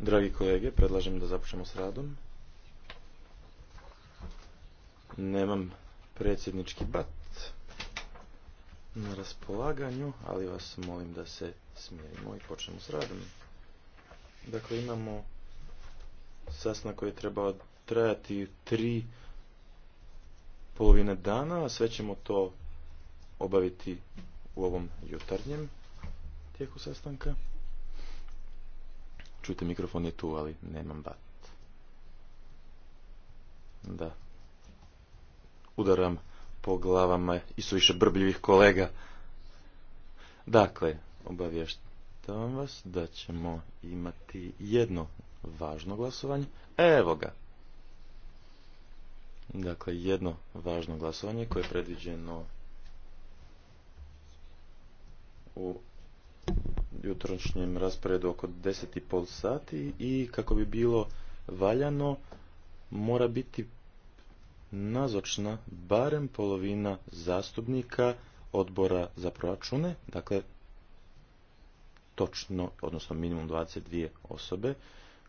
Dragi kolege, predlažem da započnemo s radom. Nemam predsjednički bat na raspolaganju, ali vas molim da se smijemo i počnemo s radom. Dakle, imamo sastanak koji je trebao trajati tri polovine dana, a sve ćemo to obaviti u ovom jutarnjem tijeku sastanka. Čujte, mikrofon je tu, ali nemam bat. Da. Udaram po glavama i su više brbljivih kolega. Dakle, obavještavam vas da ćemo imati jedno važno glasovanje. Evo ga. Dakle, jedno važno glasovanje koje je predviđeno u jutrošnjem rasporedu oko pol sati i kako bi bilo valjano mora biti nazočna barem polovina zastupnika odbora za proračune, dakle točno, odnosno minimum 22 osobe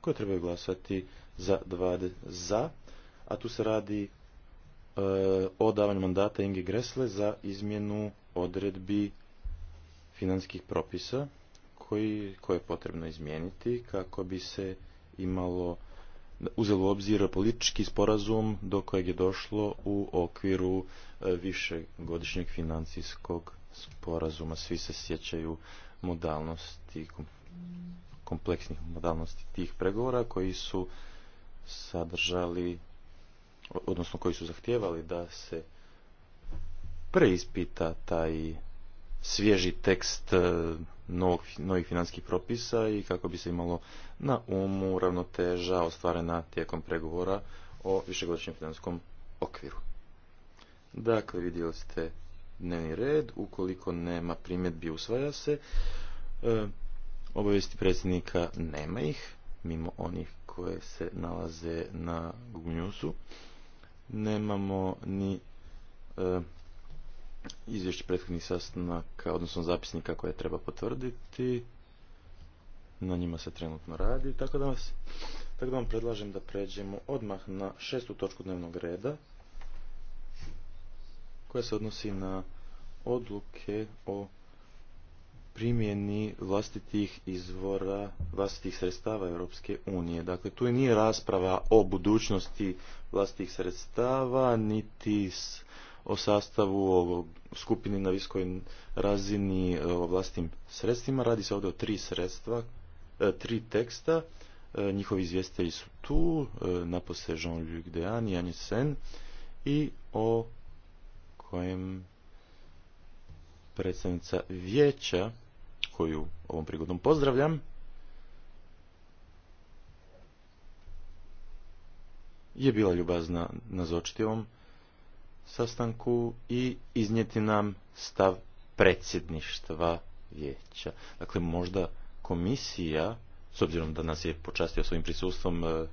koje trebaju glasati za, 20, za a tu se radi e, o davanju mandata Inge Gresle za izmjenu odredbi financijskih propisa koji, koje je potrebno izmijeniti kako bi se imalo uzelo u obzir politički sporazum do kojeg je došlo u okviru e, višegodišnjeg financijskog sporazuma. Svi se sjećaju modalnosti, kompleksnih modalnosti tih pregovora koji su sadržali, odnosno koji su zahtijevali da se preispita taj svježi tekst e, novih financijskih propisa i kako bi se imalo na umu ravnoteža ostvarena tijekom pregovora o višegodišnjem financijskom okviru. Dakle, vidjeli ste dnevni red, ukoliko nema primjedbi usvaja se, e, obavijesti predsjednika nema ih, mimo onih koje se nalaze na Google Newsu. Nemamo ni e, izvješće prethodnih sastanaka, odnosno zapisnika koje treba potvrditi. Na njima se trenutno radi, tako da, vas, tako da vam predlažem da pređemo odmah na šestu točku dnevnog reda, koja se odnosi na odluke o primjeni vlastitih izvora, vlastitih sredstava Europske unije. Dakle, tu nije rasprava o budućnosti vlastitih sredstava, niti o sastavu, o skupini na viskoj razini, e, o vlastnim sredstvima. Radi se ovdje o tri sredstva, e, tri teksta. E, njihovi izvjestitelji su tu, napose Jean-Luc Dean i Anje Sen i o kojem predsjednica vijeća, koju ovom prigodom pozdravljam, je bila ljubazna nazočiti ovom sastanku i iznijeti nam stav predsjedništva vijeća. Dakle, možda komisija, s obzirom da nas je počastio svojim prisustvom e,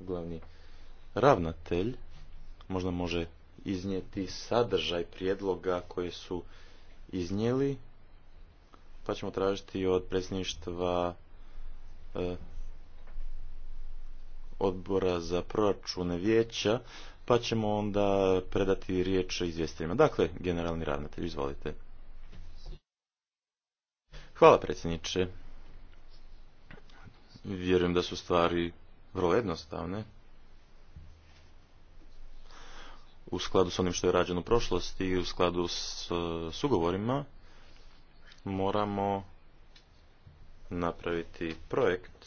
glavni ravnatelj, možda može iznijeti sadržaj prijedloga koje su iznijeli, pa ćemo tražiti od predsjedništva e, odbora za proračune vijeća pa ćemo onda predati riječ izvjestiteljima. Dakle, generalni ravnatelj, izvolite. Hvala predsjedniče. Vjerujem da su stvari vrlo jednostavne. U skladu s onim što je rađeno u prošlosti i u skladu s sugovorima moramo napraviti projekt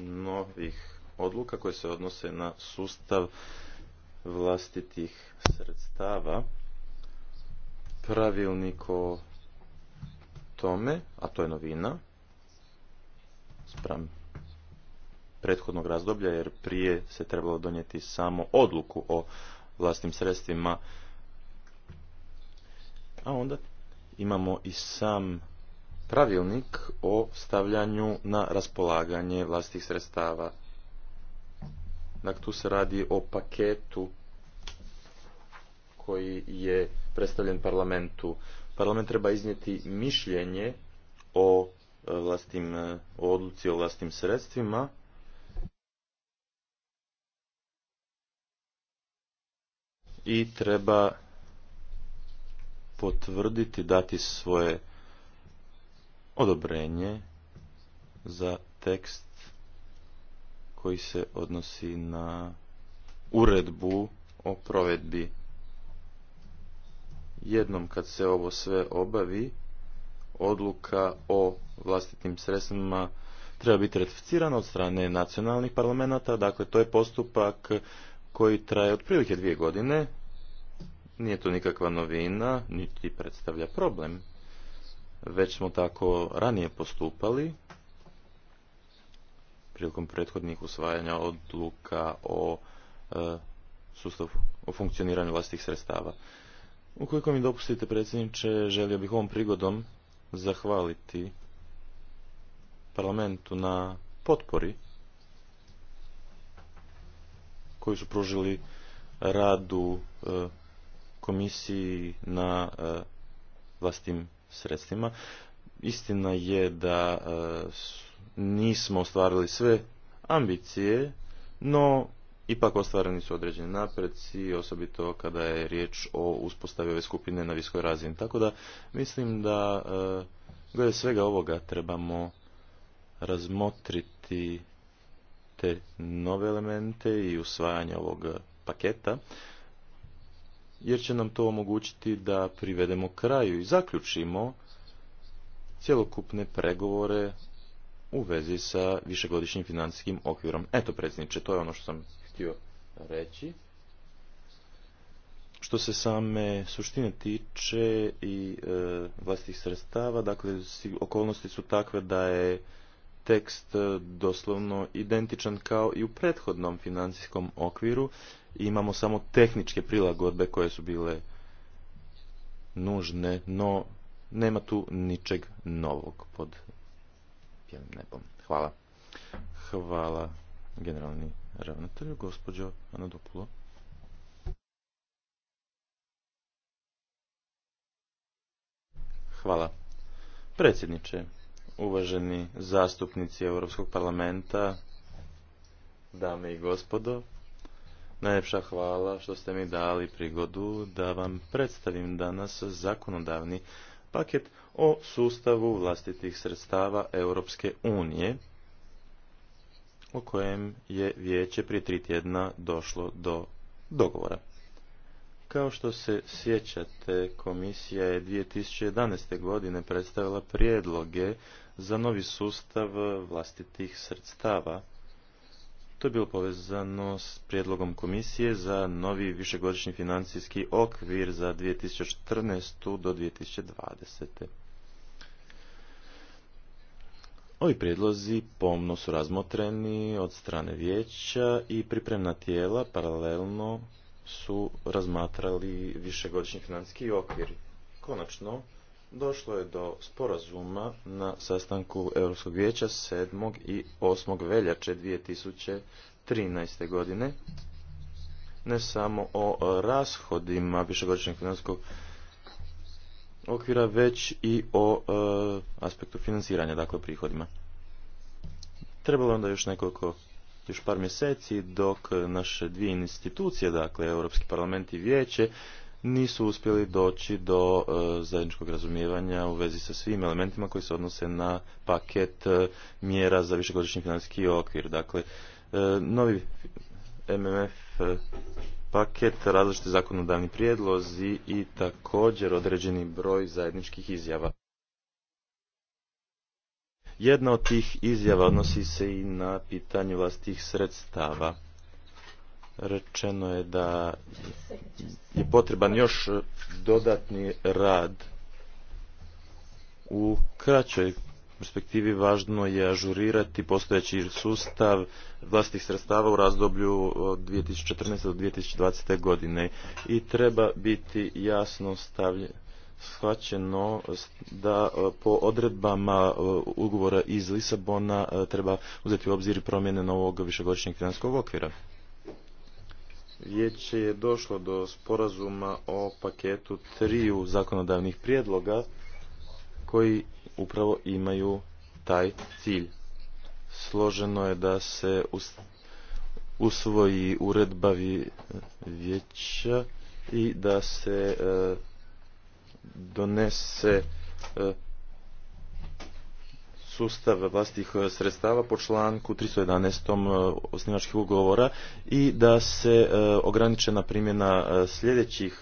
novih odluka koje se odnose na sustav vlastitih sredstava. Pravilnik o tome, a to je novina, spram prethodnog razdoblja, jer prije se trebalo donijeti samo odluku o vlastnim sredstvima, a onda imamo i sam pravilnik o stavljanju na raspolaganje vlastitih sredstava. Dakle, tu se radi o paketu koji je predstavljen parlamentu. Parlament treba iznijeti mišljenje o e, vlastim, e, o odluci o vlastnim sredstvima. I treba potvrditi, dati svoje odobrenje za tekst koji se odnosi na uredbu o provedbi. Jednom kad se ovo sve obavi, odluka o vlastitim sredstvima treba biti ratificirana od strane nacionalnih parlamenta, dakle to je postupak koji traje otprilike dvije godine, nije to nikakva novina, niti predstavlja problem. Već smo tako ranije postupali, prilikom prethodnih usvajanja odluka o e, sustavu, o funkcioniranju vlastitih sredstava. Ukoliko mi dopustite, predsjedniče, želio bih ovom prigodom zahvaliti parlamentu na potpori koji su pružili radu e, komisiji na e, vlastim sredstvima. Istina je da su nismo ostvarili sve ambicije, no ipak ostvareni su određeni napreci, osobito kada je riječ o uspostavi ove skupine na viskoj razini. Tako da mislim da e, glede svega ovoga trebamo razmotriti te nove elemente i usvajanje ovog paketa, jer će nam to omogućiti da privedemo kraju i zaključimo cjelokupne pregovore u vezi sa višegodišnjim financijskim okvirom. Eto, predsjedniče, to je ono što sam htio reći. Što se same suštine tiče i e, sredstava, dakle, okolnosti su takve da je tekst e, doslovno identičan kao i u prethodnom financijskom okviru. imamo samo tehničke prilagodbe koje su bile nužne, no nema tu ničeg novog pod nebom. Hvala. Hvala generalni ravnatelju, gospođo Anadopulo. Hvala. Predsjedniče, uvaženi zastupnici Europskog parlamenta, dame i gospodo, najljepša hvala što ste mi dali prigodu da vam predstavim danas zakonodavni paket o sustavu vlastitih sredstava Europske unije o kojem je vijeće prije tri tjedna došlo do dogovora. Kao što se sjećate, komisija je 2011. godine predstavila prijedloge za novi sustav vlastitih sredstava. To je bilo povezano s prijedlogom komisije za novi višegodišnji financijski okvir za 2014. do 2020. Ovi prijedlozi pomno su razmotreni od strane vijeća i pripremna tijela paralelno su razmatrali višegodišnji financijski okvir. Konačno, došlo je do sporazuma na sastanku Europskog vijeća 7. i 8. veljače 2013. godine, ne samo o rashodima višegodišnjeg financijskog okvira, okvira, već i o e, aspektu financiranja, dakle prihodima. Trebalo onda još nekoliko, još par mjeseci dok naše dvije institucije, dakle Europski parlament i Vijeće, nisu uspjeli doći do e, zajedničkog razumijevanja u vezi sa svim elementima koji se odnose na paket e, mjera za višegodišnji financijski okvir. Dakle, novi MMF paket, različiti zakonodavni prijedlozi i također određeni broj zajedničkih izjava. Jedna od tih izjava odnosi se i na pitanje vlastitih sredstava. Rečeno je da je potreban još dodatni rad u kraćoj perspektivi važno je ažurirati postojeći sustav vlastitih sredstava u razdoblju od 2014. do 2020. godine i treba biti jasno stavljeno shvaćeno da e, po odredbama e, ugovora iz Lisabona e, treba uzeti u obzir promjene novog višegodišnjeg financijskog okvira. Vijeće je došlo do sporazuma o paketu triju zakonodavnih prijedloga koji upravo imaju taj cilj. Složeno je da se usvoji uredbavi e, vijeća i da se e, donese e, sustav vlastih sredstava po članku 311. osnivačkih ugovora i da se ograničena primjena sljedećih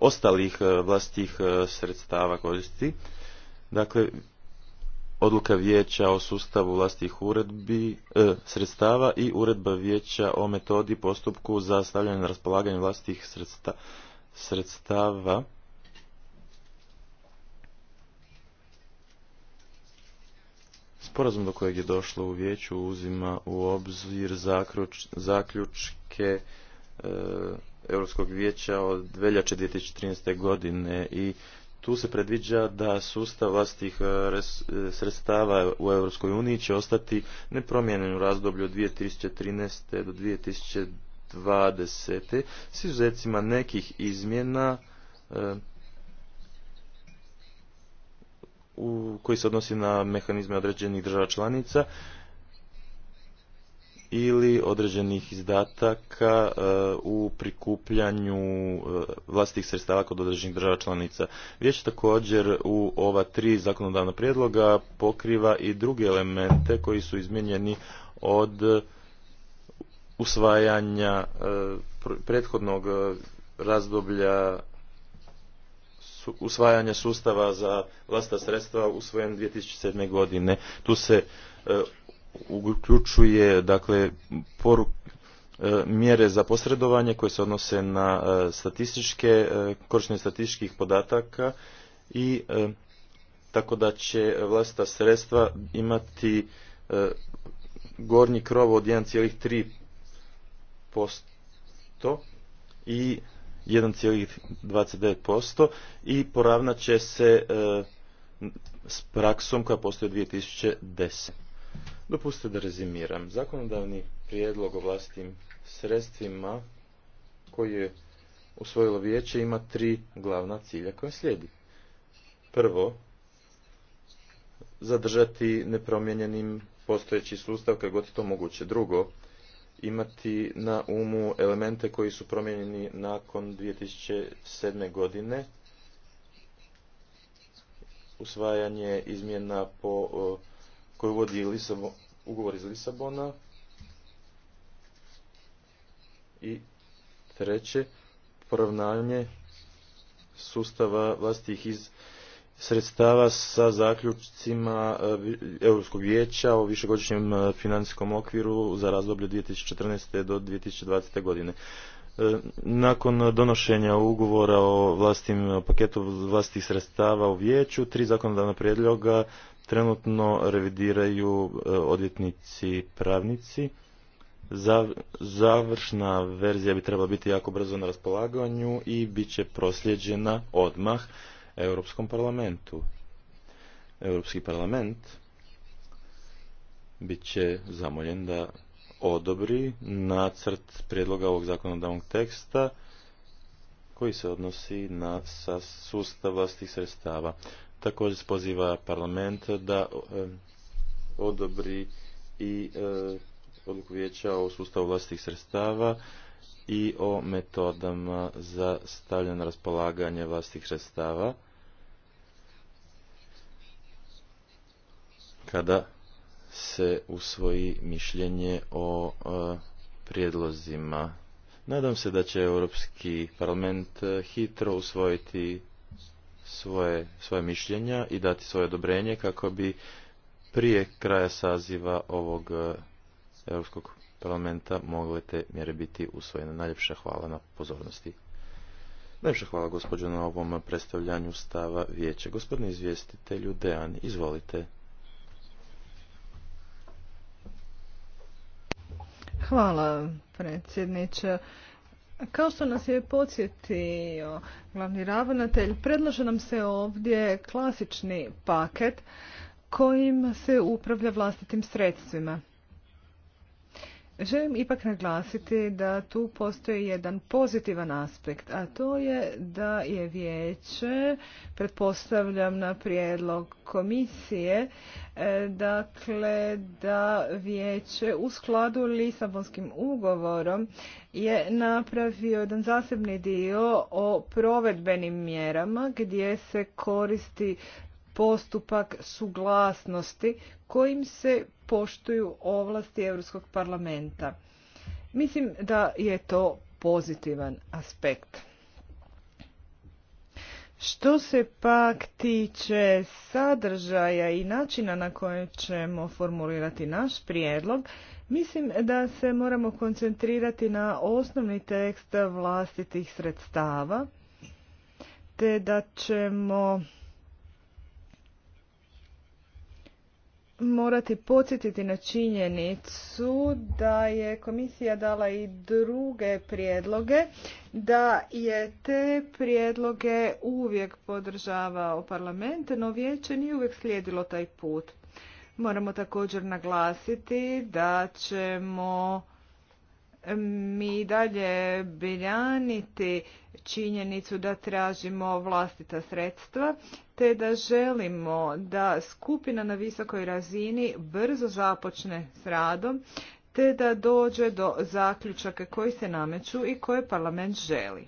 ostalih vlastih sredstava koristi Dakle, odluka vijeća o sustavu vlastih uredbi, e, sredstava i uredba vijeća o metodi postupku za stavljanje na raspolaganje vlastih sredsta, sredstava. Sporazum do kojeg je došlo u vijeću uzima u obzir zaključke e, Europskog vijeća od veljače 2013. godine i tu se predviđa da sustav vlastitih e, e, sredstava u EU će ostati nepromijenjen u razdoblju od 2013. do 2020. s izuzetcima nekih izmjena e, u, koji se odnosi na mehanizme određenih država članica ili određenih izdataka e, u prikupljanju e, vlastitih sredstava kod određenih država članica. Vijeć također u ova tri zakonodavna prijedloga pokriva i druge elemente koji su izmijenjeni od usvajanja e, prethodnog razdoblja usvajanja sustava za vlastita sredstva usvojen 2007. godine. Tu se uključuje dakle poruk, e, mjere za posredovanje koje se odnose na e, statističke, e, korištenje statističkih podataka i tako da će vlastita sredstva imati gornji krov od 1,3% i 1,29% i poravnat će se s praksom koja postoji 2010. Dopustite da rezimiram. Zakonodavni prijedlog o vlastitim sredstvima koji je usvojilo vijeće ima tri glavna cilja koje slijedi. Prvo, zadržati nepromijenjenim postojeći sustav kako god je to moguće. Drugo, imati na umu elemente koji su promijenjeni nakon 2007. godine, usvajanje izmjena po, koje uvodi Lisabon, ugovor iz Lisabona i treće poravnanje sustava vlastih iz sredstava sa zaključcima e, Europskog vijeća o višegodišnjem e, financijskom okviru za razdoblje 2014. do 2020. godine. E, nakon donošenja ugovora o vlastim paketu vlastitih sredstava u vijeću, tri zakonodavna prijedloga trenutno revidiraju e, odvjetnici pravnici. Završna verzija bi trebala biti jako brzo na raspolaganju i bit će prosljeđena odmah Europskom parlamentu. Europski parlament bit će zamoljen da odobri nacrt prijedloga ovog zakonodavnog teksta koji se odnosi na sustav vlastih sredstava. Također se poziva parlament da odobri i e, odluku vijeća o sustavu vlastitih sredstava i o metodama za stavljanje na raspolaganje vlastitih sredstava kada se usvoji mišljenje o e, prijedlozima. Nadam se da će Europski parlament e, hitro usvojiti svoje, svoje mišljenja i dati svoje odobrenje kako bi prije kraja saziva ovog e, Europskog parlamenta mogle te mjere biti usvojene. Najljepša hvala na pozornosti. Najljepša hvala gospođo na ovom predstavljanju stava vijeća. Gospodine izvjestitelju Dejan, izvolite. Hvala predsjedniče. Kao što nas je podsjetio glavni ravnatelj, predlaže nam se ovdje klasični paket kojim se upravlja vlastitim sredstvima. Želim ipak naglasiti da tu postoji jedan pozitivan aspekt, a to je da je vijeće, pretpostavljam na prijedlog komisije, e, dakle da vijeće u skladu Lisabonskim ugovorom je napravio jedan zasebni dio o provedbenim mjerama gdje se koristi postupak suglasnosti kojim se poštuju ovlasti Europskog parlamenta. Mislim da je to pozitivan aspekt. Što se pak tiče sadržaja i načina na koje ćemo formulirati naš prijedlog, mislim da se moramo koncentrirati na osnovni tekst vlastitih sredstava, te da ćemo morati podsjetiti na činjenicu da je komisija dala i druge prijedloge, da je te prijedloge uvijek podržavao parlament, no vijeće nije uvijek slijedilo taj put. Moramo također naglasiti da ćemo mi dalje biljaniti činjenicu da tražimo vlastita sredstva, te da želimo da skupina na visokoj razini brzo započne s radom, te da dođe do zaključaka koji se nameću i koje parlament želi.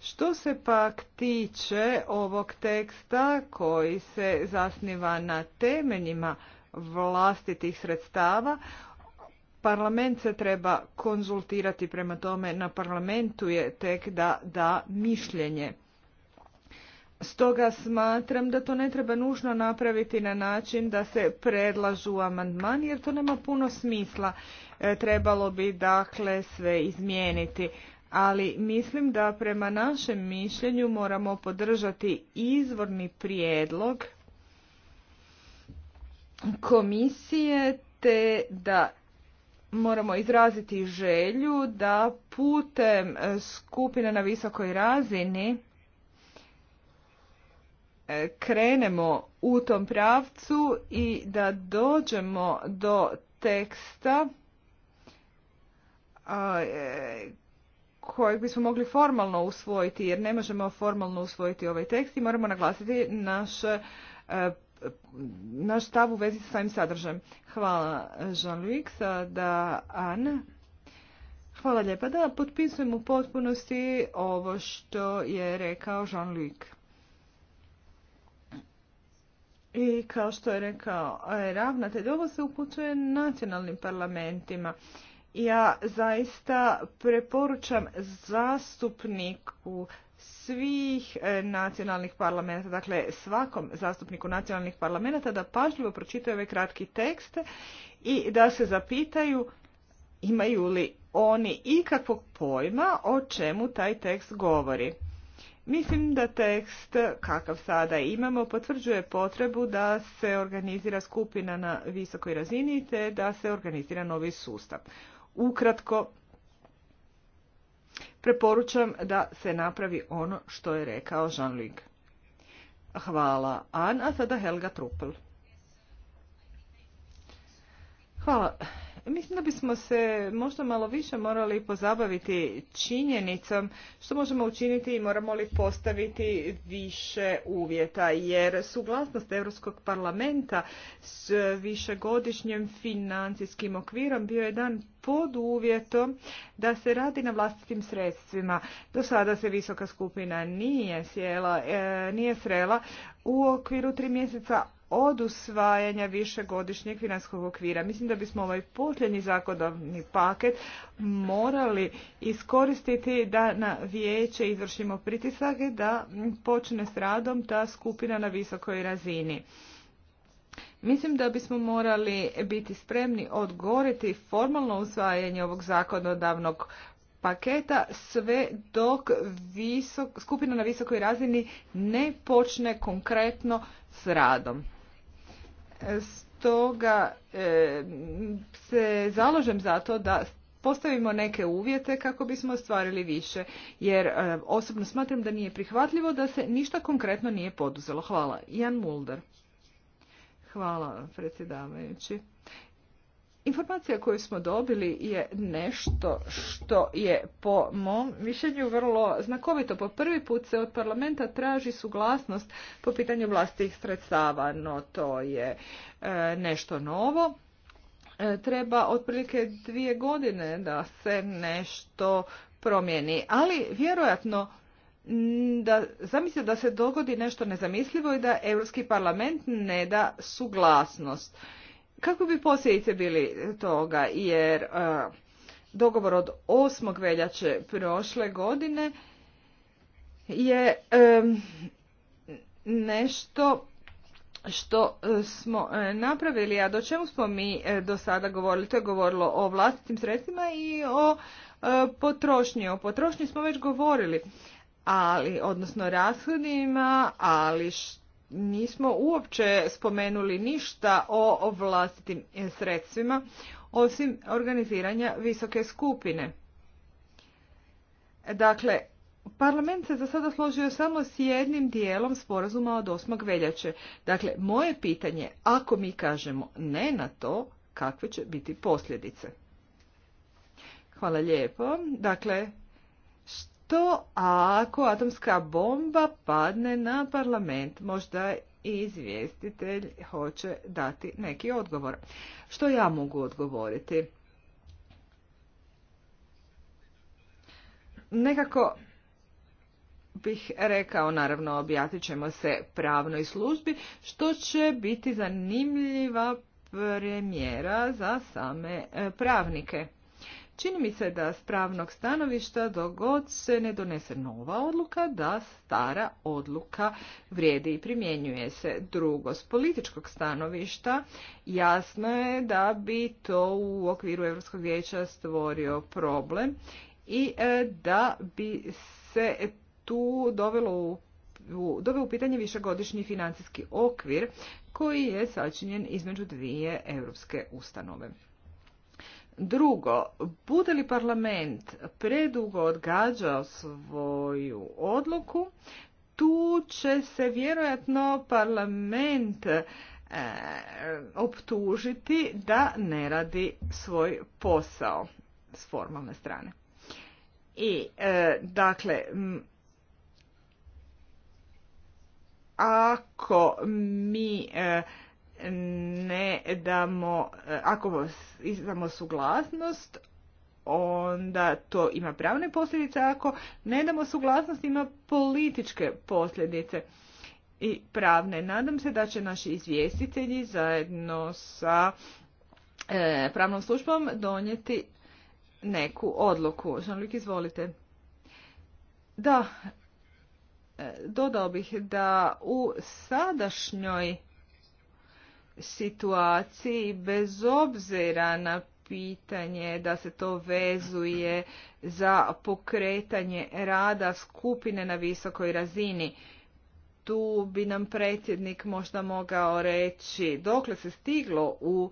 Što se pak tiče ovog teksta koji se zasniva na temeljima vlastitih sredstava, Parlament se treba konzultirati prema tome, na parlamentu je tek da da mišljenje. Stoga smatram da to ne treba nužno napraviti na način da se predlažu amandmani jer to nema puno smisla. E, trebalo bi dakle sve izmijeniti. Ali mislim da prema našem mišljenju moramo podržati izvorni prijedlog komisije te da moramo izraziti želju da putem skupine na visokoj razini e, krenemo u tom pravcu i da dođemo do teksta e, kojeg bismo mogli formalno usvojiti jer ne možemo formalno usvojiti ovaj tekst i moramo naglasiti naše e, naš stav u vezi sa svojim sadržajem. Hvala Jean-Luc, sada Ana. Hvala lijepa. Da, potpisujem u potpunosti ovo što je rekao Jean-Luc. I kao što je rekao e, ravnatelj, ovo se upućuje nacionalnim parlamentima. Ja zaista preporučam zastupniku svih e, nacionalnih parlamenta, dakle svakom zastupniku nacionalnih parlamenta da pažljivo pročitaju ovaj kratki tekst i da se zapitaju imaju li oni ikakvog pojma o čemu taj tekst govori. Mislim da tekst, kakav sada imamo, potvrđuje potrebu da se organizira skupina na visokoj razini te da se organizira novi sustav. Ukratko, Preporučam da se napravi ono što je rekao Jean-Luc. Hvala Anna, a sada Helga Truppel. Hvala. Mislim da bismo se možda malo više morali pozabaviti činjenicom što možemo učiniti i moramo li postaviti više uvjeta jer suglasnost Europskog parlamenta s višegodišnjim financijskim okvirom bio je dan pod uvjetom da se radi na vlastitim sredstvima. Do sada se visoka skupina nije sjela, e, nije srela u okviru tri mjeseca od usvajanja višegodišnjeg finanskog okvira. Mislim da bismo ovaj posljednji zakonodavni paket morali iskoristiti da na vijeće izvršimo pritisak da počne s radom ta skupina na visokoj razini. Mislim da bismo morali biti spremni odgoriti formalno usvajanje ovog zakonodavnog paketa sve dok visok, skupina na visokoj razini ne počne konkretno s radom. Stoga e, se založem za to da postavimo neke uvjete kako bismo ostvarili više, jer e, osobno smatram da nije prihvatljivo da se ništa konkretno nije poduzelo. Hvala. Jan Mulder. Hvala predsjedavajući. Informacija koju smo dobili je nešto što je po mom mišljenju vrlo znakovito. Po prvi put se od parlamenta traži suglasnost po pitanju vlastih sredstava, no to je e, nešto novo. E, treba otprilike dvije godine da se nešto promijeni, ali vjerojatno da zamislite da se dogodi nešto nezamislivo i da Europski parlament ne da suglasnost. Kako bi posljedice bili toga? Jer e, dogovor od 8. veljače prošle godine je e, nešto što e, smo napravili, a do čemu smo mi do sada govorili? To je govorilo o vlastitim sredstvima i o potrošnji. O potrošnji smo već govorili, ali, odnosno rashodima, ali što nismo uopće spomenuli ništa o vlastitim sredstvima osim organiziranja visoke skupine. Dakle, parlament se za sada složio samo s jednim dijelom sporazuma od 8. veljače. Dakle, moje pitanje, ako mi kažemo ne na to, kakve će biti posljedice? Hvala lijepo. Dakle, to ako atomska bomba padne na parlament? Možda izvjestitelj hoće dati neki odgovor. Što ja mogu odgovoriti? Nekako bih rekao, naravno objatit ćemo se pravnoj službi, što će biti zanimljiva premijera za same e, pravnike. Čini mi se da s pravnog stanovišta dogod se ne donese nova odluka, da stara odluka vrijedi i primjenjuje se. Drugo, s političkog stanovišta jasno je da bi to u okviru Europskog vijeća stvorio problem i e, da bi se tu dovelo u doveo u pitanje višegodišnji financijski okvir koji je sačinjen između dvije europske ustanove. Drugo, bude li parlament predugo odgađao svoju odluku, tu će se vjerojatno parlament e, optužiti da ne radi svoj posao s formalne strane. I e, dakle, ako mi e, ne damo, eh, ako izdamo suglasnost, onda to ima pravne posljedice, ako ne damo suglasnost ima političke posljedice i pravne. Nadam se da će naši izvjestitelji zajedno sa eh, pravnom službom donijeti neku odluku. Žanlik, izvolite. Da, eh, dodao bih da u sadašnjoj situaciji bez obzira na pitanje da se to vezuje za pokretanje rada skupine na visokoj razini. Tu bi nam predsjednik možda mogao reći dokle se stiglo u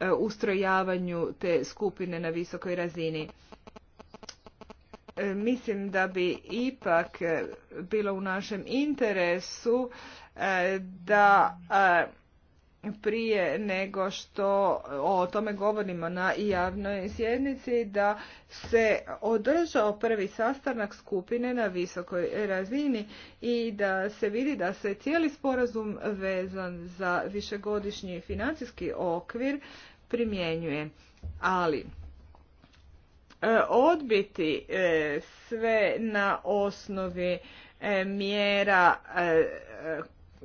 e, ustrojavanju te skupine na visokoj razini. E, mislim da bi ipak e, bilo u našem interesu da prije nego što o tome govorimo na javnoj sjednici da se održao prvi sastanak skupine na visokoj razini i da se vidi da se cijeli sporazum vezan za višegodišnji financijski okvir primjenjuje. Ali e, odbiti e, sve na osnovi e, mjera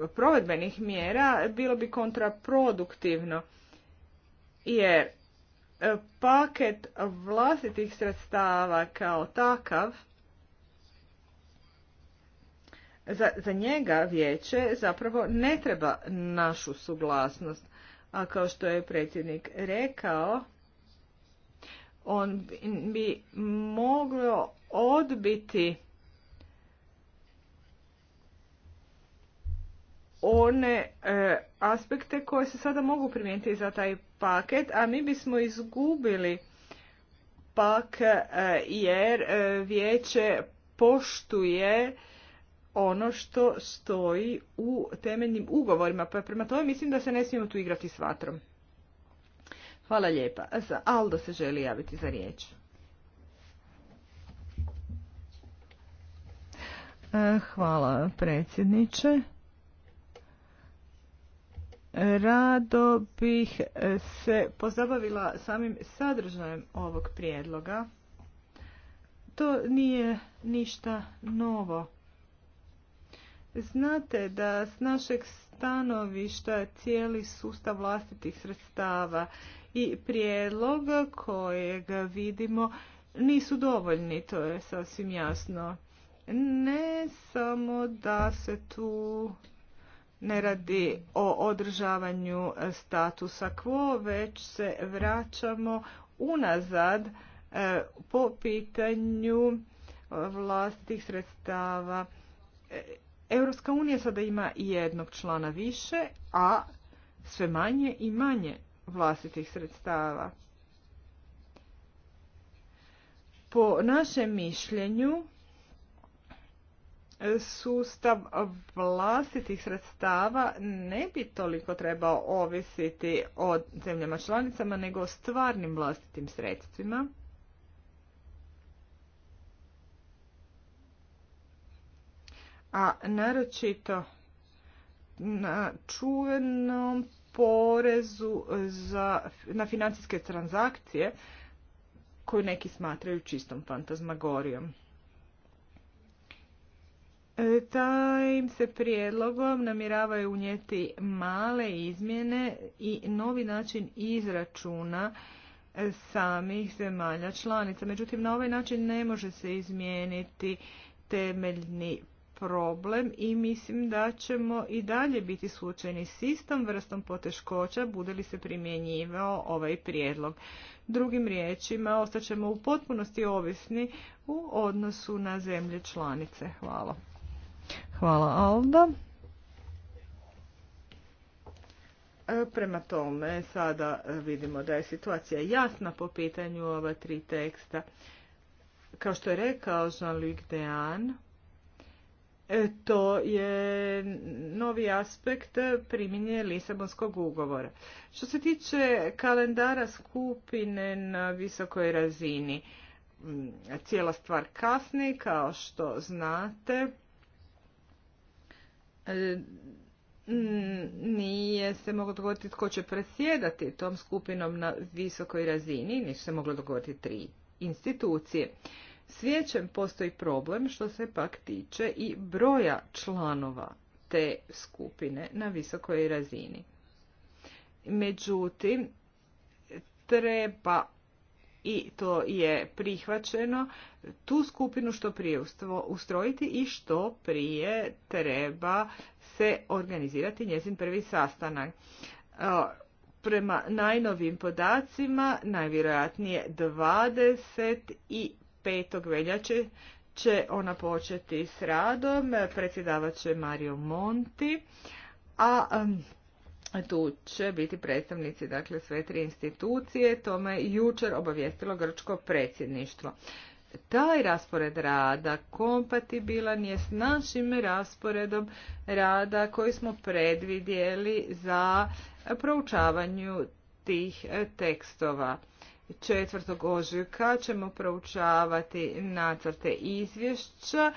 provedbenih mjera bilo bi kontraproduktivno jer e, paket vlastitih sredstava kao takav za, za njega vijeće zapravo ne treba našu suglasnost. A kao što je predsjednik rekao, on bi moglo odbiti one e, aspekte koje se sada mogu primijeniti za taj paket, a mi bismo izgubili pak e, jer e, vijeće poštuje ono što stoji u temeljnim ugovorima. Pa prema tome mislim da se ne smijemo tu igrati s vatrom. Hvala lijepa. Za Aldo se želi javiti za riječ. Hvala predsjedniče. Rado bih e, se pozabavila samim sadržajem ovog prijedloga. To nije ništa novo. Znate da s našeg stanovišta cijeli sustav vlastitih sredstava i prijedlog kojega vidimo nisu dovoljni, to je sasvim jasno. Ne samo da se tu ne radi o održavanju e, statusa quo, već se vraćamo unazad e, po pitanju e, vlastitih sredstava. Europska unija sada ima jednog člana više, a sve manje i manje vlastitih sredstava. Po našem mišljenju, sustav vlastitih sredstava ne bi toliko trebao ovisiti o zemljama članicama nego o stvarnim vlastitim sredstvima. A naročito na čuvenom porezu za, na financijske transakcije koju neki smatraju čistom fantazmagorijom. E, Tajim se prijedlogom namjeravaju unijeti male izmjene i novi način izračuna e, samih zemalja članica. Međutim, na ovaj način ne može se izmijeniti temeljni problem i mislim da ćemo i dalje biti slučajni s istom vrstom poteškoća bude li se primjenjivao ovaj prijedlog. Drugim riječima, ostaćemo u potpunosti ovisni u odnosu na zemlje članice. Hvala. Hvala Alda. E, prema tome, sada vidimo da je situacija jasna po pitanju ova tri teksta. Kao što je rekao Jean-Luc Dean, e, to je novi aspekt primjenje Lisabonskog ugovora. Što se tiče kalendara skupine na visokoj razini, cijela stvar kasni, kao što znate, E, nije se moglo dogoditi tko će presjedati tom skupinom na visokoj razini, nisu se moglo dogoditi tri institucije. Svijećem postoji problem što se pak tiče i broja članova te skupine na visokoj razini. Međutim, treba i to je prihvaćeno, tu skupinu što prije ustrojiti i što prije treba se organizirati njezin prvi sastanak. E, prema najnovim podacima, najvjerojatnije 25. veljače će ona početi s radom, predsjedavat će Mario Monti, a tu će biti predstavnici dakle, sve tri institucije, tome jučer obavijestilo grčko predsjedništvo. Taj raspored rada kompatibilan je s našim rasporedom rada koji smo predvidjeli za proučavanju tih tekstova. 4. ožujka ćemo proučavati nacrte izvješća.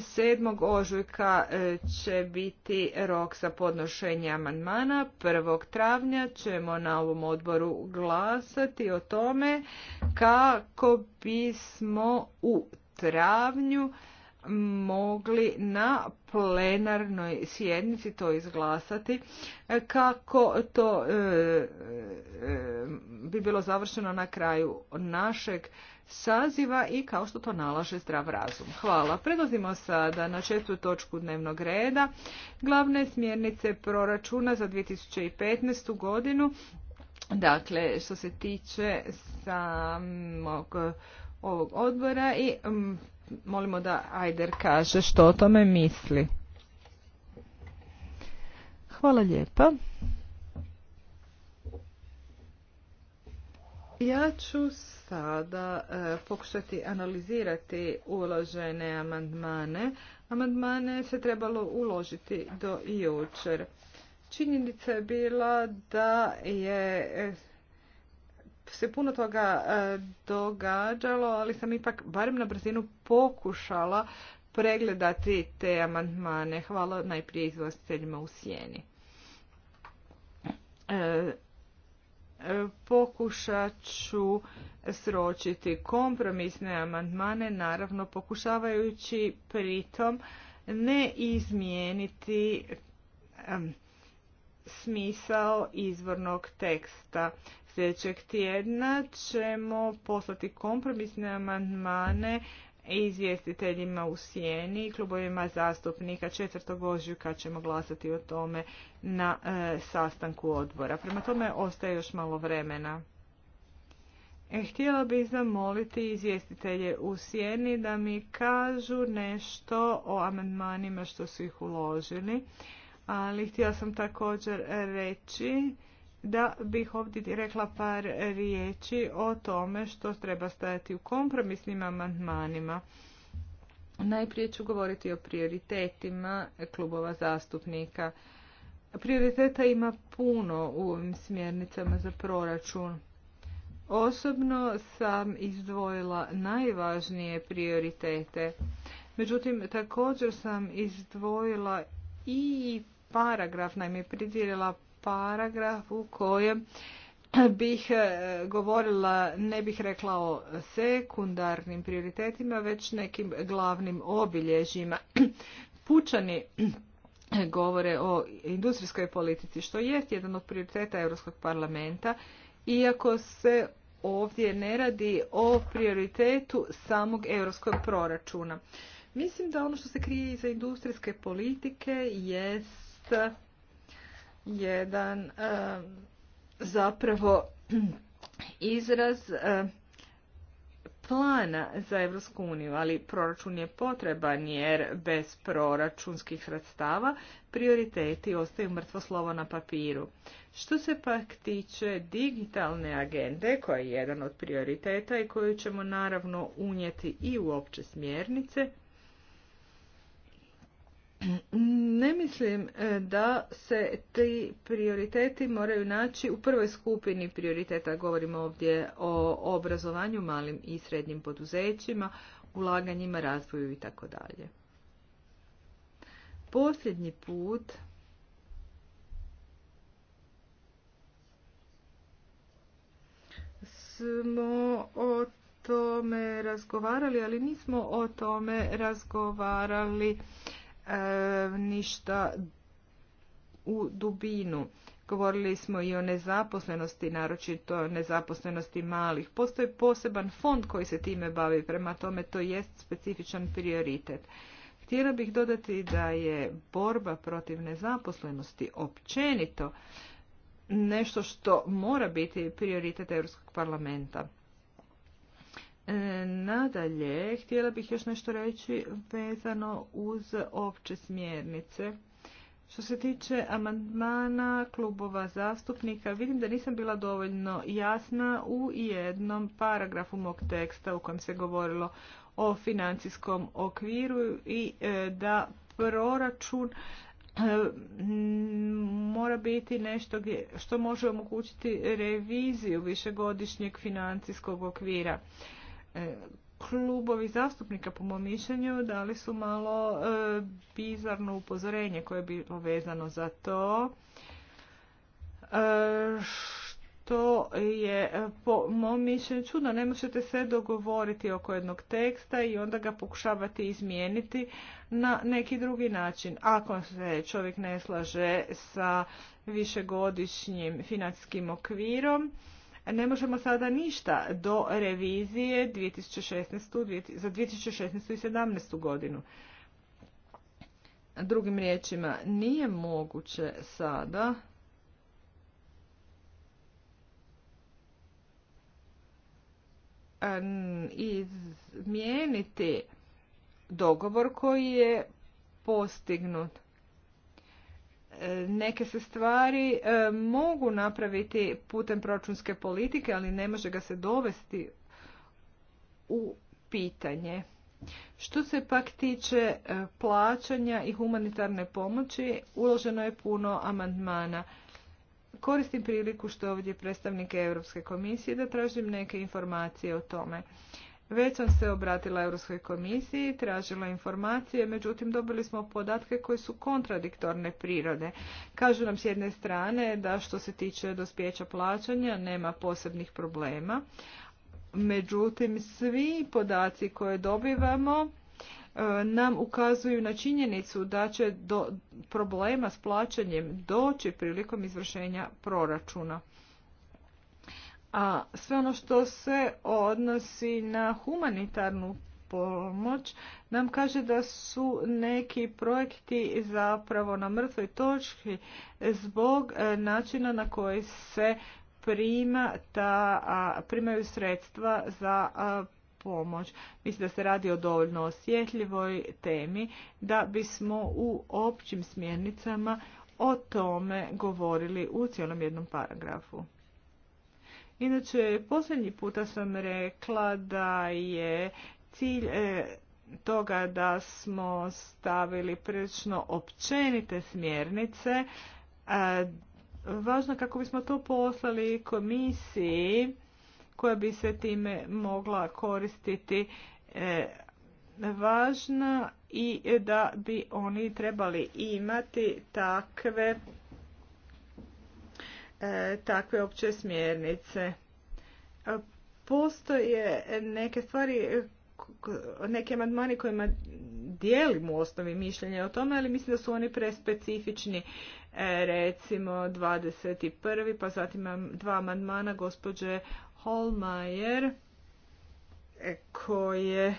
Sedmog ožujka e, će biti rok za podnošenje amandmana. 1. travnja ćemo na ovom odboru glasati o tome kako bismo u travnju mogli na plenarnoj sjednici to izglasati e, kako to e, e, bi bilo završeno na kraju našeg saziva i kao što to nalaže zdrav razum. Hvala. Prelazimo sada na četvrtu točku dnevnog reda. Glavne smjernice proračuna za 2015. godinu. Dakle, što se tiče samog ovog odbora i molimo da Ajder kaže što o tome misli. Hvala lijepa. Ja ću sada e, pokušati analizirati uložene amandmane. Amandmane se trebalo uložiti do jučer. Činjenica je bila da je se puno toga e, događalo, ali sam ipak barem na brzinu pokušala pregledati te amandmane. Hvala najprije izvostiteljima u sjeni. E, e, pokušat ću sročiti kompromisne amandmane, naravno pokušavajući pritom ne izmijeniti smisao izvornog teksta. Sljedećeg tjedna ćemo poslati kompromisne amandmane izvjestiteljima u sjeni i klubovima zastupnika. Četvrtog ožujka ćemo glasati o tome na e, sastanku odbora. Prema tome ostaje još malo vremena. E, htjela bih zamoliti izvjestitelje u sjeni da mi kažu nešto o amandmanima što su ih uložili ali htjela sam također reći da bih ovdje rekla par riječi o tome što treba stajati u kompromisnim amandmanima. Najprije ću govoriti o prioritetima klubova zastupnika. Prioriteta ima puno u ovim smjernicama za proračun. Osobno sam izdvojila najvažnije prioritete. Međutim, također sam izdvojila i paragraf, je pridjelila paragraf u kojem bih e, govorila, ne bih rekla o sekundarnim prioritetima, već nekim glavnim obilježjima. Pučani e, govore o industrijskoj politici, što je jedan od prioriteta Europskog parlamenta, iako se ovdje ne radi o prioritetu samog europskog proračuna. Mislim da ono što se krije iza industrijske politike jest jedan e, zapravo izraz e, plana za Evropsku uniju, ali proračun je potreban jer bez proračunskih sredstava prioriteti ostaju mrtvo slovo na papiru. Što se pak tiče digitalne agende, koja je jedan od prioriteta i koju ćemo naravno unijeti i u opće smjernice, ne mislim e, da se ti prioriteti moraju naći u prvoj skupini prioriteta. Govorimo ovdje o obrazovanju malim i srednjim poduzećima, ulaganjima, razvoju i tako dalje. Posljednji put smo o tome razgovarali, ali nismo o tome razgovarali E, ništa u dubinu. Govorili smo i o nezaposlenosti, naročito nezaposlenosti malih. Postoji poseban fond koji se time bavi, prema tome to jest specifičan prioritet. Htjela bih dodati da je borba protiv nezaposlenosti općenito nešto što mora biti prioritet Europskog parlamenta. E, nadalje, htjela bih još nešto reći vezano uz opće smjernice. Što se tiče amandmana klubova zastupnika, vidim da nisam bila dovoljno jasna u jednom paragrafu mog teksta u kojem se govorilo o financijskom okviru i e, da proračun e, mora biti nešto što može omogućiti reviziju višegodišnjeg financijskog okvira. E, klubovi zastupnika po mom mišljenju dali su malo e, bizarno upozorenje koje je bilo vezano za to to e, što je po mom mišljenju čudno ne možete se dogovoriti oko jednog teksta i onda ga pokušavati izmijeniti na neki drugi način ako se čovjek ne slaže sa višegodišnjim financijskim okvirom ne možemo sada ništa do revizije 2016, za 2016. i 2017. godinu. Drugim riječima, nije moguće sada izmijeniti dogovor koji je postignut neke se stvari e, mogu napraviti putem proračunske politike, ali ne može ga se dovesti u pitanje. Što se pak tiče e, plaćanja i humanitarne pomoći, uloženo je puno amandmana. Koristim priliku što ovdje predstavnike Europske komisije da tražim neke informacije o tome. Već sam se obratila Europskoj komisiji, tražila informacije, međutim dobili smo podatke koji su kontradiktorne prirode. Kažu nam s jedne strane da što se tiče dospijeća plaćanja nema posebnih problema, međutim svi podaci koje dobivamo e, nam ukazuju na činjenicu da će do problema s plaćanjem doći prilikom izvršenja proračuna a sve ono što se odnosi na humanitarnu pomoć nam kaže da su neki projekti zapravo na mrtvoj točki zbog e, načina na koji se prima ta, primaju sredstva za pomoć. Mislim da se radi o dovoljno osjetljivoj temi da bismo u općim smjernicama o tome govorili u cijelom jednom paragrafu. Inače, posljednji puta sam rekla da je cilj e, toga da smo stavili prilično općenite smjernice, e, važno kako bismo to poslali komisiji koja bi se time mogla koristiti e, važna i da bi oni trebali imati takve E, takve opće smjernice. E, postoje neke stvari, neke amandmani kojima dijelim osnovi mišljenja o tome, ali mislim da su oni prespecifični. E, recimo 21. pa zatim dva amandmana gospođe Holmajer koje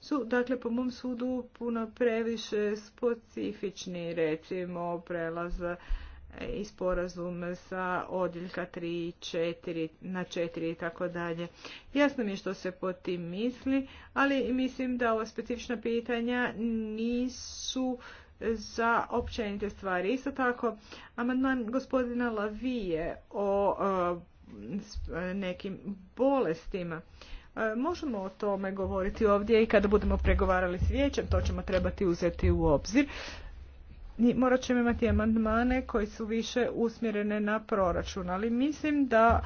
su, dakle, po mom sudu puno previše specifični, recimo, prelaza i sporazum sa odjeljka 3 4 na 4 i tako dalje. Jasno mi je što se po tim misli, ali mislim da ova specifična pitanja nisu za općenite stvari. Isto tako, amandman gospodina Lavije o e, e, nekim bolestima. E, možemo o tome govoriti ovdje i kada budemo pregovarali s vijećem, to ćemo trebati uzeti u obzir morat ćemo imati amandmane koji su više usmjerene na proračun, ali mislim da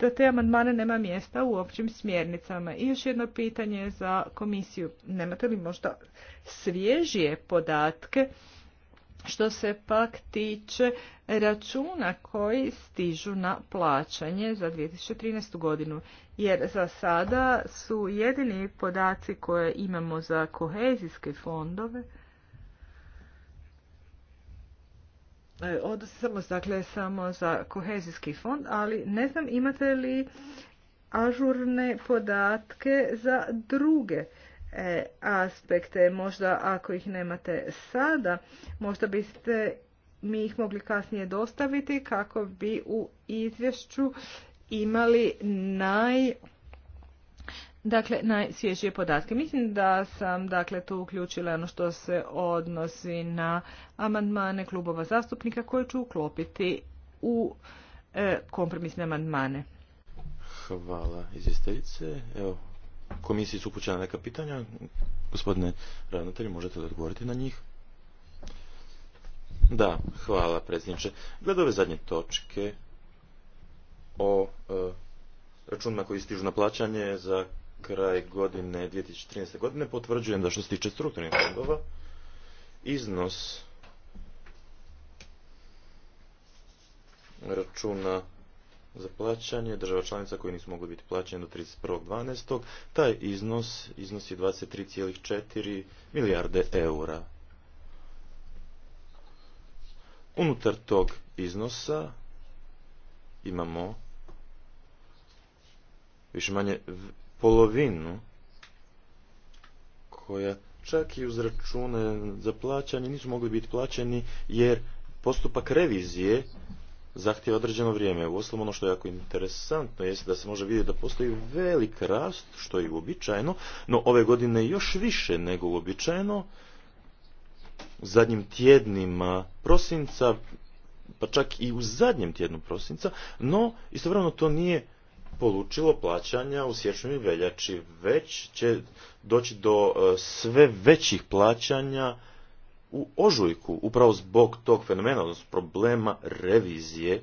da te amandmane nema mjesta u općim smjernicama. I još jedno pitanje za komisiju. Nemate li možda svježije podatke što se pak tiče računa koji stižu na plaćanje za 2013. godinu? Jer za sada su jedini podaci koje imamo za kohezijske fondove E, Odnosi samo, dakle, samo za kohezijski fond, ali ne znam imate li ažurne podatke za druge e, aspekte. Možda ako ih nemate sada, možda biste mi ih mogli kasnije dostaviti kako bi u izvješću imali naj Dakle, najsvježije podatke. Mislim da sam dakle, tu uključila ono što se odnosi na amandmane klubova zastupnika koje ću uklopiti u e, kompromisne amandmane. Hvala izvjestiteljice. Evo, komisiji su upućena neka pitanja. Gospodine ravnatelji, možete li odgovoriti na njih? Da, hvala predsjedniče. Gleda ove zadnje točke o e, računima koji stižu na plaćanje za kraj godine 2013. godine potvrđujem da što se tiče strukturnih fondova iznos računa za plaćanje država članica koji nisu mogli biti plaćeni do 31.12. Taj iznos iznosi 23,4 milijarde eura. Unutar tog iznosa imamo više manje polovinu koja čak i uz račune za plaćanje nisu mogli biti plaćeni jer postupak revizije zahtjeva određeno vrijeme. U osnovu ono što je jako interesantno jeste da se može vidjeti da postoji velik rast, što je uobičajeno, no ove godine još više nego uobičajeno. Zadnjim tjednima prosinca, pa čak i u zadnjem tjednu prosinca, no istovremeno to nije polučilo plaćanja u sječnju i veljači, već će doći do e, sve većih plaćanja u ožujku, upravo zbog tog fenomena, odnosno problema revizije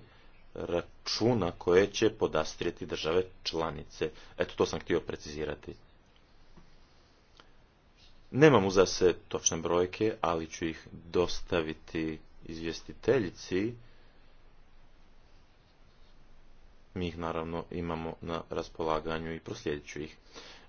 računa koje će podastrijeti države članice. Eto, to sam htio precizirati. Nemam uzase točne brojke, ali ću ih dostaviti izvjestiteljici mi ih naravno imamo na raspolaganju i proslijedit ću ih.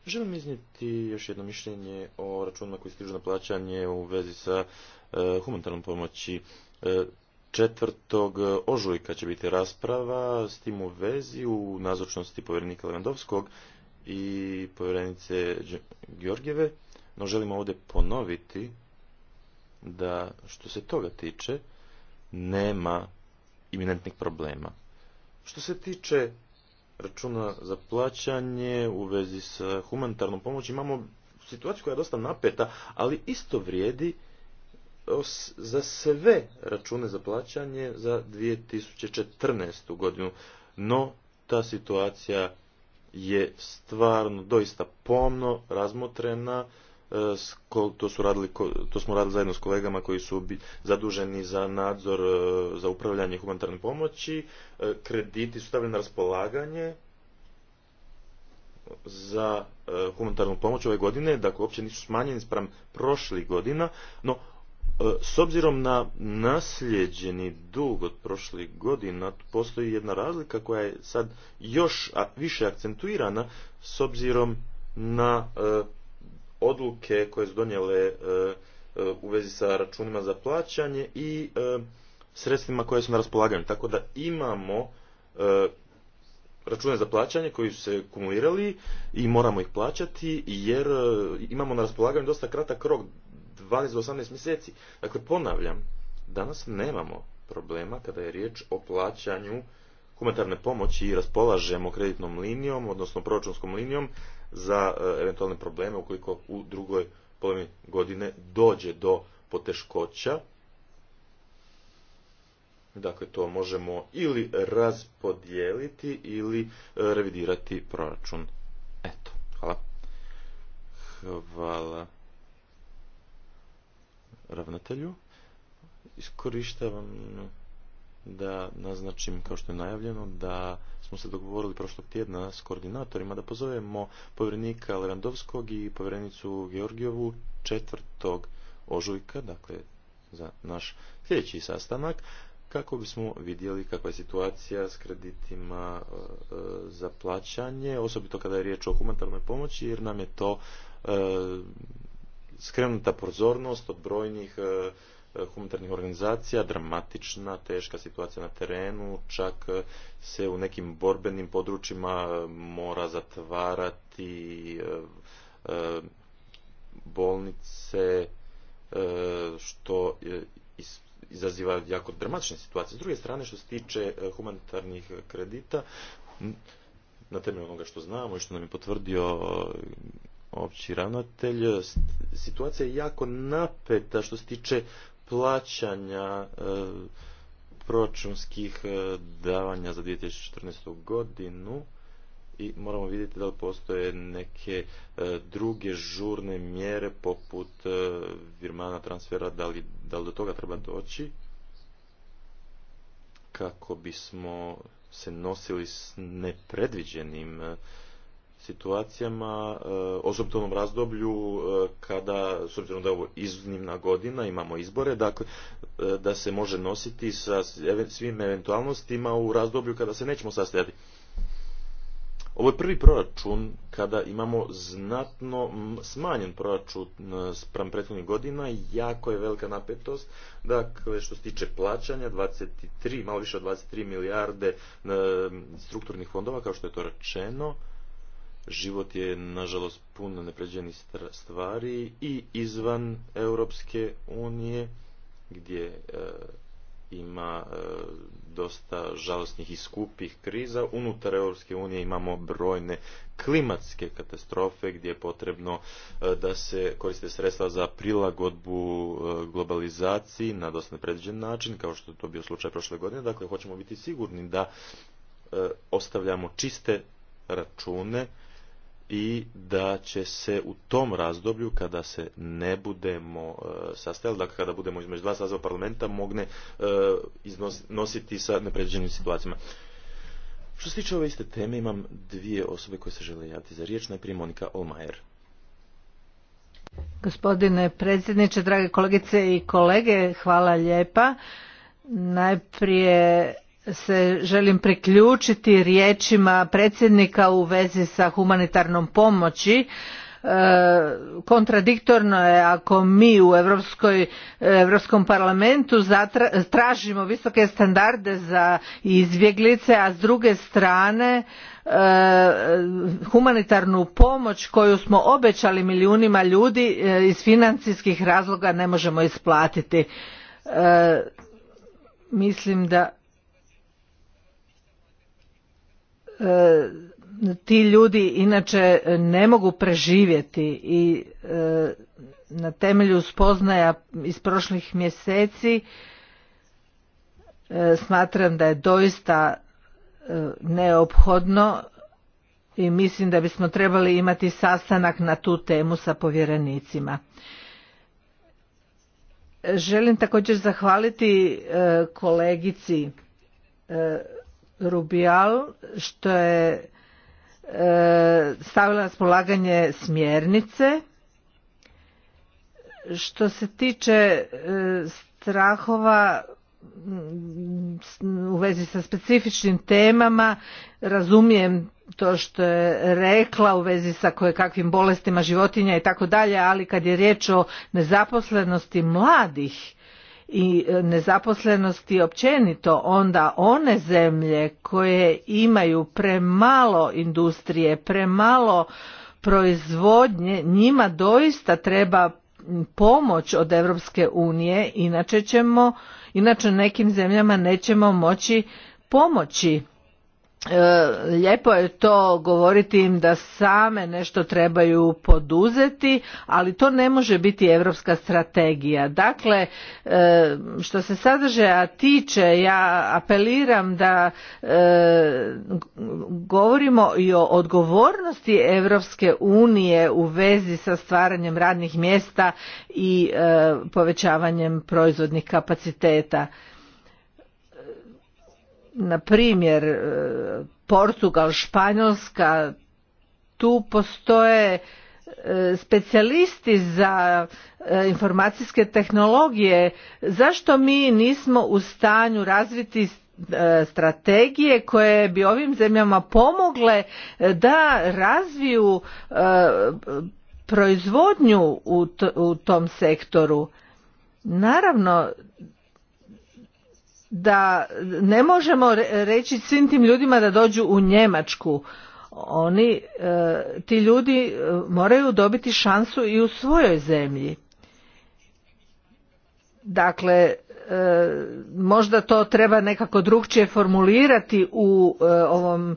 Želim iznijeti još jedno mišljenje o računima koji stižu na plaćanje u vezi sa e, humanitarnom pomoći. E, četvrtog ožujka će biti rasprava s tim u vezi u nazočnosti povjerenika Levandovskog i povjerenice Georgijeve, no želimo ovdje ponoviti da što se toga tiče nema iminentnih problema. Što se tiče računa za plaćanje u vezi sa humanitarnom pomoći, imamo situaciju koja je dosta napeta, ali isto vrijedi za sve račune za plaćanje za 2014. godinu. No, ta situacija je stvarno doista pomno razmotrena E, to, su radili, to smo radili zajedno s kolegama koji su zaduženi za nadzor e, za upravljanje humanitarne pomoći. E, krediti su stavljeni na raspolaganje za humanitarnu pomoć ove godine, dakle uopće nisu smanjeni spram prošlih godina, no s obzirom na nasljeđeni dug od prošlih godina, postoji jedna razlika koja je sad još više akcentuirana s obzirom na odluke koje su donijele e, e, u vezi sa računima za plaćanje i e, sredstvima koje su na raspolaganju. Tako da imamo račune za plaćanje koji su se kumulirali i moramo ih plaćati jer imamo na raspolaganju dosta kratak rok, 12 do 18 mjeseci. Dakle, ponavljam, danas nemamo problema kada je riječ o plaćanju humanitarne pomoći i raspolažemo kreditnom linijom, odnosno proračunskom linijom za e, eventualne probleme ukoliko u drugoj polovini godine dođe do poteškoća. Dakle, to možemo ili raspodijeliti ili e, revidirati proračun. Eto, hvala. Hvala ravnatelju. Iskorištavam da naznačim, kao što je najavljeno, da smo se dogovorili prošlog tjedna s koordinatorima da pozovemo povjerenika Lerandovskog i povjerenicu Georgijovu četvrtog ožujka, dakle za naš sljedeći sastanak, kako bismo vidjeli kakva je situacija s kreditima e, e, za plaćanje, osobito kada je riječ o humanitarnoj pomoći, jer nam je to e, skrenuta pozornost od brojnih E, humanitarnih organizacija, dramatična, teška situacija na terenu, čak e, se u nekim borbenim područjima e, mora zatvarati bolnice, što izaziva jako dramatične situacije. S druge strane, što se tiče humanitarnih kredita, na temelju onoga što znamo i što nam je potvrdio opći ravnatelj, situacija je jako napeta što se tiče plaćanja e, proračunskih e, davanja za 2014. godinu i moramo vidjeti da li postoje neke e, druge žurne mjere poput virmana transfera, da li, da li do toga treba doći kako bismo se nosili s nepredviđenim situacijama, e, osobito razdoblju e, kada, s obzirom da je ovo iznimna godina, imamo izbore, dakle, e, da se može nositi sa svim eventualnostima u razdoblju kada se nećemo sastajati. Ovo je prvi proračun kada imamo znatno smanjen proračun spram prethodnih godina, jako je velika napetost, dakle što se tiče plaćanja 23, malo više od 23 milijarde strukturnih fondova, kao što je to rečeno, život je nažalost puno nepređenih stvari i izvan Europske unije gdje e, ima e, dosta žalostnih i skupih kriza. Unutar Europske unije imamo brojne klimatske katastrofe gdje je potrebno e, da se koriste sredstva za prilagodbu globalizaciji na dosta nepređen način, kao što je to bio slučaj prošle godine. Dakle, hoćemo biti sigurni da ostavljamo čiste račune i da će se u tom razdoblju kada se ne budemo e, sastajali, dakle kada budemo između dva saziva parlamenta mogne e, nositi sa nepređenim situacijama. Što se tiče ove iste teme, imam dvije osobe koje se žele javiti za riječ. Najprije Monika Olmajer. Gospodine predsjedniče, drage kolegice i kolege, hvala lijepa. Najprije se želim priključiti riječima predsjednika u vezi sa humanitarnom pomoći e, kontradiktorno je ako mi u europskom parlamentu tražimo visoke standarde za izbjeglice a s druge strane e, humanitarnu pomoć koju smo obećali milijunima ljudi e, iz financijskih razloga ne možemo isplatiti mislim da E, ti ljudi inače ne mogu preživjeti i e, na temelju spoznaja iz prošlih mjeseci e, smatram da je doista neophodno i mislim da bismo trebali imati sastanak na tu temu sa povjerenicima. Želim također zahvaliti kolegici Rubijal što je e, stavila na raspolaganje smjernice. Što se tiče e, strahova u vezi sa specifičnim temama, razumijem to što je rekla u vezi sa kakvim bolestima životinja i tako dalje, ali kad je riječ o nezaposlenosti mladih, i e, nezaposlenosti općenito onda one zemlje koje imaju premalo industrije premalo proizvodnje njima doista treba pomoć od Europske unije inače ćemo inače nekim zemljama nećemo moći pomoći E, lijepo je to govoriti im da same nešto trebaju poduzeti ali to ne može biti europska strategija dakle e, što se sadržaja tiče ja apeliram da e, govorimo i o odgovornosti europske unije u vezi sa stvaranjem radnih mjesta i povećavanjem proizvodnih kapaciteta na primjer e, Portugal, Španjolska, tu postoje e, specijalisti za e, informacijske tehnologije. Zašto mi nismo u stanju razviti strategije koje bi ovim zemljama pomogle da razviju proizvodnju u tom sektoru? Naravno da ne možemo reći svim tim ljudima da dođu u Njemačku. Oni, e, ti ljudi e, moraju dobiti šansu i u svojoj zemlji. Dakle, e, možda to treba nekako drugčije formulirati u ovom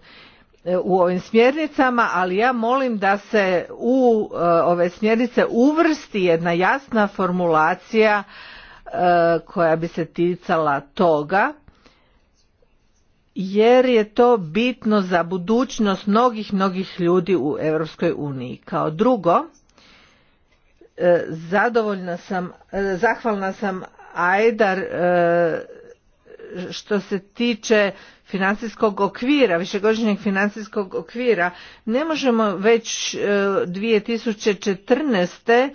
u ovim smjernicama, ali ja molim da se u ove smjernice uvrsti jedna jasna formulacija E, koja bi se ticala toga jer je to bitno za budućnost mnogih mnogih ljudi u Europskoj uniji. Kao drugo, e, zadovoljna sam, e, zahvalna sam Ajdar što se tiče financijskog okvira, višegodišnjeg financijskog okvira, ne možemo već 2014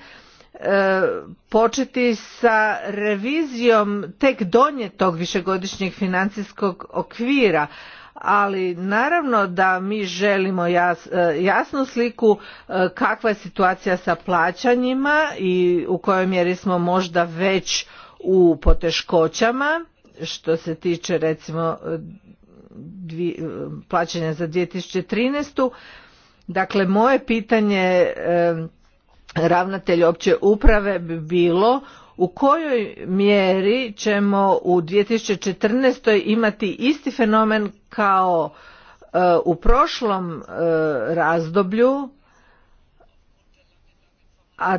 E, početi sa revizijom tek donjetog višegodišnjeg financijskog okvira ali naravno da mi želimo e, jasnu sliku e, kakva je situacija sa plaćanjima i u kojoj mjeri smo možda već u poteškoćama što se tiče recimo plaćanja za 2013. Dakle, moje pitanje ravnatelj opće uprave bi bilo u kojoj mjeri ćemo u 2014. imati isti fenomen kao e, u prošlom e, razdoblju, a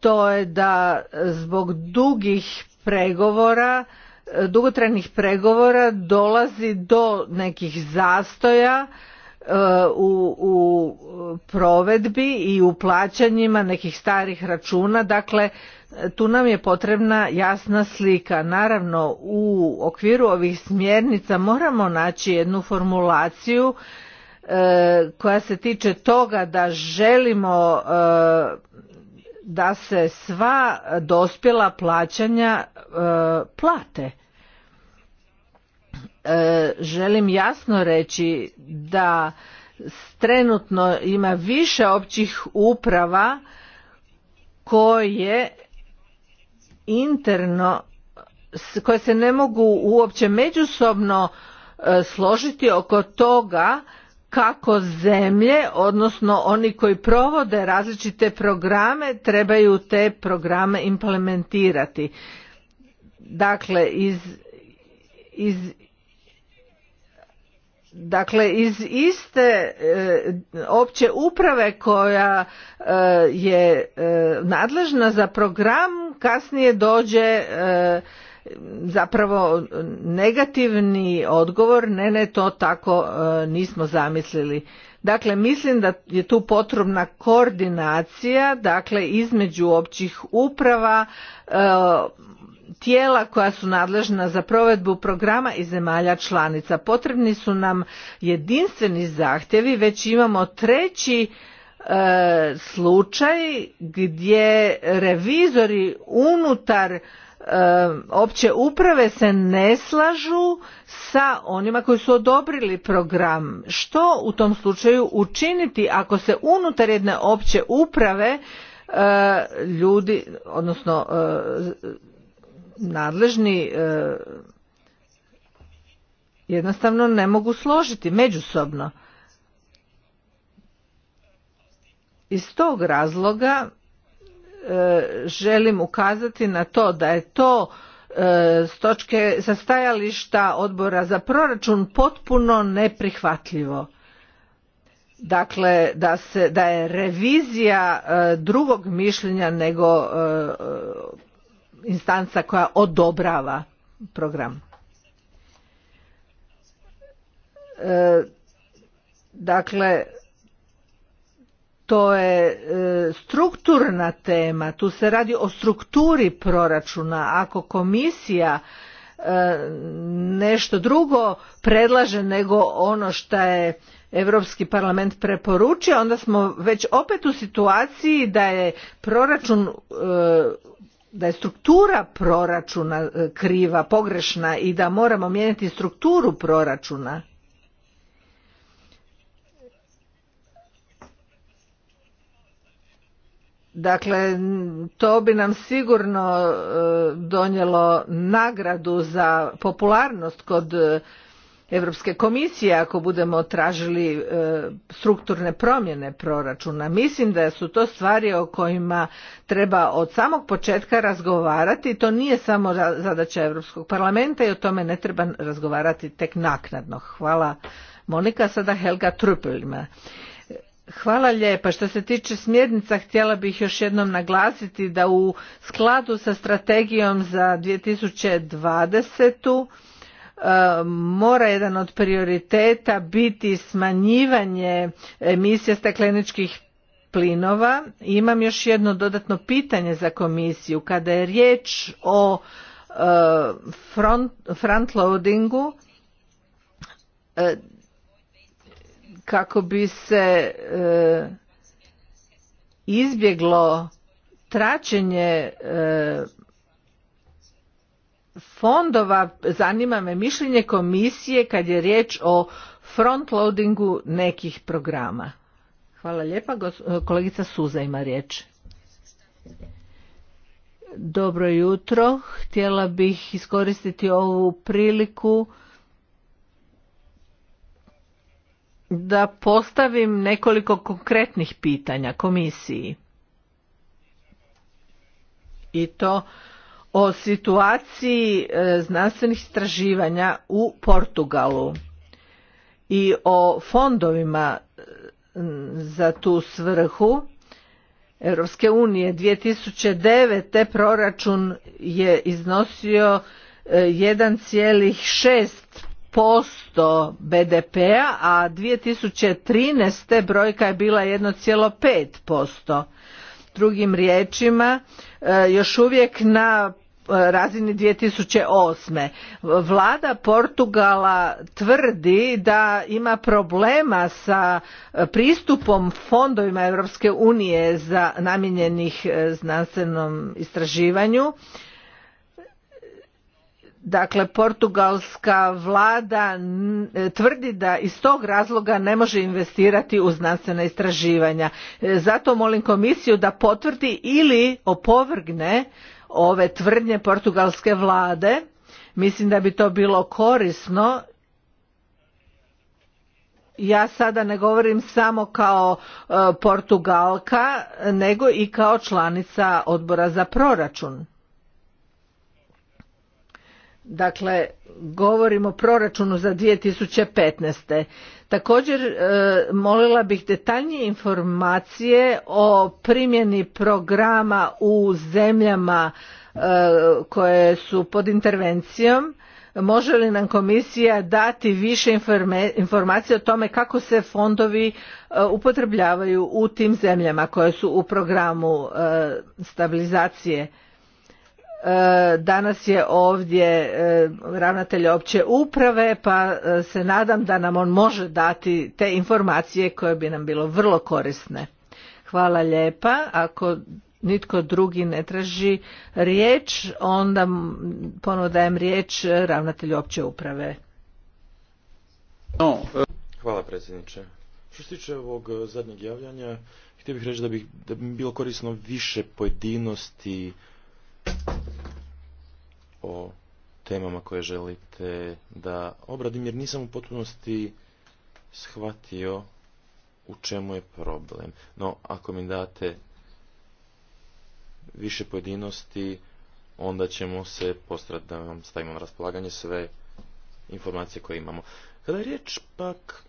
to je da zbog dugih pregovora, e, dugotrajnih pregovora dolazi do nekih zastoja u, u provedbi i u plaćanjima nekih starih računa dakle tu nam je potrebna jasna slika naravno u okviru ovih smjernica moramo naći jednu formulaciju e, koja se tiče toga da želimo e, da se sva dospjela plaćanja e, plate E, želim jasno reći da trenutno ima više općih uprava koje interno koje se ne mogu uopće međusobno e, složiti oko toga kako zemlje odnosno oni koji provode različite programe trebaju te programe implementirati dakle iz iz Dakle, iz iste e, opće uprave koja e, je e, nadležna za program kasnije dođe zapravo negativni odgovor, ne, ne, to tako nismo zamislili. Dakle, mislim da je tu potrebna koordinacija, dakle, između općih uprava, tijela koja su nadležna za provedbu programa i zemalja članica. Potrebni su nam jedinstveni zahtjevi, već imamo treći e, slučaj gdje revizori unutar e, opće uprave se ne slažu sa onima koji su odobrili program. Što u tom slučaju učiniti ako se unutar jedne opće uprave e, ljudi, odnosno nadležni e, jednostavno ne mogu složiti međusobno. Iz tog razloga e, želim ukazati na to da je to e, s točke sa odbora za proračun potpuno neprihvatljivo. Dakle, da, se, da je revizija drugog mišljenja nego instanca koja odobrava program. E, dakle, to je e, strukturna tema, tu se radi o strukturi proračuna. Ako komisija e, nešto drugo predlaže nego ono što je Europski parlament preporučio, onda smo već opet u situaciji da je proračun da je struktura proračuna e, kriva, pogrešna i da moramo mijenjati strukturu proračuna. Dakle, to bi nam sigurno e, donijelo nagradu za popularnost kod e, Europske komisije ako budemo tražili e, strukturne promjene proračuna. Mislim da su to stvari o kojima treba od samog početka razgovarati. To nije samo zadaća Europskog parlamenta i o tome ne treba razgovarati tek naknadno. Hvala Monika, sada Helga Trupeljma. Hvala lijepa. Što se tiče smjernica, htjela bih još jednom naglasiti da u skladu sa strategijom za 2020 mora jedan od prioriteta biti smanjivanje emisija stakleničkih plinova. Imam još jedno dodatno pitanje za komisiju. Kada je riječ o e, frontloadingu, e, kako bi se e, izbjeglo traćenje fondova zanima me mišljenje komisije kad je riječ o frontloadingu nekih programa. Hvala lijepa. Kolegica Suza ima riječ. Dobro jutro. Htjela bih iskoristiti ovu priliku da postavim nekoliko konkretnih pitanja komisiji. I to o situaciji e, znanstvenih istraživanja u Portugalu i o fondovima e, za tu svrhu Europske unije 2009. proračun je iznosio 1,6% e, BDP-a, a 2013. brojka je bila 1,5%. Drugim riječima, još uvijek na razini 2008. Vlada Portugala tvrdi da ima problema sa pristupom fondovima Europske unije za namijenjenih e, znanstvenom istraživanju. Dakle, portugalska vlada e, tvrdi da iz tog razloga ne može investirati u znanstvena istraživanja. E, zato molim komisiju da potvrdi ili opovrgne ove tvrdnje portugalske vlade. Mislim da bi to bilo korisno ja sada ne govorim samo kao e, Portugalka nego i kao članica odbora za proračun. Dakle, govorimo o proračunu za 2015. Također, e, molila bih detaljnije informacije o primjeni programa u zemljama e, koje su pod intervencijom. Može li nam komisija dati više informacije o tome kako se fondovi e, upotrebljavaju u tim zemljama koje su u programu stabilizacije? E, danas je ovdje e, ravnatelj opće uprave pa e, se nadam da nam on može dati te informacije koje bi nam bilo vrlo korisne. Hvala lijepa. Ako nitko drugi ne traži riječ, onda ponovo dajem riječ ravnatelju opće uprave. Hvala predsjedniče. Što se tiče ovog zadnjeg javljanja, htio bih reći da bi bilo korisno više pojedinosti o temama koje želite da obradim, jer nisam u potpunosti shvatio u čemu je problem. No, ako mi date više pojedinosti, onda ćemo se postrati da vam stavimo na raspolaganje sve informacije koje imamo. Kada je riječ pak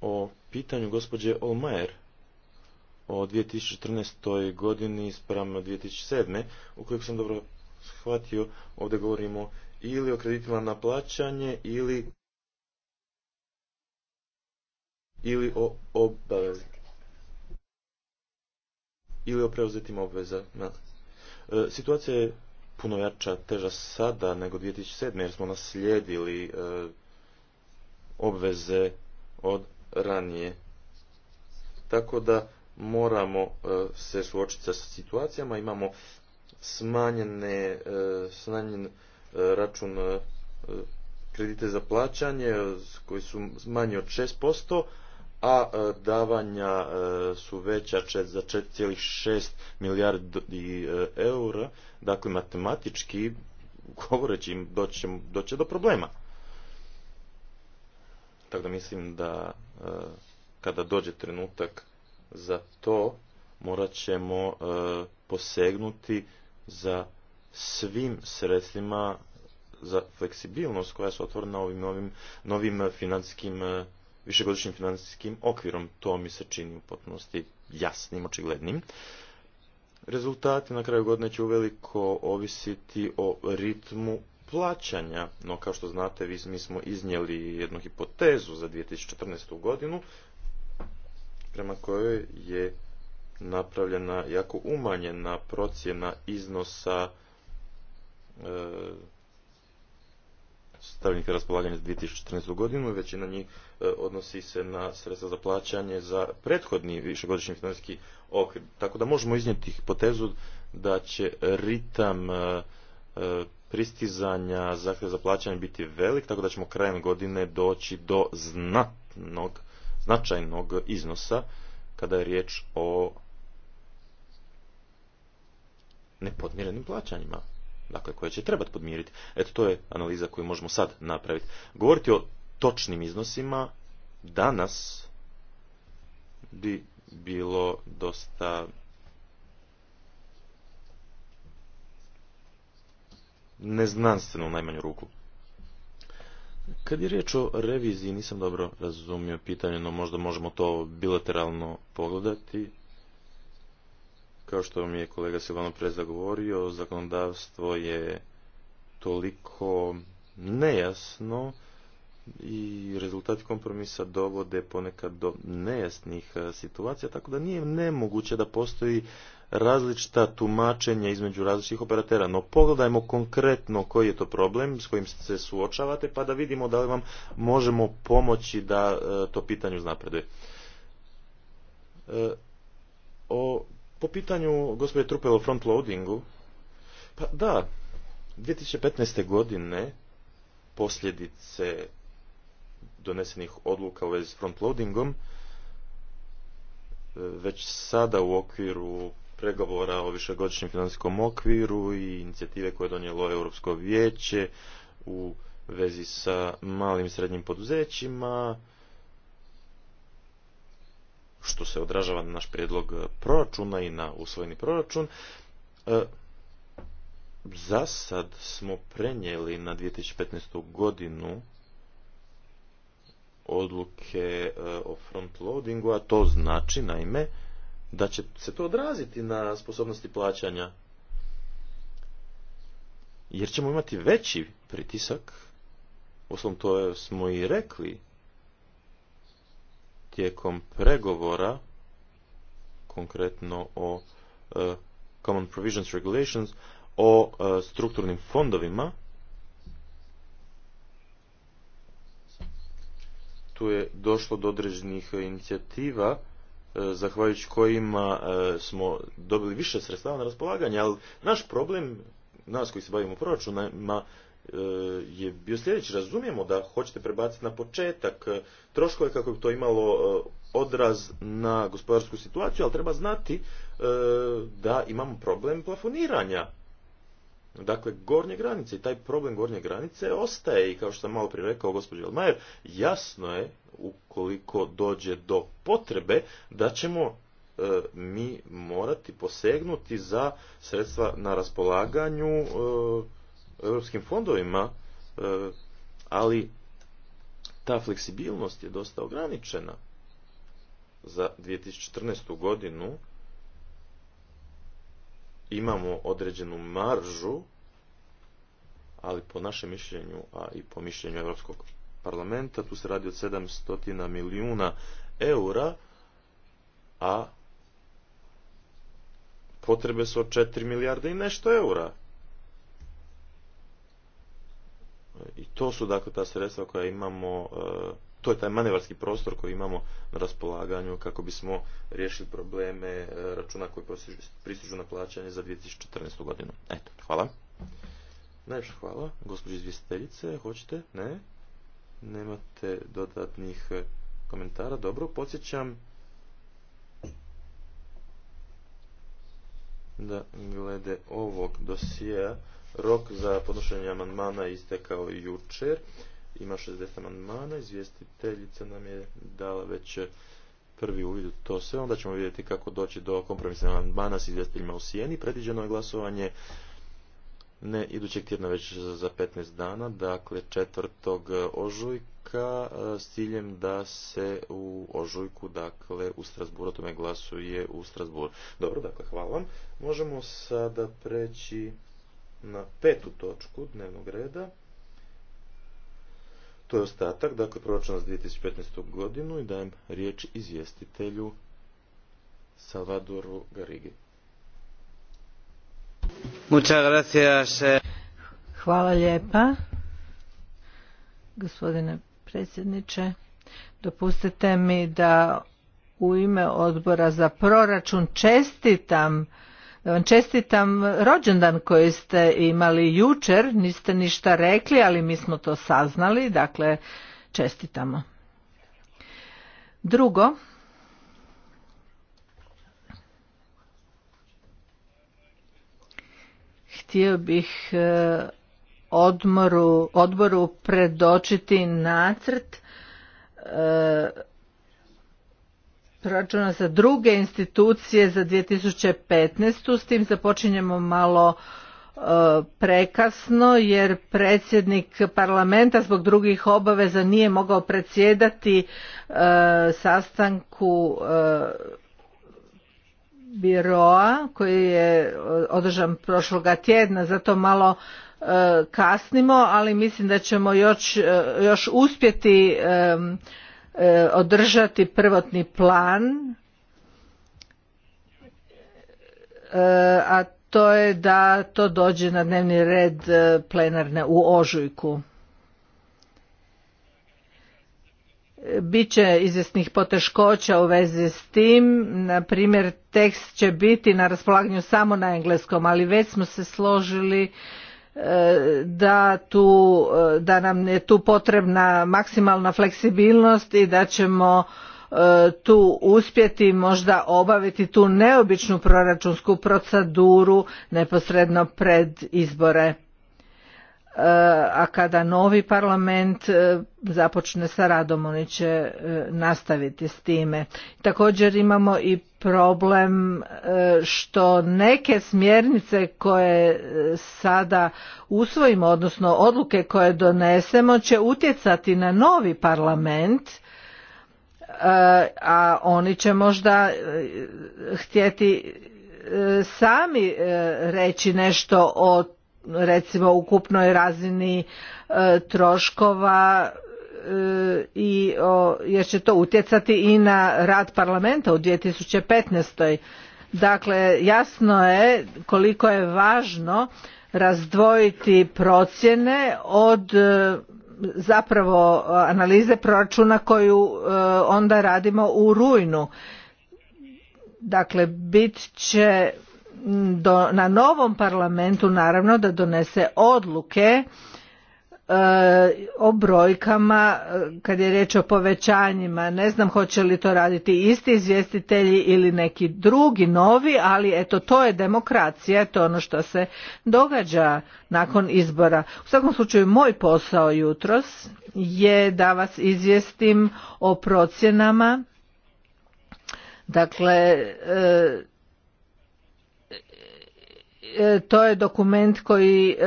o pitanju gospođe Olmajer, o 2014. godini spram 2007. Ukoliko sam dobro shvatio, ovdje govorimo ili o kreditima na plaćanje ili ili o obavezi ili o preuzetim obvezama. E, situacija je puno jača, teža sada nego 2007. jer smo naslijedili e, obveze od ranije. Tako da moramo e, se suočiti sa situacijama, imamo smanjene, e, smanjen e, račun kredite za plaćanje koji su manji od 6%, a davanja su veća za 4,6 milijardi eura, dakle matematički govoreći im doće, do problema. Tako da mislim da kada dođe trenutak za to morat ćemo e, posegnuti za svim sredstvima za fleksibilnost koja se otvorena ovim novim, novim financijskim, e, višegodišnjim financijskim okvirom. To mi se čini u potpunosti jasnim, očiglednim. Rezultati na kraju godine će uveliko ovisiti o ritmu plaćanja, no kao što znate, mi smo iznijeli jednu hipotezu za 2014. godinu prema kojoj je napravljena jako umanjena procjena iznosa e, stavljenika raspolaganja za 2014. godinu većina njih e, odnosi se na sredstva za plaćanje za prethodni višegodišnji financijski okvir. Tako da možemo iznijeti hipotezu da će ritam e, e, pristizanja zahtjeva za plaćanje biti velik, tako da ćemo krajem godine doći do znatnog značajnog iznosa kada je riječ o nepodmirenim plaćanjima, dakle koje će trebati podmiriti. Eto, to je analiza koju možemo sad napraviti. Govoriti o točnim iznosima danas bi bilo dosta neznanstveno u najmanju ruku. Kad je riječ o reviziji, nisam dobro razumio pitanje, no možda možemo to bilateralno pogledati. Kao što mi je kolega Silvano prezagovorio, govorio, zakonodavstvo je toliko nejasno i rezultati kompromisa dovode ponekad do nejasnih eh, situacija, tako da nije nemoguće da postoji različita tumačenja između različitih operatera. No pogledajmo konkretno koji je to problem s kojim se suočavate pa da vidimo da li vam možemo pomoći da e, to pitanje uznapreduje. E, o, po pitanju gospođe Trupel o frontloadingu, pa da, 2015. godine posljedice donesenih odluka u vezi s frontloadingom e, već sada u okviru pregovora o višegodišnjem financijskom okviru i inicijative koje je donijelo Europsko vijeće u vezi sa malim i srednjim poduzećima, što se odražava na naš prijedlog proračuna i na usvojeni proračun. Zasad e, za sad smo prenijeli na 2015. godinu odluke e, o front loadingu, a to znači naime da će se to odraziti na sposobnosti plaćanja. Jer ćemo imati veći pritisak, osnovno to smo i rekli, tijekom pregovora, konkretno o e, Common Provisions Regulations, o e, strukturnim fondovima, tu je došlo do određenih inicijativa E, zahvaljujući kojima e, smo dobili više sredstava na raspolaganje, ali naš problem, nas koji se bavimo proračunima, e, je bio sljedeći. Razumijemo da hoćete prebaciti na početak troškove kako bi to imalo odraz na gospodarsku situaciju, ali treba znati da imamo problem plafoniranja Dakle, gornje granice i taj problem gornje granice ostaje i kao što sam malo prije rekao gospođo Almajer, jasno je ukoliko dođe do potrebe da ćemo e, mi morati posegnuti za sredstva na raspolaganju e, europskim fondovima, e, ali ta fleksibilnost je dosta ograničena za 2014. godinu imamo određenu maržu, ali po našem mišljenju, a i po mišljenju Europskog parlamenta, tu se radi od 700 milijuna eura, a potrebe su od 4 milijarde i nešto eura. I to su dakle ta sredstva koja imamo e, to je taj manevarski prostor koji imamo na raspolaganju kako bismo riješili probleme e, računa koji pristižu na plaćanje za 2014. godinu. Eto, hvala. Najviše hvala. Gospođo izvjestiteljice, hoćete? Ne? Nemate dodatnih e, komentara? Dobro, podsjećam da glede ovog dosija rok za podnošenje amandmana istekao jučer ima 60 amandmana, izvjestiteljica nam je dala već prvi uvid u to sve, onda ćemo vidjeti kako doći do kompromisnih amandmana s izvjestiteljima u Sijeni. Predviđeno je glasovanje ne idućeg tjedna već za 15 dana, dakle četvrtog ožujka e, s ciljem da se u ožujku, dakle u Strasburu, o tome glasuje u Strasburu. Dobro, dakle hvala vam. Možemo sada preći na petu točku dnevnog reda. To je ostatak, dakle, proračuna za 2015. godinu i dajem riječ izvjestitelju Salvadoru Garigi. Eh. Hvala lijepa, gospodine predsjedniče. Dopustite mi da u ime odbora za proračun čestitam vam čestitam rođendan koji ste imali jučer, niste ništa rekli, ali mi smo to saznali, dakle čestitamo. Drugo, htio bih e, odmoru, odboru predočiti nacrt e, proračuna za druge institucije za 2015. S tim započinjemo malo e, prekasno jer predsjednik parlamenta zbog drugih obaveza nije mogao predsjedati e, sastanku e, biroa koji je održan prošloga tjedna zato malo kasnimo ali mislim da ćemo još, još uspjeti E, održati prvotni plan e, a to je da to dođe na dnevni red e, plenarne u ožujku. Biće izvjesnih poteškoća u vezi s tim, na primjer tekst će biti na raspolaganju samo na engleskom, ali već smo se složili da, tu, da nam je tu potrebna maksimalna fleksibilnost i da ćemo e, tu uspjeti možda obaviti tu neobičnu proračunsku proceduru neposredno pred izbore Eh, a kada novi parlament eh, započne sa radom oni će eh, nastaviti s time. Također imamo i problem što neke smjernice koje sada usvojimo, odnosno odluke koje donesemo će utjecati na novi parlament a oni će možda htjeti sami reći nešto o recimo ukupnoj razini e, troškova e, i jer će to utjecati i na rad parlamenta u 2015. Dakle, jasno je koliko je važno razdvojiti procjene od e, zapravo analize proračuna koju onda radimo u rujnu. Dakle, bit će na novom parlamentu naravno da donese odluke e, o brojkama e, kad je riječ o povećanjima. Ne znam hoće li to raditi isti izvjestitelji ili neki drugi novi, ali eto to je demokracija, to je ono što se događa nakon izbora. U svakom slučaju moj posao jutros je da vas izvijestim o procjenama, dakle e, E, to je dokument koji e,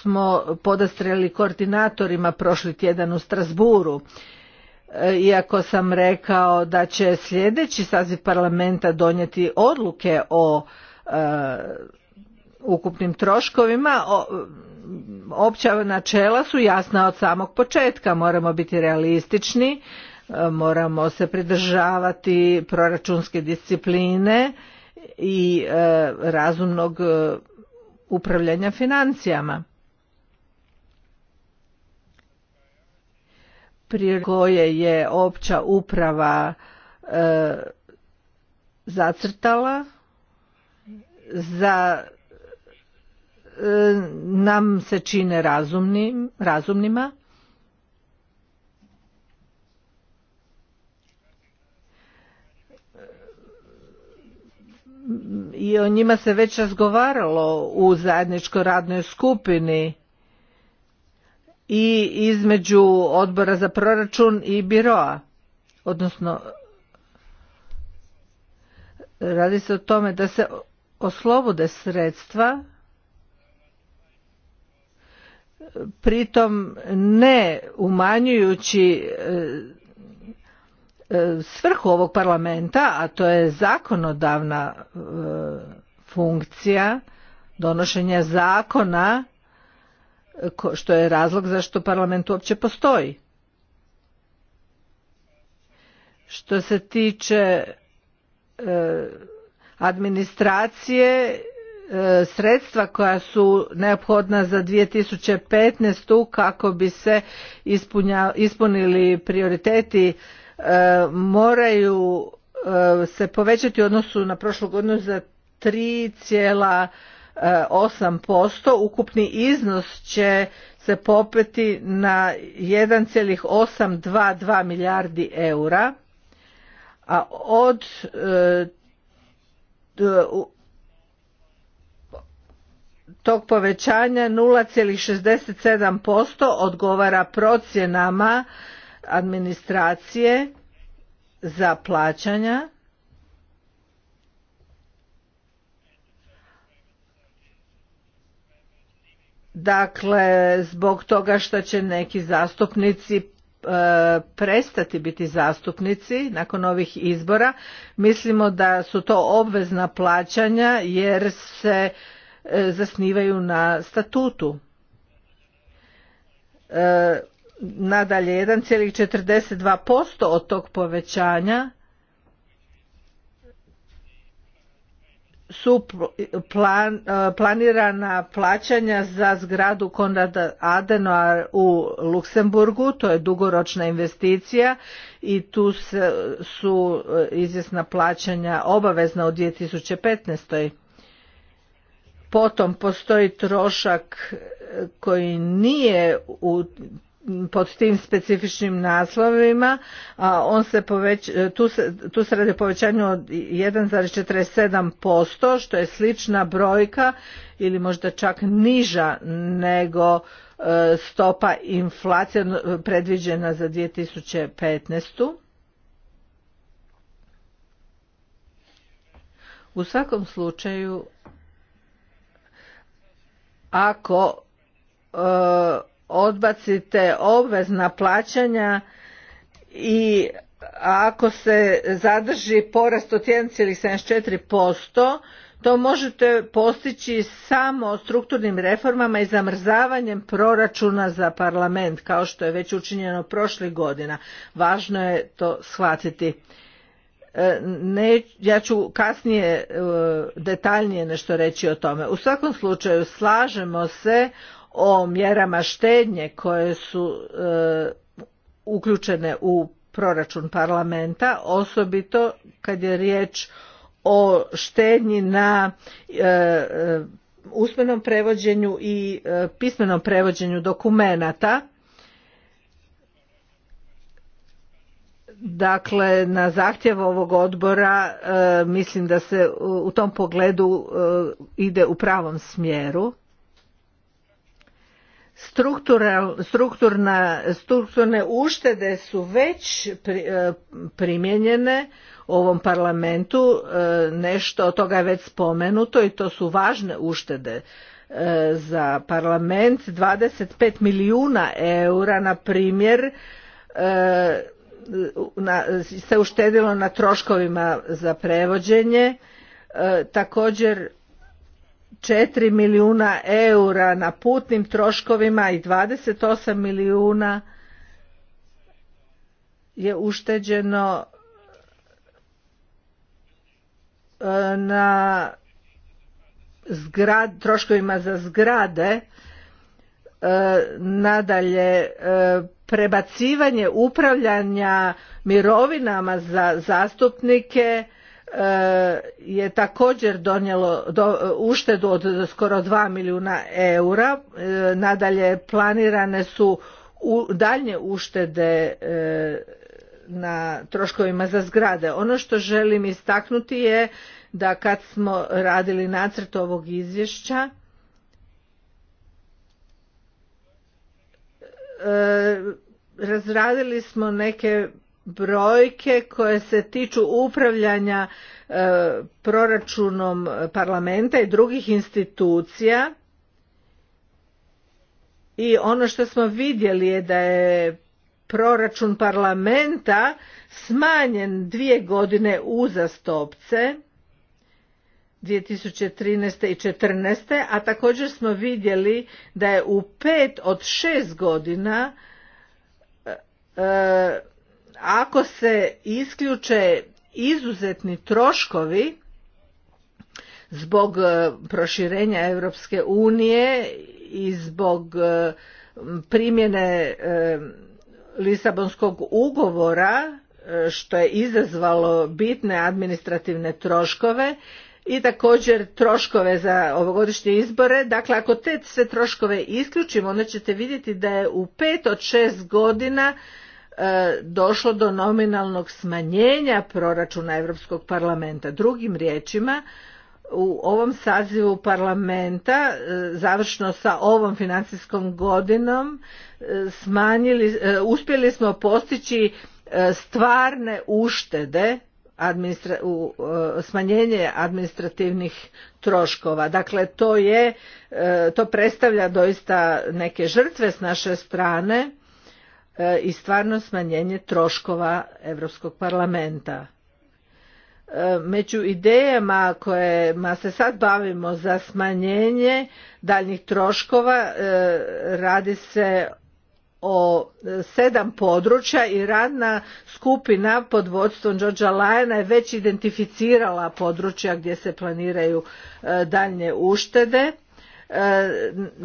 smo podastreli koordinatorima prošli tjedan u Strasburu. E, iako sam rekao da će sljedeći saziv parlamenta donijeti odluke o ukupnim troškovima, opća načela su jasna od samog početka. Moramo biti realistični, moramo se pridržavati proračunske discipline, i e, razumnog e, upravljanja financijama. Prije koje je opća uprava e, zacrtala za nam se čine razumnim, razumnima i o njima se već razgovaralo u zajedničkoj radnoj skupini i između odbora za proračun i biroa odnosno radi se o tome da se oslobode sredstva pritom ne umanjujući e, E, svrhu ovog parlamenta, a to je zakonodavna e, funkcija donošenja zakona, e, što je razlog zašto parlament uopće postoji. Što se tiče administracije, sredstva koja su neophodna za 2015. kako bi se ispunili prioriteti E, moraju e, se povećati u odnosu na prošlu godinu za 3,8%. E, Ukupni iznos će se popeti na 1,822 milijardi eura, a od tog povećanja 0,67% odgovara procjenama administracije za plaćanja Dakle, zbog toga što će neki zastupnici e, prestati biti zastupnici nakon ovih izbora, mislimo da su to obvezna plaćanja jer se e, zasnivaju na statutu. E, nadalje 1,42% od tog povećanja su e, planirana plaćanja za zgradu Konrada Adenauer u Luksemburgu, to je dugoročna investicija i tu su e, izvjesna plaćanja obavezna u 2015. Potom postoji trošak e, koji nije u pod tim specifičnim naslovima, a on se poveć, e, tu, se, tu se radi o povećanju od 1,47%, što je slična brojka ili možda čak niža nego e, stopa inflacije predviđena za 2015. U svakom slučaju, ako e, odbacite obvezna plaćanja i ako se zadrži porast od 1,74%, to možete postići samo strukturnim reformama i zamrzavanjem proračuna za parlament, kao što je već učinjeno prošlih godina. Važno je to shvatiti. E, ja ću kasnije e, detaljnije nešto reći o tome. U svakom slučaju slažemo se o mjerama štednje koje su e, uključene u proračun parlamenta osobito kad je riječ o štednji na e, e, usmenom prevođenju i pismenom prevođenju dokumenata dakle na zahtjev ovog odbora mislim da se u tom pogledu ide u pravom smjeru Strukturna, strukturne uštede su već e, primijenjene u ovom parlamentu, e, nešto od toga je već spomenuto i to su važne uštede e, za parlament, 25 milijuna eura na primjer se uštedilo na troškovima za prevođenje, također 4 milijuna eura na putnim troškovima i 28 milijuna je ušteđeno e, na troškovima za zgrade e, nadalje e, prebacivanje upravljanja mirovinama za zastupnike je također donijelo uštedu od skoro dva milijuna eura. E, nadalje planirane su daljnje uštede e, na troškovima za zgrade. Ono što želim istaknuti je da kad smo radili nacrt ovog izvješća e, razradili smo neke brojke koje se tiču upravljanja e, proračunom parlamenta i drugih institucija i ono što smo vidjeli je da je proračun parlamenta smanjen dvije godine uzastopce 2013. i 2014. a također smo vidjeli da je u pet od šest godina e, e, ako se isključe izuzetni troškovi zbog e, proširenja Europske unije i zbog e, primjene e, Lisabonskog ugovora što je izazvalo bitne administrativne troškove i također troškove za ovogodišnje izbore. Dakle, ako te sve troškove isključimo, onda ćete vidjeti da je u pet od šest godina E, došlo do nominalnog smanjenja proračuna Europskog parlamenta. Drugim riječima, u ovom sazivu parlamenta e, završno sa ovom financijskom godinom e, smanjili, uspjeli smo postići stvarne uštede u smanjenje administrativnih troškova. Dakle, to je, to predstavlja doista neke žrtve s naše strane E, i stvarno smanjenje troškova Europskog parlamenta. E, među idejama kojima se sad bavimo za smanjenje daljnjih troškova e, radi se o sedam područja i radna skupina pod vodstvom Georgea Lyona je već identificirala područja gdje se planiraju daljnje uštede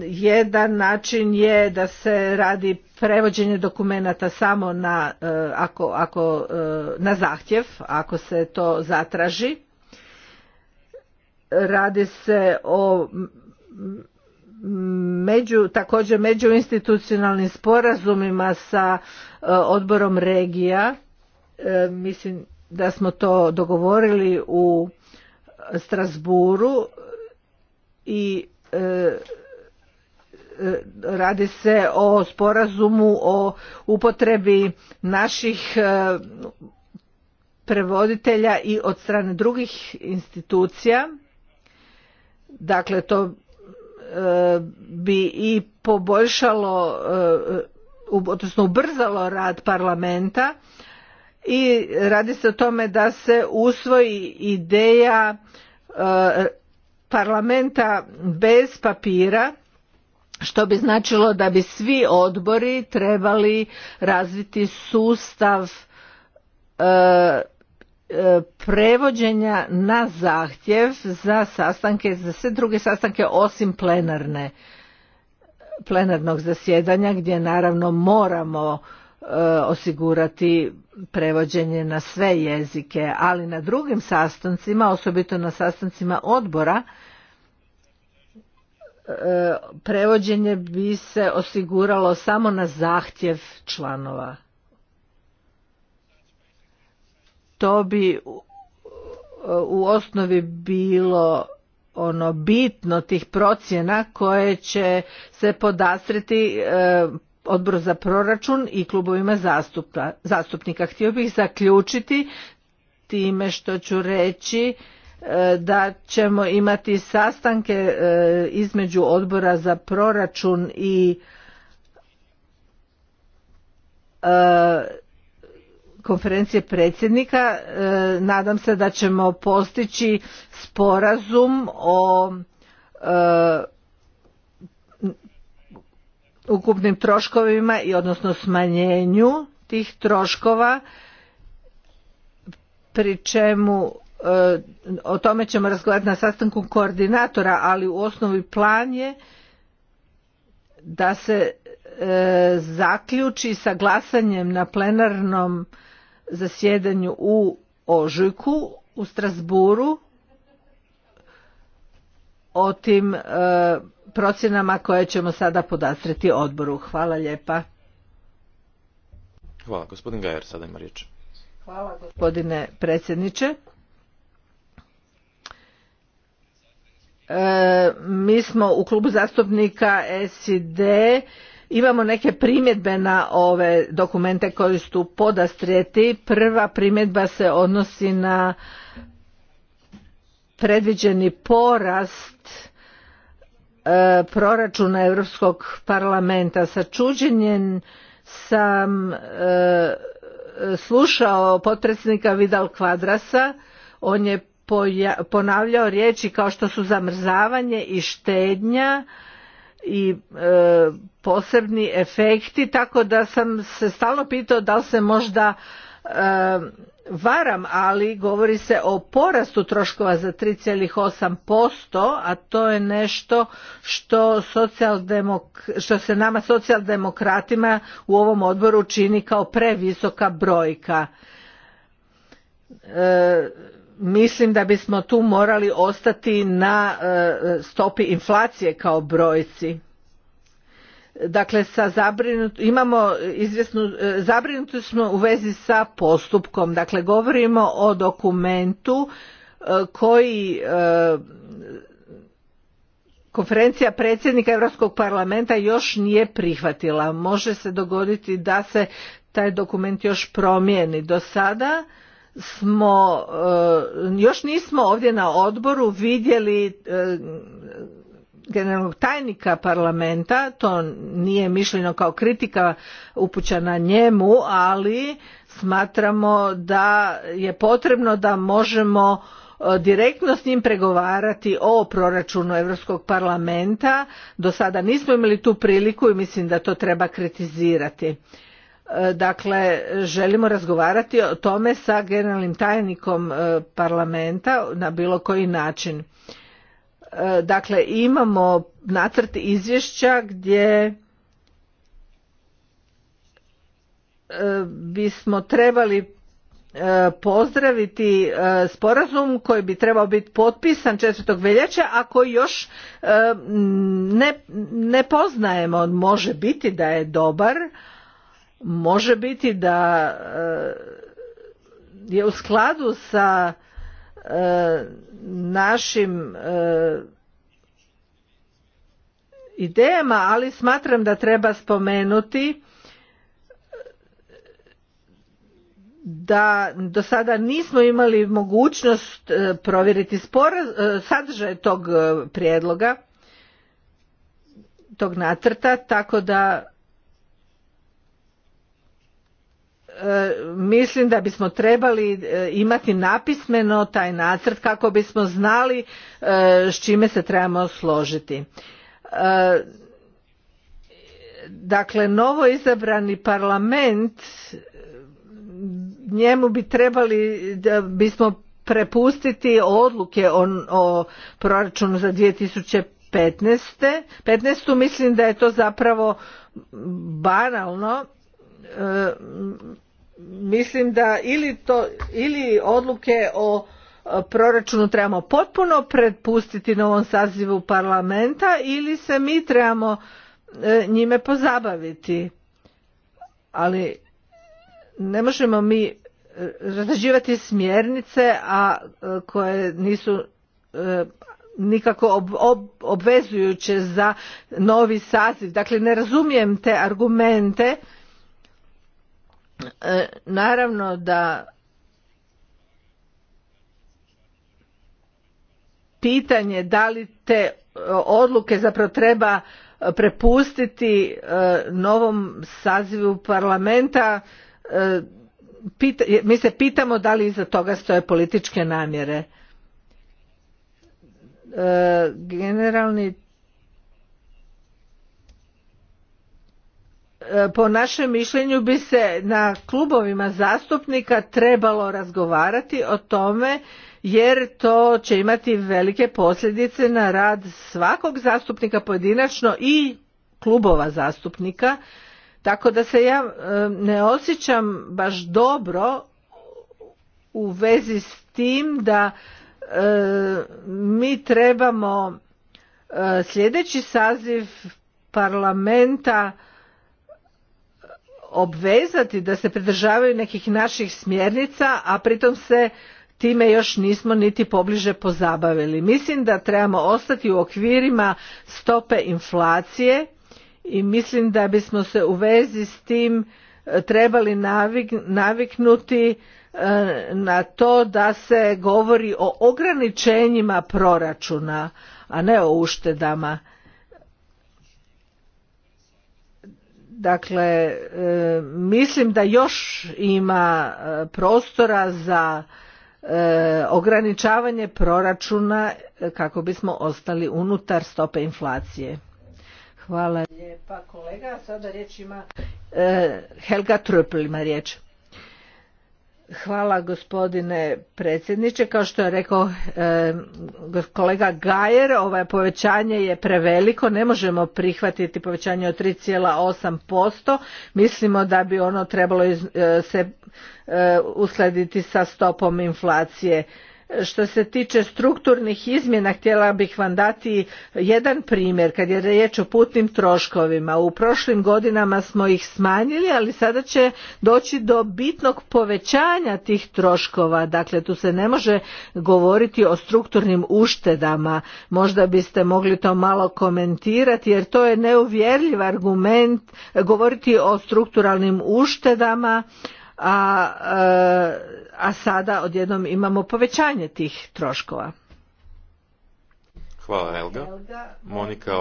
jedan način je da se radi prevođenje dokumenata samo na, e, ako, ako, e, na zahtjev, ako se to zatraži. Radi se o među, također međuinstitucionalnim sporazumima sa e, odborom regija. Mislim da smo to dogovorili u Strasburu i E, e, radi se o sporazumu o upotrebi naših e, prevoditelja i od strane drugih institucija dakle to bi i poboljšalo odnosno ubrzalo rad parlamenta i radi se o tome da se usvoji ideja parlamenta bez papira što bi značilo da bi svi odbori trebali razviti sustav e, e, prevođenja na zahtjev za sastanke, za sve druge sastanke osim plenarne, plenarnog zasjedanja gdje naravno moramo E, osigurati prevođenje na sve jezike, ali na drugim sastancima, osobito na sastancima odbora, e, prevođenje bi se osiguralo samo na zahtjev članova. To bi u osnovi bilo ono bitno tih procjena koje će se podastriti e, odbor za proračun i klubovima zastupnika. Htio bih zaključiti time što ću reći e, da ćemo imati sastanke e, između odbora za proračun i e, konferencije predsjednika. Nadam se da ćemo postići sporazum o ukupnim troškovima i odnosno smanjenju tih troškova pri čemu e, o tome ćemo razgovarati na sastanku koordinatora ali u osnovi plan je da se e, zaključi sa glasanjem na plenarnom zasjedanju u ožujku u Strasburu o tim e, procjenama koje ćemo sada podastreti odboru. Hvala lijepa. Hvala. Gospodin Gajer sada ima riječ. Hvala gospodine predsjedniče. E, mi smo u klubu zastupnika SID imamo neke primjedbe na ove dokumente koji su podastrijeti. Prva primjedba se odnosi na predviđeni porast e, proračuna Europskog parlamenta. Sa čuđenjem sam e, slušao potpredsjednika Vidal Kvadrasa, on je ponavljao riječi kao što su zamrzavanje i štednja i e, posebni efekti, tako da sam se stalno pitao da li se možda varam, ali govori se o porastu troškova za 3,8%, a to je nešto što, što se nama socijaldemokratima u ovom odboru čini kao previsoka brojka. mislim da bismo tu morali ostati na eh, stopi inflacije kao brojci dakle sa zabrinut, imamo izvjesnu e, zabrinuti smo u vezi sa postupkom dakle govorimo o dokumentu e, koji e, konferencija predsjednika europskog parlamenta još nije prihvatila može se dogoditi da se taj dokument još promijeni do sada smo još nismo ovdje na odboru vidjeli generalnog tajnika parlamenta to nije mišljeno kao kritika upućena njemu ali smatramo da je potrebno da možemo e, direktno s njim pregovarati o proračunu europskog parlamenta do sada nismo imali tu priliku i mislim da to treba kritizirati e, dakle želimo razgovarati o tome sa generalnim tajnikom e, parlamenta na bilo koji način E, dakle, imamo nacrt izvješća gdje e, bismo trebali e, pozdraviti sporazum koji bi trebao biti potpisan 4. veljače, a koji još ne, ne poznajemo. može biti da je dobar, može biti da je u skladu sa našim e, idejama, ali smatram da treba spomenuti da do sada nismo imali mogućnost e, provjeriti e, sadržaj tog prijedloga, tog nacrta, tako da mislim da bismo trebali e, imati napismeno taj nacrt kako bismo znali e, s čime se trebamo složiti. E, dakle, novo izabrani parlament njemu bi trebali da bismo prepustiti odluke o, o proračunu za 2015. 15. mislim da je to zapravo banalno mislim da ili, to, ili odluke o proračunu trebamo potpuno prepustiti novom sazivu parlamenta ili se mi trebamo e, njime pozabaviti. Ali ne možemo mi e, razrađivati smjernice a e, koje nisu nikako obvezujuće za novi saziv. Dakle, ne razumijem te argumente E, naravno da pitanje da li te e, odluke zapravo treba prepustiti e, novom sazivu parlamenta mi se pitamo da li iza toga stoje političke namjere generalni E, po našem mišljenju bi se na klubovima zastupnika trebalo razgovarati o tome jer to će imati velike posljedice na rad svakog zastupnika pojedinačno i klubova zastupnika tako da se ja e, ne osjećam baš dobro u vezi s tim da e, mi trebamo sljedeći saziv parlamenta obvezati da se pridržavaju nekih naših smjernica, a pritom se time još nismo niti pobliže pozabavili. Mislim da trebamo ostati u okvirima stope inflacije i mislim da bismo se u vezi s tim e, trebali naviknuti e, na to da se govori o ograničenjima proračuna, a ne o uštedama. Dakle, e, mislim da još ima e, prostora za e, ograničavanje proračuna kako bismo ostali unutar stope inflacije. Hvala lijepa kolega. Sada riječ ima Helga Tröpl ima riječ. Hvala gospodine predsjedniče. Kao što je rekao eh, kolega Gajer, ovo ovaj povećanje je preveliko, ne možemo prihvatiti povećanje od 3,8%. Mislimo da bi ono trebalo eh, se uslediti eh, uskladiti sa stopom inflacije. Što se tiče strukturnih izmjena, htjela bih vam dati jedan primjer kad je riječ o putnim troškovima. U prošlim godinama smo ih smanjili, ali sada će doći do bitnog povećanja tih troškova. Dakle, tu se ne može govoriti o strukturnim uštedama. Možda biste mogli to malo komentirati, jer to je neuvjerljiv argument govoriti o strukturalnim uštedama a, e, a sada odjednom imamo povećanje tih troškova. Hvala Elga. Monika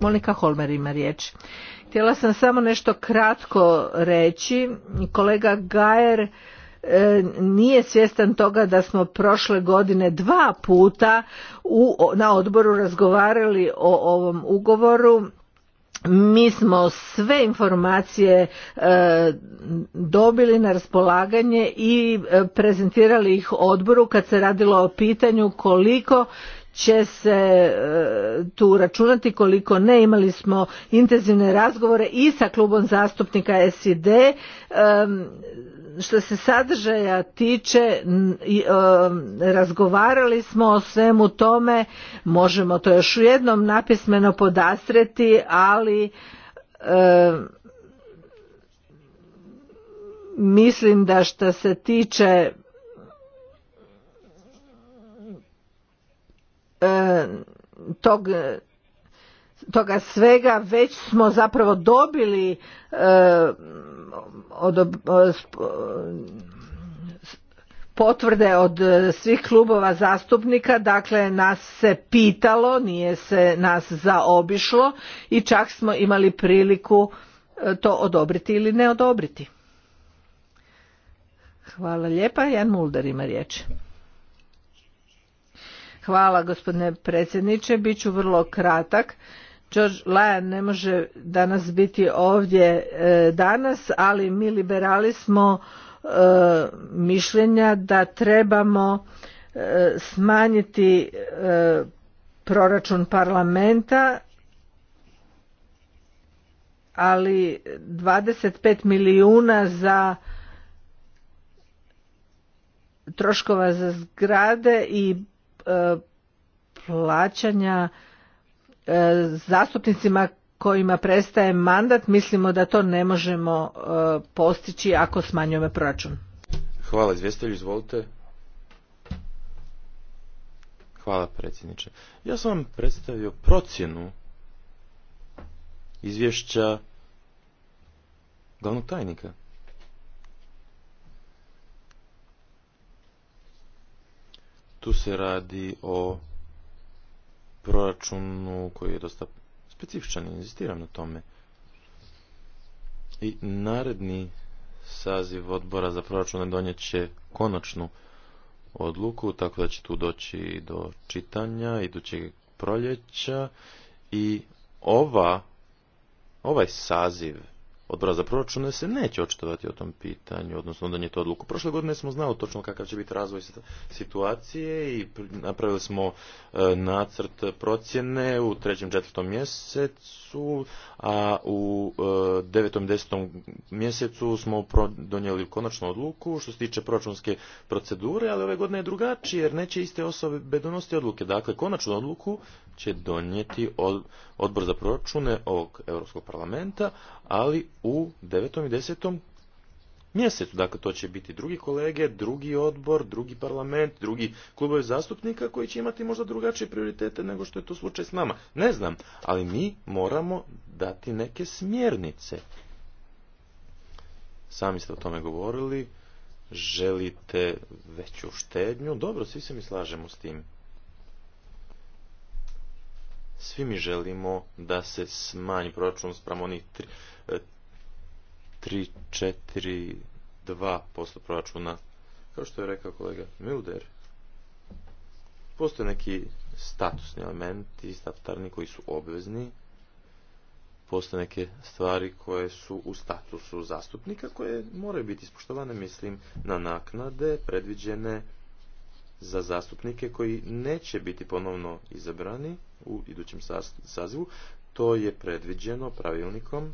Monika Holmer ima riječ. Htjela sam samo nešto kratko reći. Kolega Gajer e, nije svjestan toga da smo prošle godine dva puta u, na odboru razgovarali o ovom ugovoru mi smo sve informacije e, dobili na raspolaganje i e, prezentirali ih odboru kad se radilo o pitanju koliko će se e, tu računati koliko ne imali smo intenzivne razgovore i sa klubom zastupnika SID što se sadržaja tiče e, razgovarali smo o svemu tome možemo to još u jednom napismeno podastreti ali e, mislim da što se tiče e, tog toga svega već smo zapravo dobili odob, potvrde od e, svih klubova zastupnika, dakle nas se pitalo, nije se nas zaobišlo i čak smo imali priliku e, to odobriti ili ne odobriti. Hvala lijepa, Jan Mulder ima riječ. Hvala gospodine predsjedniče, bit ću vrlo kratak. George Lyon ne može danas biti ovdje e, danas, ali mi liberali smo e, mišljenja da trebamo e, smanjiti proračun parlamenta ali 25 milijuna za troškova za zgrade i plaćanja E, zastupnicima kojima prestaje mandat mislimo da to ne možemo e, postići ako smanjujemo proračun. Hvala izvjestitelju izvolite. Hvala predsjedniče. Ja sam vam predstavio procjenu izvješća glavnog tajnika. Tu se radi o proračunu koji je dosta specifičan, inzistiram na tome. I naredni saziv odbora za proračune donijet će konačnu odluku, tako da će tu doći do čitanja, idućeg proljeća i ova, ovaj saziv odbora za proračune se neće očitovati o tom pitanju, odnosno donijeti odluku. Prošle godine smo znali točno kakav će biti razvoj situacije i napravili smo e, nacrt procjene u trećem četvrtom mjesecu, a u e, devetom desetom mjesecu smo donijeli konačnu odluku što se tiče proračunske procedure, ali ove godine je drugačije jer neće iste osobe donositi odluke. Dakle, konačnu odluku će donijeti odbor za proračune ovog Europskog parlamenta, ali u devetom i desetom mjesecu. Dakle, to će biti drugi kolege, drugi odbor, drugi parlament, drugi klubovi zastupnika koji će imati možda drugačije prioritete nego što je to slučaj s nama. Ne znam, ali mi moramo dati neke smjernice. Sami ste o tome govorili, želite veću štednju, dobro, svi se mi slažemo s tim. Svi mi želimo da se smanji proračun spram onih 3-4-2% e, proračuna. Kao što je rekao kolega Milder, postoje neki statusni elementi, statutarni koji su obvezni, postoje neke stvari koje su u statusu zastupnika koje moraju biti ispoštovane, mislim, na naknade predviđene za zastupnike koji neće biti ponovno izabrani u idućem sazivu. To je predviđeno pravilnikom.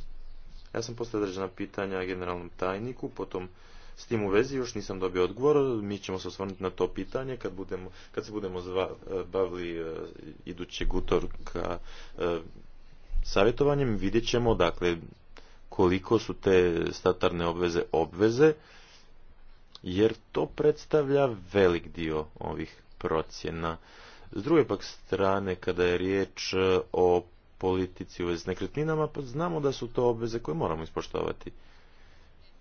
Ja sam postavio određena pitanja generalnom tajniku, potom s tim u vezi još nisam dobio odgovor, mi ćemo se osvrnuti na to pitanje kad, budemo, kad se budemo zva, bavili idući e, idućeg utorka e, savjetovanjem, vidjet ćemo dakle koliko su te statarne obveze obveze jer to predstavlja velik dio ovih procjena. S druge pak strane, kada je riječ e, o politici u s nekretninama, pa znamo da su to obveze koje moramo ispoštovati.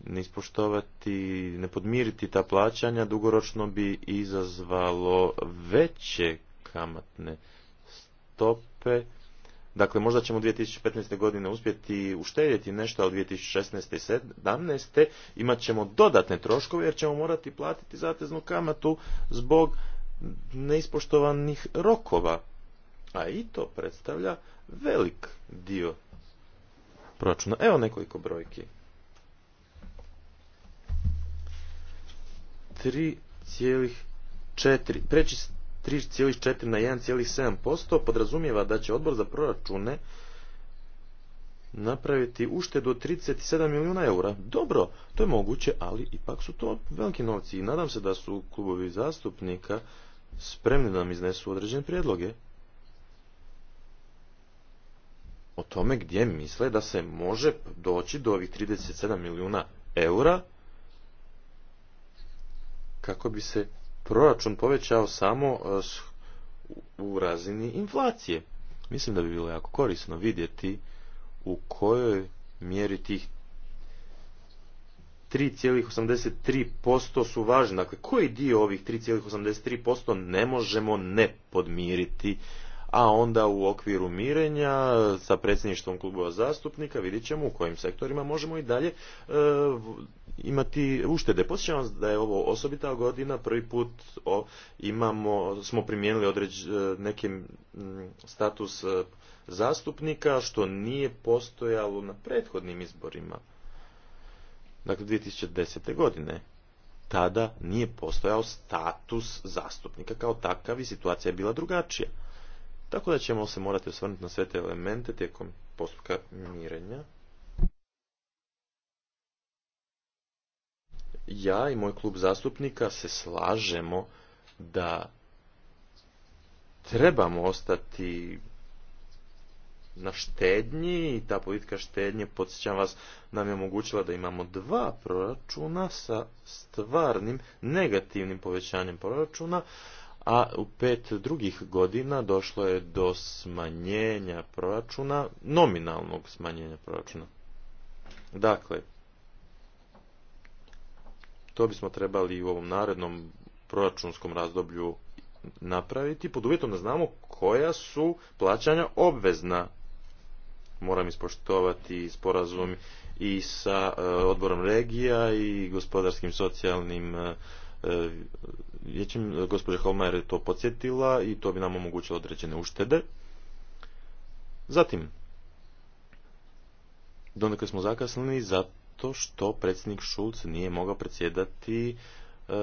Ne ispoštovati, ne podmiriti ta plaćanja, dugoročno bi izazvalo veće kamatne stope Dakle, možda ćemo 2015. godine uspjeti uštedjeti nešto, a od 2016. i 2017. imat ćemo dodatne troškove jer ćemo morati platiti zateznu kamatu zbog neispoštovanih rokova. A i to predstavlja velik dio proračuna. Evo nekoliko brojki. 3,4, preći 3,4 na 1,7% podrazumijeva da će odbor za proračune napraviti uštedu do 37 milijuna eura. Dobro, to je moguće, ali ipak su to veliki novci i nadam se da su klubovi zastupnika spremni da nam iznesu određene prijedloge o tome gdje misle da se može doći do ovih 37 milijuna eura kako bi se proračun povećao samo e, u razini inflacije. Mislim da bi bilo jako korisno vidjeti u kojoj mjeri tih 3,83% su važni. Dakle, koji dio ovih 3,83% ne možemo ne podmiriti? A onda u okviru mirenja sa predsjedništvom klubova zastupnika vidjet ćemo u kojim sektorima možemo i dalje e, imati uštede. Posjećam vas da je ovo osobita godina, prvi put o, imamo, smo primijenili određ, e, neki status e, zastupnika, što nije postojalo na prethodnim izborima. Dakle, 2010. godine. Tada nije postojao status zastupnika kao takav i situacija je bila drugačija. Tako da ćemo se morati osvrnuti na sve te elemente tijekom postupka mirenja. ja i moj klub zastupnika se slažemo da trebamo ostati na štednji i ta politika štednje, podsjećam vas, nam je omogućila da imamo dva proračuna sa stvarnim negativnim povećanjem proračuna, a u pet drugih godina došlo je do smanjenja proračuna, nominalnog smanjenja proračuna. Dakle, to bismo trebali u ovom narednom proračunskom razdoblju napraviti, pod uvjetom da znamo koja su plaćanja obvezna. Moram ispoštovati sporazum i sa e, odborom regija i gospodarskim socijalnim e, e, vijećem. Gospođa Holmajer je to podsjetila i to bi nam omogućilo određene uštede. Zatim, donekle smo zakasnili zato to što predsjednik Šulc nije mogao predsjedati e,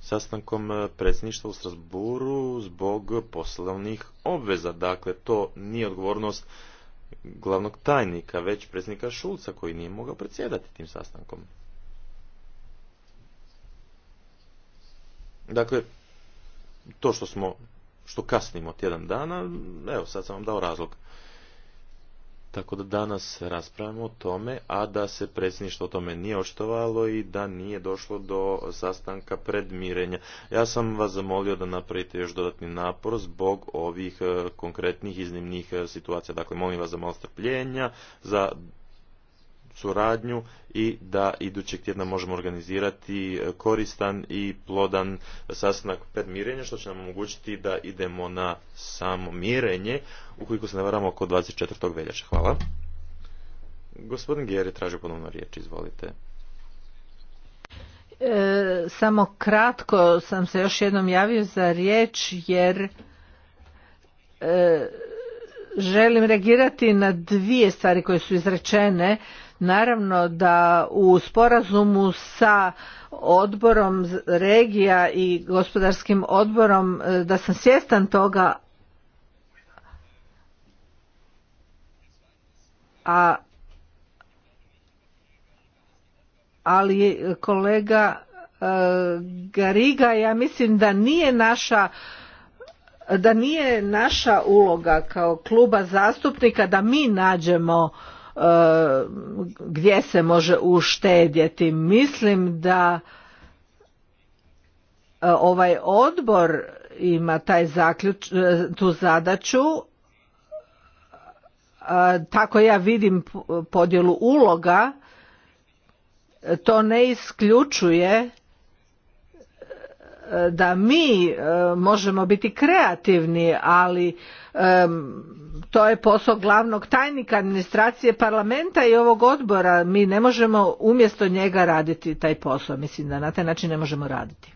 sastankom e, predsjedništva u Strasburu zbog poslovnih obveza. Dakle, to nije odgovornost glavnog tajnika, već predsjednika Šulca koji nije mogao predsjedati tim sastankom. Dakle, to što smo, što kasnimo tjedan dana, evo sad sam vam dao razlog. Tako da danas raspravljamo o tome, a da se predsjedništvo o tome nije oštovalo i da nije došlo do sastanka predmirenja. Ja sam vas zamolio da napravite još dodatni napor zbog ovih e, konkretnih iznimnih e, situacija. Dakle, molim vas za malo strpljenja, za suradnju i da idućeg tjedna možemo organizirati e, koristan i plodan sastanak pred mirenje, što će nam omogućiti da idemo na samo mirenje, ukoliko se ne varamo oko 24. veljače. Hvala. Gospodin Geri traži ponovno riječ, izvolite. E, samo kratko sam se još jednom javio za riječ jer e, želim reagirati na dvije stvari koje su izrečene Naravno da u sporazumu sa odborom regija i gospodarskim odborom e, da sam svjestan toga a ali kolega e, Gariga ja mislim da nije naša da nije naša uloga kao kluba zastupnika da mi nađemo E, gdje se može uštedjeti. Mislim da e, ovaj odbor ima taj zaključ, e, tu zadaću tako ja vidim podjelu uloga to ne isključuje da mi e, možemo biti kreativni, ali e, to je posao glavnog tajnika administracije parlamenta i ovog odbora. Mi ne možemo umjesto njega raditi taj posao. Mislim da na taj način ne možemo raditi.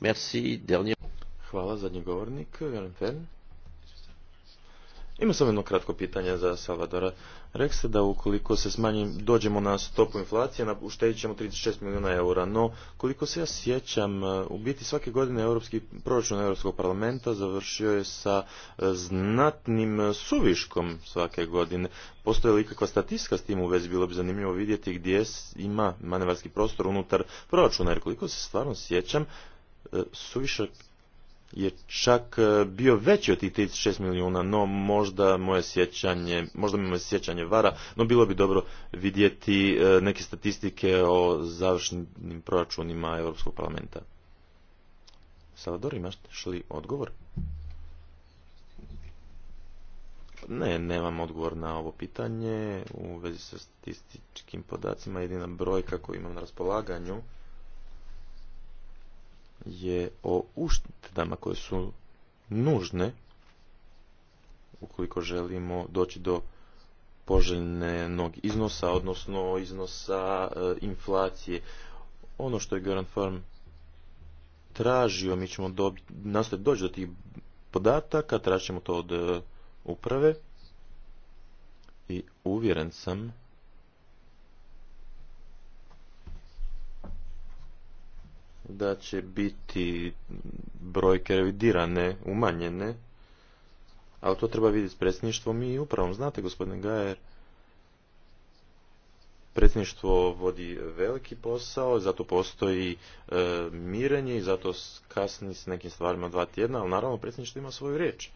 Merci. Hvala, zadnji govornik. Ima samo jedno kratko pitanje za Salvadora. Rekli ste da ukoliko se smanji, dođemo na stopu inflacije, uštedit ćemo 36 milijuna eura, no koliko se ja sjećam, e, u biti svake godine europski proračun Europskog parlamenta završio je sa e, znatnim e, suviškom svake godine. Postoje li ikakva statistika s tim u vezi, bilo bi zanimljivo vidjeti gdje ima manevarski prostor unutar proračuna, jer koliko se stvarno sjećam, suvišak je čak e, bio veći od tih 36 milijuna, no možda moje sjećanje, možda me moje sjećanje vara, no bilo bi dobro vidjeti e, neke statistike o završnim proračunima Europskog parlamenta. Salvador, imaš li odgovor? Ne, nemam odgovor na ovo pitanje u vezi sa statističkim podacima. Jedina brojka koju imam na raspolaganju je o uštedama koje su nužne ukoliko želimo doći do poželjnog iznosa, odnosno iznosa e, inflacije. Ono što je Goran Farm tražio, mi ćemo do, doći do tih podataka, tražit to od e, uprave i uvjeren sam da će biti brojke revidirane, umanjene, ali to treba vidjeti s predsjedništvom i upravom. Znate, gospodine Gajer, predsjedništvo vodi veliki posao, zato postoji e, mirenje i zato kasni s nekim stvarima dva tjedna, ali naravno predsjedništvo ima svoju riječ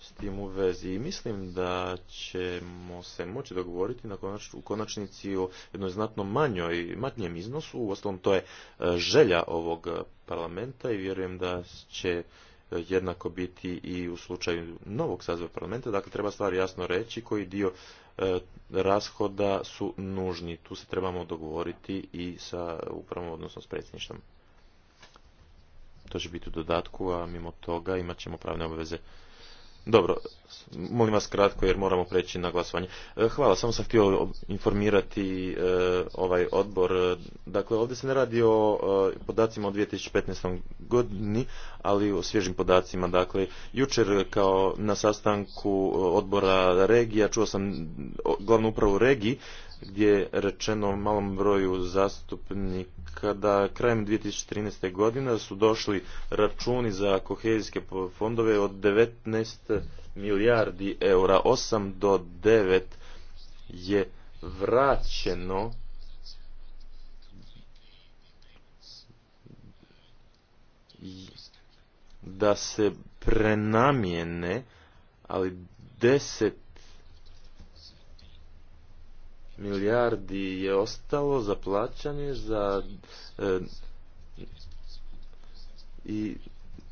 s tim u vezi. I mislim da ćemo se moći dogovoriti na konač, u konačnici o jednoj znatno manjoj, manjem iznosu. Uostalom, to je e, želja ovog parlamenta i vjerujem da će e, jednako biti i u slučaju novog sazva parlamenta. Dakle, treba stvar jasno reći koji dio e, rashoda su nužni. Tu se trebamo dogovoriti i sa upravom, odnosno s predsjedništvom. To će biti u dodatku, a mimo toga imat ćemo pravne obaveze dobro, molim vas kratko jer moramo preći na glasovanje. E, hvala, samo sam htio informirati e, ovaj odbor. Dakle, ovdje se ne radi o podacima od 2015. godini, ali o svježim podacima. Dakle, jučer kao na sastanku odbora regija čuo sam glavnu upravu regiji gdje je rečeno malom broju zastupnika da krajem 2013. godine su došli računi za kohezijske fondove od 19 milijardi eura, 8 do 9 je vraćeno da se prenamijene, ali 10 milijardi je ostalo za plaćanje za e, i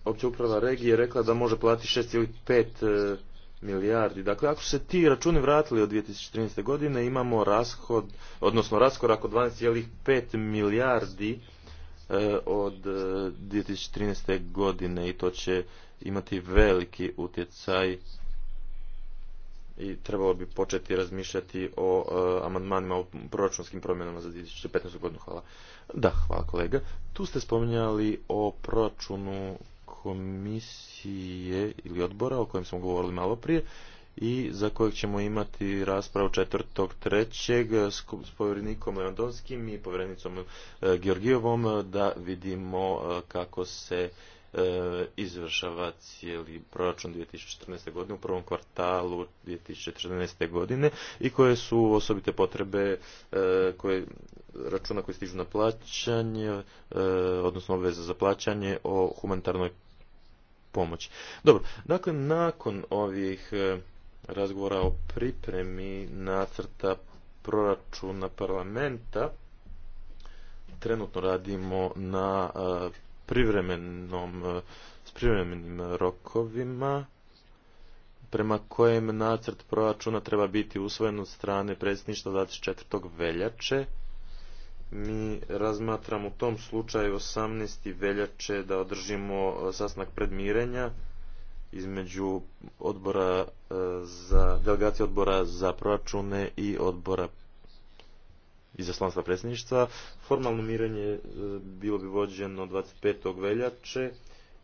opća uprava regije rekla da može platiti 6,5 e, milijardi. Dakle, ako se ti računi vratili od 2013. godine, imamo rashod, odnosno raskorak od 12,5 milijardi e, od 2013. godine i to će imati veliki utjecaj i trebalo bi početi razmišljati o e, amandmanima o proračunskim promjenama za 2015. godinu. Hvala. Da, hvala kolega. Tu ste spominjali o proračunu komisije ili odbora o kojem smo govorili malo prije i za kojeg ćemo imati raspravu 4.3. s povjerenikom Levandovskim i povjerenicom e, Georgijevom da vidimo e, kako se E, izvršava cijeli proračun 2014. godine u prvom kvartalu 2014. godine i koje su osobite potrebe e, koje računa koji stižu na plaćanje e, odnosno obveze za plaćanje o humanitarnoj pomoći. Dobro, dakle nakon ovih razgovora o pripremi nacrta proračuna parlamenta trenutno radimo na privremenom, e, s privremenim rokovima prema kojem nacrt proračuna treba biti usvojen od strane predsjedništva 24. veljače. Mi razmatramo u tom slučaju 18. veljače da održimo e, sastanak predmirenja između odbora e, za delegacije odbora za proračune i odbora izaslanstva predsjedništva. Formalno miranje e, bilo bi vođeno 25. veljače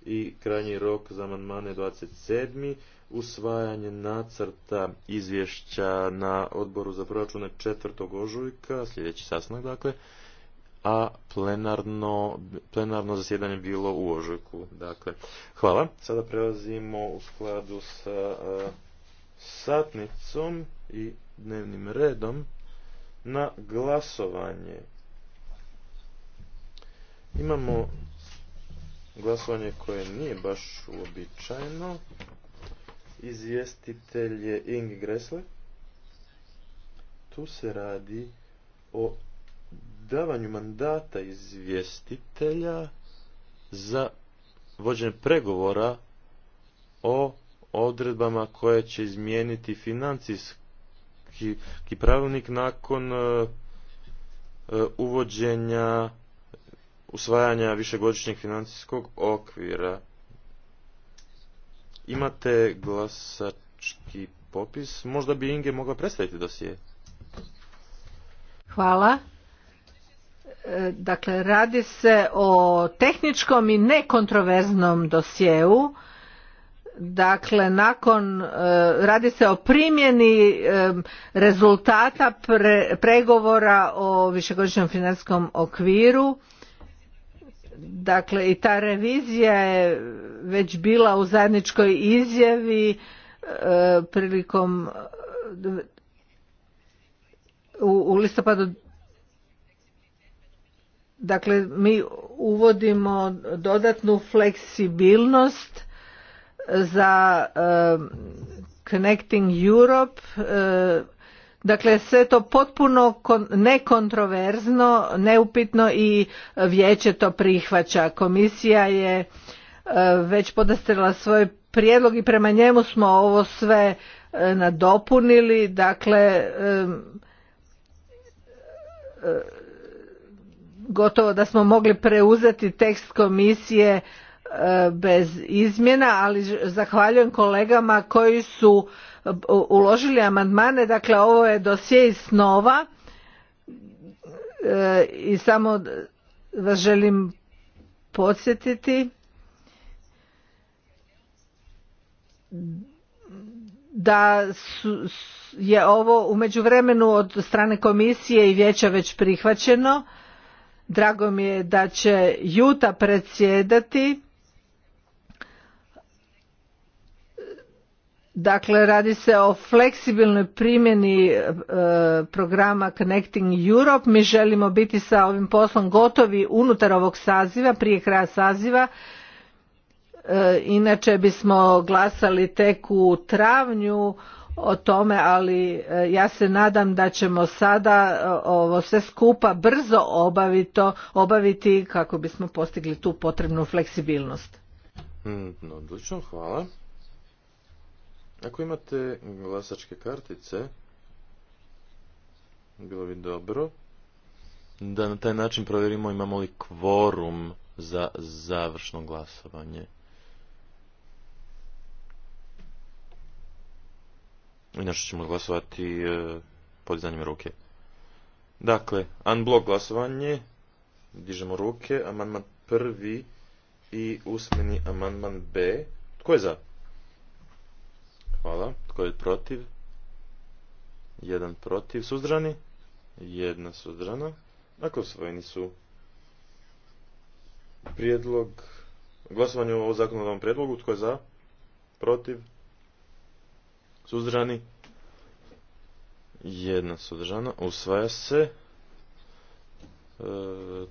i krajnji rok za amandmane 27. Usvajanje nacrta izvješća na odboru za proračune 4. ožujka, sljedeći sastanak dakle, a plenarno, plenarno zasjedanje bilo u ožujku. Dakle, hvala. Sada prelazimo u skladu sa e, satnicom i dnevnim redom na glasovanje. Imamo glasovanje koje nije baš uobičajeno. Izvjestitelj je Ing Gressle. Tu se radi o davanju mandata izvjestitelja za vođenje pregovora o odredbama koje će izmijeniti financijsku europski pravilnik nakon e, e, uvođenja usvajanja višegodišnjeg financijskog okvira. Imate glasački popis. Možda bi Inge mogla predstaviti dosije. Hvala. E, dakle, radi se o tehničkom i nekontroverznom dosjeu dakle nakon e, radi se o primjeni e, rezultata pregovora o višegodišnjem financijskom okviru dakle i ta revizija je već bila u zajedničkoj izjavi e, prilikom u, u listopadu dakle mi uvodimo dodatnu fleksibilnost za Connecting Europe Dakle, sve to potpuno nekontroverzno, neupitno i vijeće to prihvaća. Komisija je već podastrila svoj prijedlog i prema njemu smo ovo sve nadopunili. Dakle, gotovo da smo mogli preuzeti tekst komisije E, bez izmjena, ali zahvaljujem kolegama koji su e, uložili amandmane. Dakle, ovo je dosje iz snova e, i samo vas želim podsjetiti da su, je ovo u međuvremenu od strane komisije i vijeća već prihvaćeno. Drago mi je da će Juta predsjedati Dakle, radi se o fleksibilnoj primjeni e, programa Connecting Europe. Mi želimo biti sa ovim poslom gotovi unutar ovog saziva, prije kraja saziva. E, inače bismo glasali tek u travnju o tome, ali e, ja se nadam da ćemo sada ovo sve skupa brzo obavito, obaviti kako bismo postigli tu potrebnu fleksibilnost. Mm, odlično, hvala. Ako imate glasačke kartice, bilo bi dobro da na taj način provjerimo imamo li kvorum za završno glasovanje. Inače ćemo glasovati e, podizanjem ruke. Dakle, unblock glasovanje, dižemo ruke, amandman prvi i usmeni amandman B. Tko je za? Hvala. Tko je protiv? Jedan protiv. Suzdrani? Jedna suzdrana. Dakle, osvojeni su prijedlog, glasovanje o zakonodavnom prijedlogu. Tko je za? Protiv? Suzdrani? Jedna suzdržana. Usvaja se. E,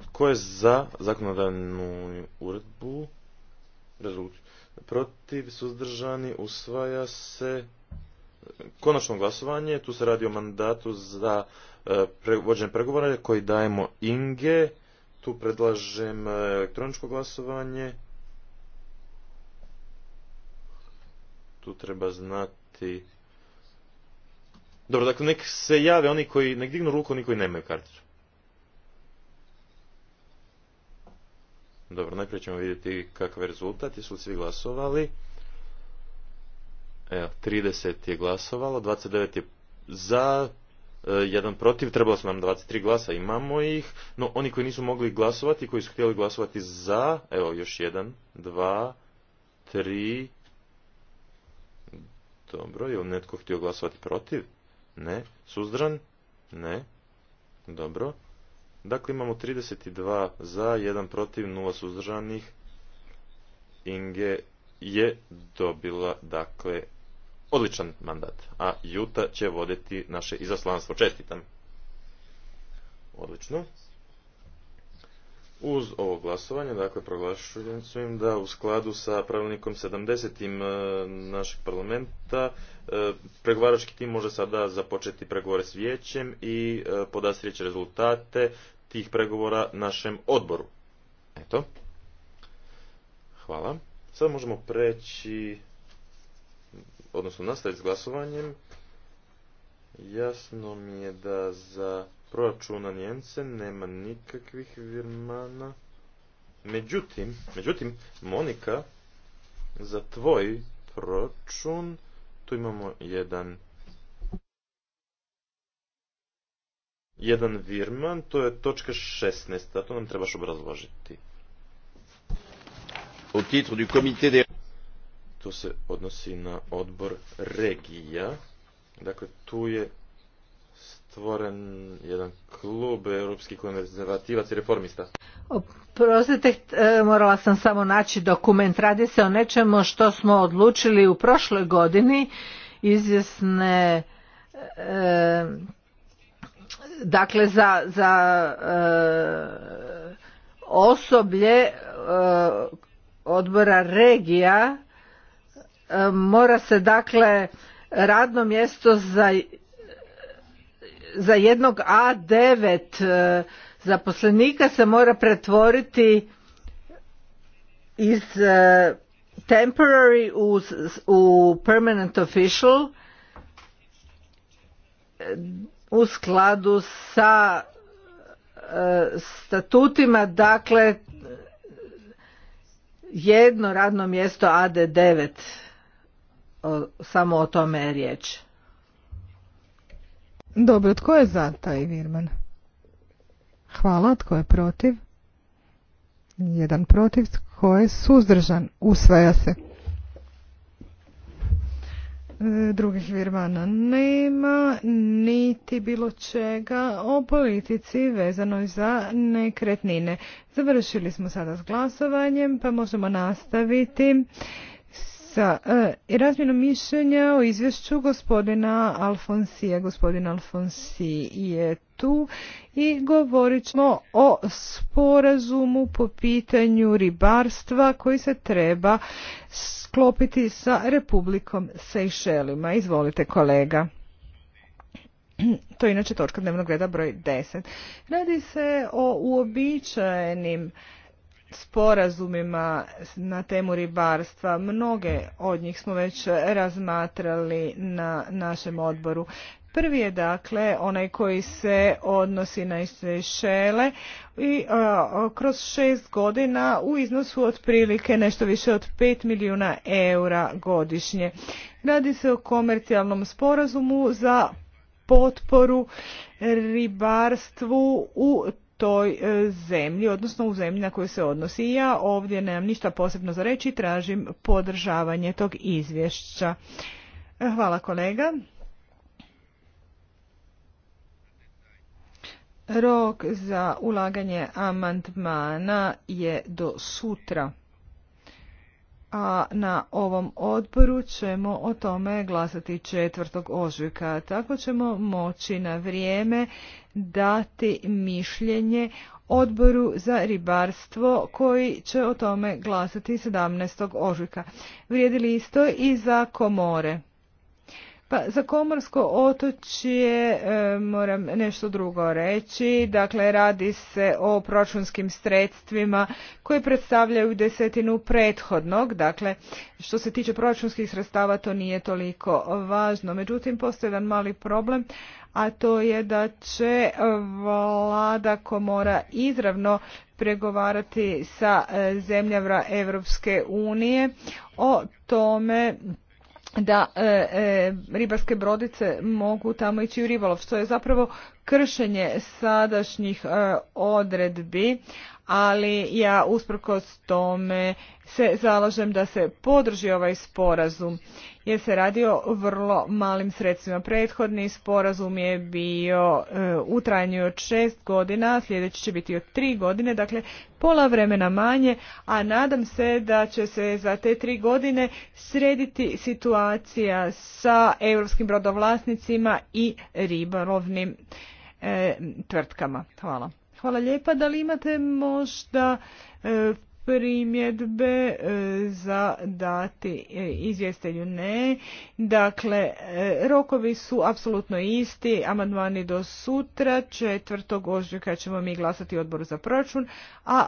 tko je za zakonodavnu uredbu? Rezultat protiv, suzdržani, usvaja se konačno glasovanje. Tu se radi o mandatu za e, vođenje pregovora koji dajemo Inge. Tu predlažem e, elektroničko glasovanje. Tu treba znati... Dobro, dakle, nek se jave oni koji, nek dignu ruku oni koji nemaju karticu. Dobro, najprije ćemo vidjeti kakav je rezultat. Jesu li svi glasovali? Evo, 30 je glasovalo, 29 je za, e, jedan protiv, trebalo smo nam 23 glasa, imamo ih, no oni koji nisu mogli glasovati, koji su htjeli glasovati za, evo još jedan, dva, tri, dobro, je li netko htio glasovati protiv? Ne, suzdran? Ne, dobro. Dakle, imamo 32 za, 1 protiv, 0 suzdržanih. Inge je dobila, dakle, odličan mandat. A Juta će voditi naše izaslanstvo. Čestitam. Odlično. Uz ovo glasovanje, dakle, proglašujem da u skladu sa pravilnikom 70. E, našeg parlamenta e, pregovarački tim može sada započeti pregovore s vijećem i e, podastrijeći rezultate tih pregovora našem odboru. Eto. Hvala. Sada možemo preći, odnosno nastaviti s glasovanjem. Jasno mi je da za proračuna Njence, nema nikakvih virmana. Međutim, međutim, Monika, za tvoj proračun, tu imamo jedan jedan virman, to je točka 16, a to nam trebaš obrazložiti. U titru du To se odnosi na odbor regija. Dakle, tu je stvoren jedan klub europskih konzervativaca i reformista. Oprostite, e, morala sam samo naći dokument. Radi se o nečemu što smo odlučili u prošloj godini izvjesne e, dakle za, za e, osoblje odbora regija mora se dakle radno mjesto za za jednog A9 e, zaposlenika se mora pretvoriti iz e, temporary u, permanent official e, u skladu sa statutima dakle jedno radno mjesto AD9 samo o tome je riječ dobro, tko je za taj Virman? Hvala, tko je protiv? Jedan protiv, tko je suzdržan? Usvaja se. E, drugih Virmana nema, niti bilo čega o politici vezanoj za nekretnine. Završili smo sada s glasovanjem, pa možemo nastaviti sa e, razmjenom mišljenja o izvješću gospodina Alfonsija. Gospodin Alfonsi je tu i govorit ćemo o sporazumu po pitanju ribarstva koji se treba sklopiti sa Republikom Sejšelima. Izvolite kolega. To je inače točka dnevnog reda broj 10. Radi se o uobičajenim sporazumima na temu ribarstva. Mnoge od njih smo već razmatrali na našem odboru. Prvi je dakle onaj koji se odnosi na šele i e, kroz šest godina u iznosu otprilike nešto više od pet milijuna eura godišnje. Radi se o komercijalnom sporazumu za potporu ribarstvu u toj e, zemlji, odnosno u zemlji na koju se odnosi. ja ovdje nemam ništa posebno za reći tražim podržavanje tog izvješća. E, hvala kolega. Rok za ulaganje amandmana je do sutra. A na ovom odboru ćemo o tome glasati 4. ožujka. Tako ćemo moći na vrijeme dati mišljenje odboru za ribarstvo koji će o tome glasati 17. ožujka. Vrijedi li isto i za komore? Pa, za komorsko otočje e, moram nešto drugo reći. Dakle, radi se o proračunskim sredstvima koje predstavljaju desetinu prethodnog. Dakle, što se tiče proračunskih sredstava to nije toliko važno. Međutim, postoji jedan mali problem, a to je da će vlada komora izravno pregovarati sa e, zemljama Evropske unije o tome da e, e, ribarske brodice mogu tamo ići u ribolov, što je zapravo kršenje sadašnjih e, odredbi, ali ja usprkos tome se zalažem da se podrži ovaj sporazum jer se radi o vrlo malim sredstvima. Prethodni sporazum je bio e, u trajanju od šest godina, sljedeći će biti od tri godine, dakle pola vremena manje, a nadam se da će se za te tri godine srediti situacija sa europskim brodovlasnicima i ribarovnim e, tvrtkama. Hvala. Hvala lijepa. Da li imate možda e, primjedbe e, za dati e, izvjestelju ne. Dakle, rokovi su apsolutno isti, amandmani do sutra, 4. ožujka ćemo mi glasati odboru za proračun, a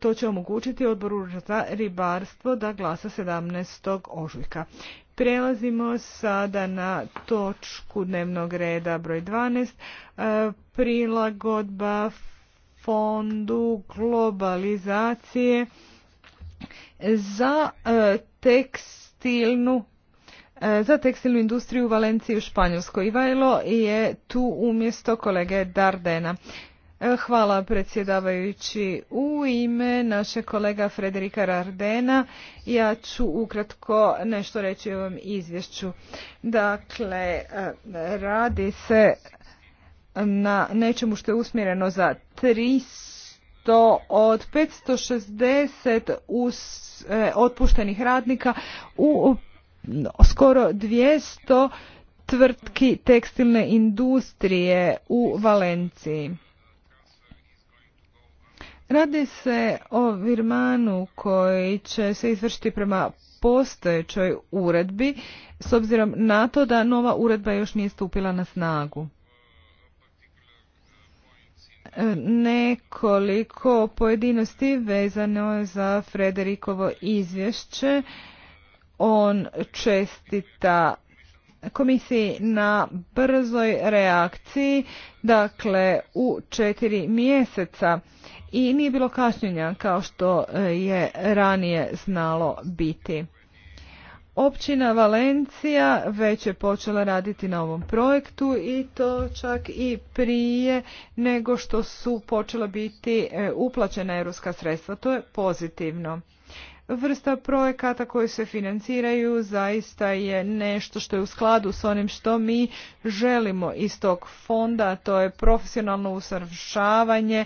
to će omogućiti odboru za ribarstvo da glasa 17. ožujka. Prelazimo sada na točku dnevnog reda broj 12. E, prilagodba fondu globalizacije za e, tekstilnu e, za tekstilnu industriju u Valenciji u Španjolskoj. Ivajlo je tu umjesto kolege Dardena. Hvala predsjedavajući. U ime naše kolega Frederika Rardena ja ću ukratko nešto reći o ovom izvješću. Dakle, radi se na nečemu što je usmjereno za 300 od 560 us, e, otpuštenih radnika u skoro 200 tvrtki tekstilne industrije u Valenciji. Radi se o virmanu koji će se izvršiti prema postojećoj uredbi s obzirom na to da nova uredba još nije stupila na snagu. Nekoliko pojedinosti vezano je za Frederikovo izvješće. On čestita komisiji na brzoj reakciji, dakle u četiri mjeseca i nije bilo kašnjenja kao što e, je ranije znalo biti. Općina Valencija već je počela raditi na ovom projektu i to čak i prije nego što su počela biti e, uplaćena europska sredstva. To je pozitivno vrsta projekata koji se financiraju zaista je nešto što je u skladu s onim što mi želimo iz tog fonda, to je profesionalno usavršavanje, e,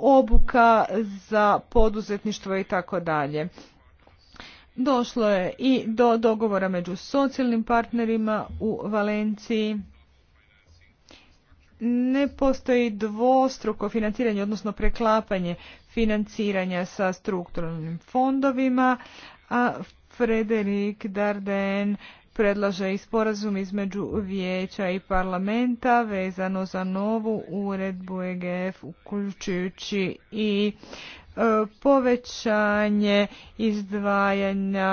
obuka za poduzetništvo i tako dalje. Došlo je i do dogovora među socijalnim partnerima u Valenciji. Ne postoji dvostruko financiranje, odnosno preklapanje financiranja sa strukturalnim fondovima, a Frederik Darden predlaže i sporazum između vijeća i parlamenta vezano za novu uredbu EGF uključujući i e, povećanje izdvajanja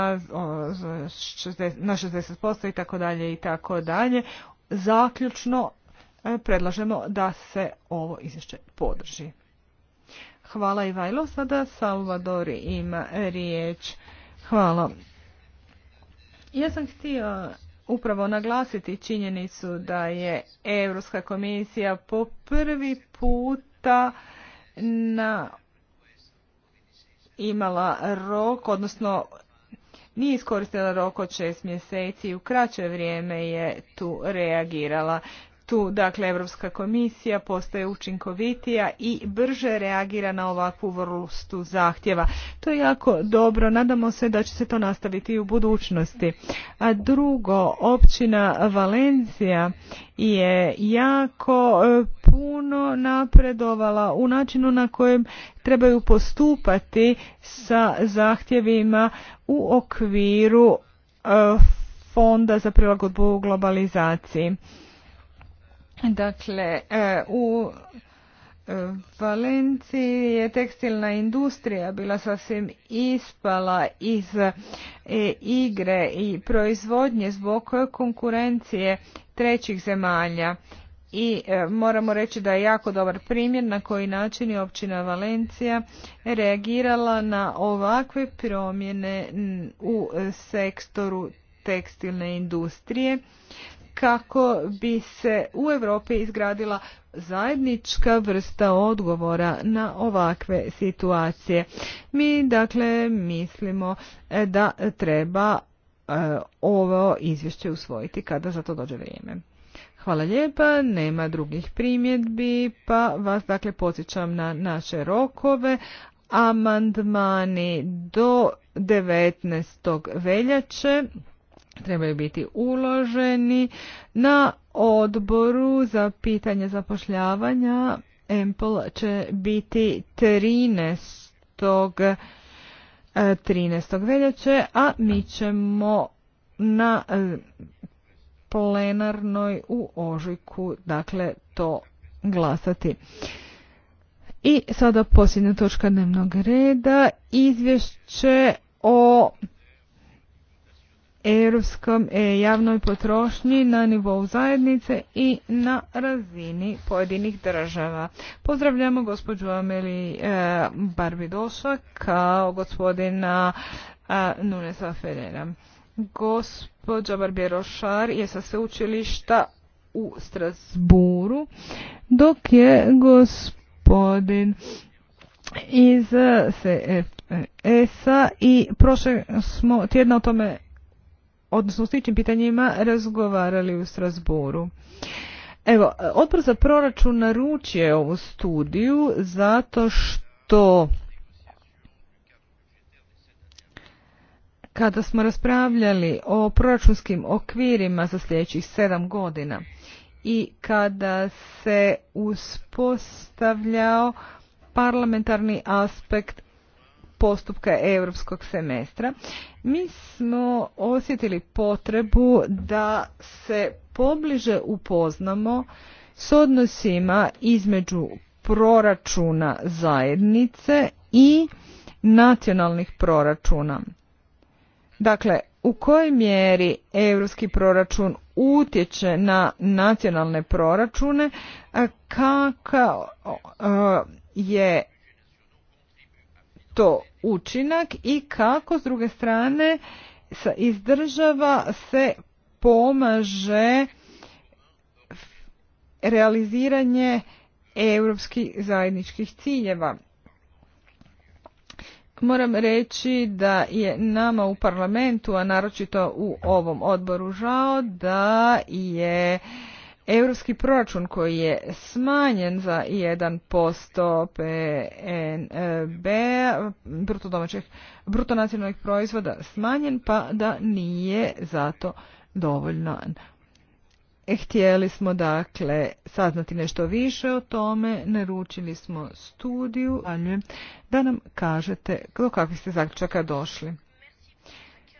na 60% i tako dalje i tako dalje. Zaključno e, predlažemo da se ovo izvješće podrži. Hvala Ivajlo. Sada Salvador ima riječ. Hvala. Ja sam htio upravo naglasiti činjenicu da je Europska komisija po prvi puta na imala rok, odnosno nije iskoristila rok od šest mjeseci i u kraće vrijeme je tu reagirala tu dakle Europska komisija postaje učinkovitija i brže reagira na ovakvu vrstu zahtjeva. To je jako dobro, nadamo se da će se to nastaviti i u budućnosti. A drugo, općina Valencija je jako e, puno napredovala u načinu na kojem trebaju postupati sa zahtjevima u okviru e, fonda za prilagodbu globalizaciji. Dakle, e, u e, Valenciji je tekstilna industrija bila sasvim ispala iz e, igre i proizvodnje zbog konkurencije trećih zemalja. I moramo reći da je jako dobar primjer na koji način je općina Valencija reagirala na ovakve promjene u sektoru tekstilne industrije kako bi se u Europi izgradila zajednička vrsta odgovora na ovakve situacije. Mi dakle mislimo e, da treba e, ovo izvješće usvojiti kada za to dođe vrijeme. Hvala lijepa, nema drugih primjedbi, pa vas dakle podsjećam na naše rokove. Amandmani do 19. veljače trebaju biti uloženi na odboru za pitanje zapošljavanja. Empol će biti 13. 13. E, veljače, a mi ćemo na e, plenarnoj u ožujku, dakle to glasati. I sada posljednja točka dnevnog reda, izvješće o europskom e, javnoj potrošnji na nivou zajednice i na razini pojedinih država. Pozdravljamo gospođu Ameli e, Barbidoša kao gospodina e, Nunesa Ferrera. Gospođa Barbjerošar je sa sveučilišta u Strasburu, dok je gospodin iz CFS-a i prošle smo tjedna o tome odnosno u sličnim pitanjima razgovarali u Strasboru. Evo, odbor za proračun naručio ovu studiju zato što kada smo raspravljali o proračunskim okvirima za sljedećih sedam godina i kada se uspostavljao parlamentarni aspekt postupka europskog semestra, mi smo osjetili potrebu da se pobliže upoznamo s odnosima između proračuna zajednice i nacionalnih proračuna. Dakle, u kojoj mjeri europski proračun utječe na nacionalne proračune, kakav je učinak i kako s druge strane iz država se pomaže realiziranje europskih zajedničkih ciljeva. Moram reći da je nama u parlamentu, a naročito u ovom odboru žao da je europski proračun koji je smanjen za 1% PNB bruto proizvoda smanjen pa da nije zato dovoljno. E, htjeli smo dakle saznati nešto više o tome, naručili smo studiju, da nam kažete do kakvih ste zaključaka došli.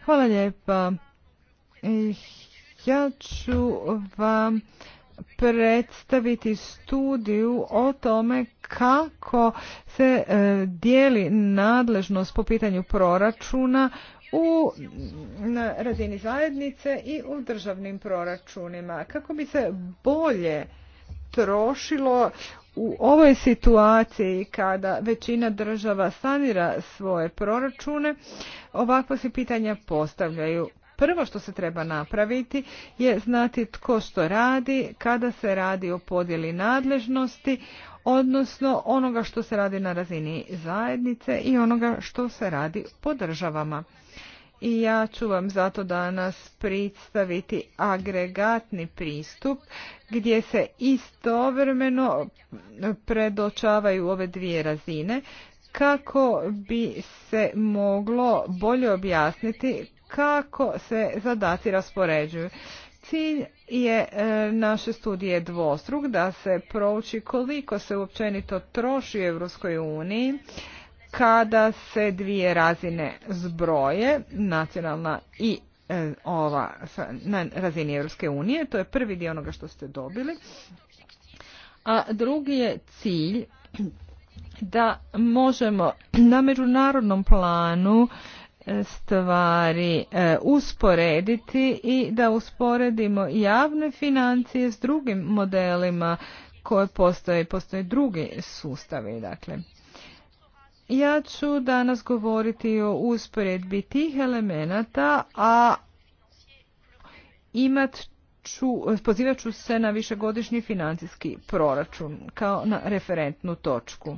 Hvala lijepa. Ja ću vam predstaviti studiju o tome kako se e, dijeli nadležnost po pitanju proračuna u na razini zajednice i u državnim proračunima kako bi se bolje trošilo u ovoj situaciji kada većina država sanira svoje proračune ovakva se pitanja postavljaju prvo što se treba napraviti je znati tko što radi, kada se radi o podjeli nadležnosti, odnosno onoga što se radi na razini zajednice i onoga što se radi po državama. I ja ću vam zato danas predstaviti agregatni pristup gdje se istovremeno predočavaju ove dvije razine kako bi se moglo bolje objasniti kako se zadaci raspoređuju. Cilj je e, naše studije dvostruk da se prouči koliko se uopćenito troši u Europskoj uniji kada se dvije razine zbroje, nacionalna i e, ova na razini Europske unije, to je prvi dio onoga što ste dobili. A drugi je cilj da možemo na međunarodnom planu stvari e, usporediti i da usporedimo javne financije s drugim modelima koje postoje. Postoje drugi sustavi, dakle. Ja ću danas govoriti o usporedbi tih elemenata, a imat ću, pozivat ću se na višegodišnji financijski proračun kao na referentnu točku.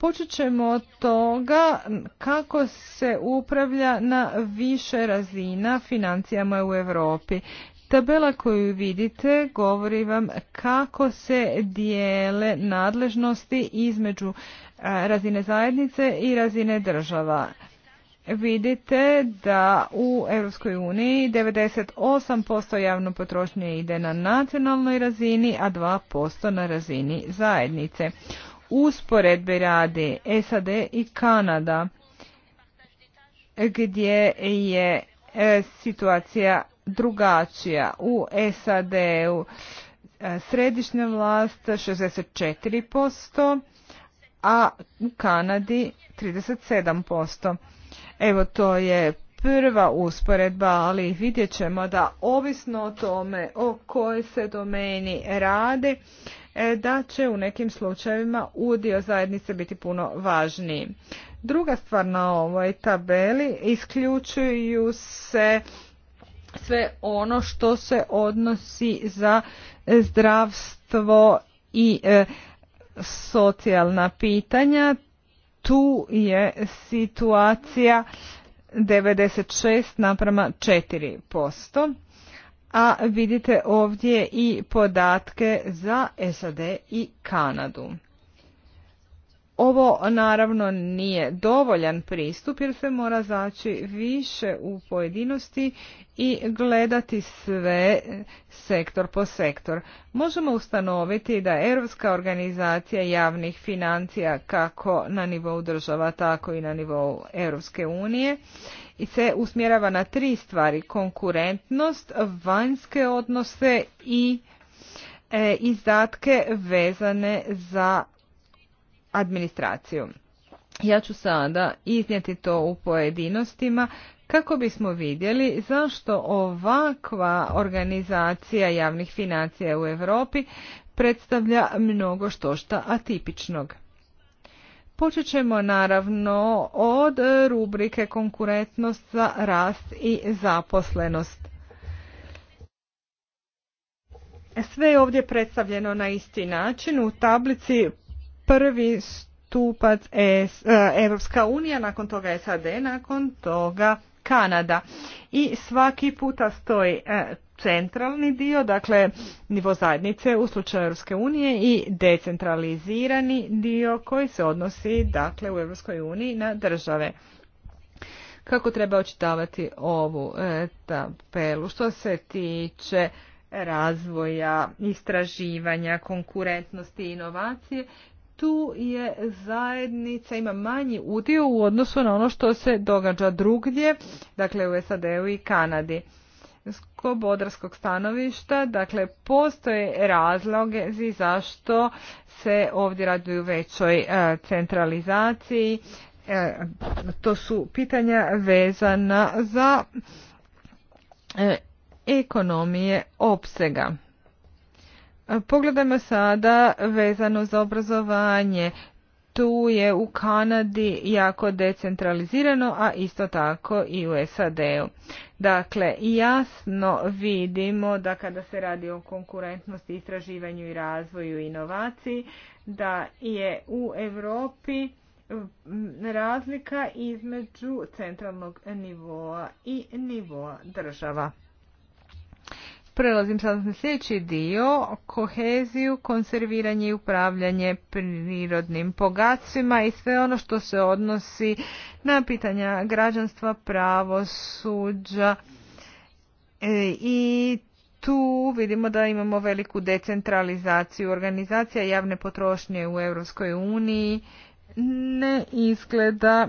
Počet ćemo od toga kako se upravlja na više razina financijama u Europi. Tabela koju vidite govori vam kako se dijele nadležnosti između e, razine zajednice i razine država. Vidite da u EU 98% javno potrošnje ide na nacionalnoj razini, a 2% na razini zajednice usporedbe radi SAD i Kanada gdje je e, situacija drugačija. U SAD-u e, središnja vlast 64%, a u Kanadi 37%. Evo to je prva usporedba, ali vidjet ćemo da ovisno o tome o kojoj se domeni radi, E, da će u nekim slučajevima udio zajednice biti puno važniji. Druga stvar na ovoj tabeli isključuju se sve ono što se odnosi za zdravstvo i e, socijalna pitanja. Tu je situacija 96 naprama 4% a vidite ovdje i podatke za SAD i Kanadu. Ovo naravno nije dovoljan pristup jer se mora zaći više u pojedinosti i gledati sve sektor po sektor. Možemo ustanoviti da Europska organizacija javnih financija kako na nivou država tako i na nivou Europske unije se usmjerava na tri stvari. Konkurentnost, vanjske odnose i e, izdatke vezane za administraciju. Ja ću sada iznijeti to u pojedinostima kako bismo vidjeli zašto ovakva organizacija javnih financija u Europi predstavlja mnogo što šta atipičnog. Počet ćemo naravno od e, rubrike konkurentnost za rast i zaposlenost. Sve je ovdje predstavljeno na isti način. U tablici prvi stupac e, e, Evropska unija, nakon toga SAD, nakon toga Kanada. I svaki puta stoji centralni dio, dakle nivo zajednice u slučaju Europske unije i decentralizirani dio koji se odnosi dakle u Europskoj uniji na države. Kako treba očitavati ovu e, tabelu što se tiče razvoja, istraživanja, konkurentnosti i inovacije, tu je zajednica ima manji udio u odnosu na ono što se događa drugdje, dakle u SAD-u i Kanadi skobodarskog stanovišta, dakle postoje razloge zašto se ovdje radi u većoj e, centralizaciji. E, to su pitanja vezana za e, ekonomije opsega. Pogledajmo sada vezano za obrazovanje tu je u Kanadi jako decentralizirano, a isto tako i u SAD-u. Dakle, jasno vidimo da kada se radi o konkurentnosti, istraživanju i razvoju inovaciji, da je u Europi razlika između centralnog nivoa i nivoa država. Prelazim sada na sljedeći dio, koheziju, konserviranje i upravljanje prirodnim bogatstvima i sve ono što se odnosi na pitanja građanstva, pravosuđa e, i tu vidimo da imamo veliku decentralizaciju organizacija javne potrošnje u Europskoj uniji ne izgleda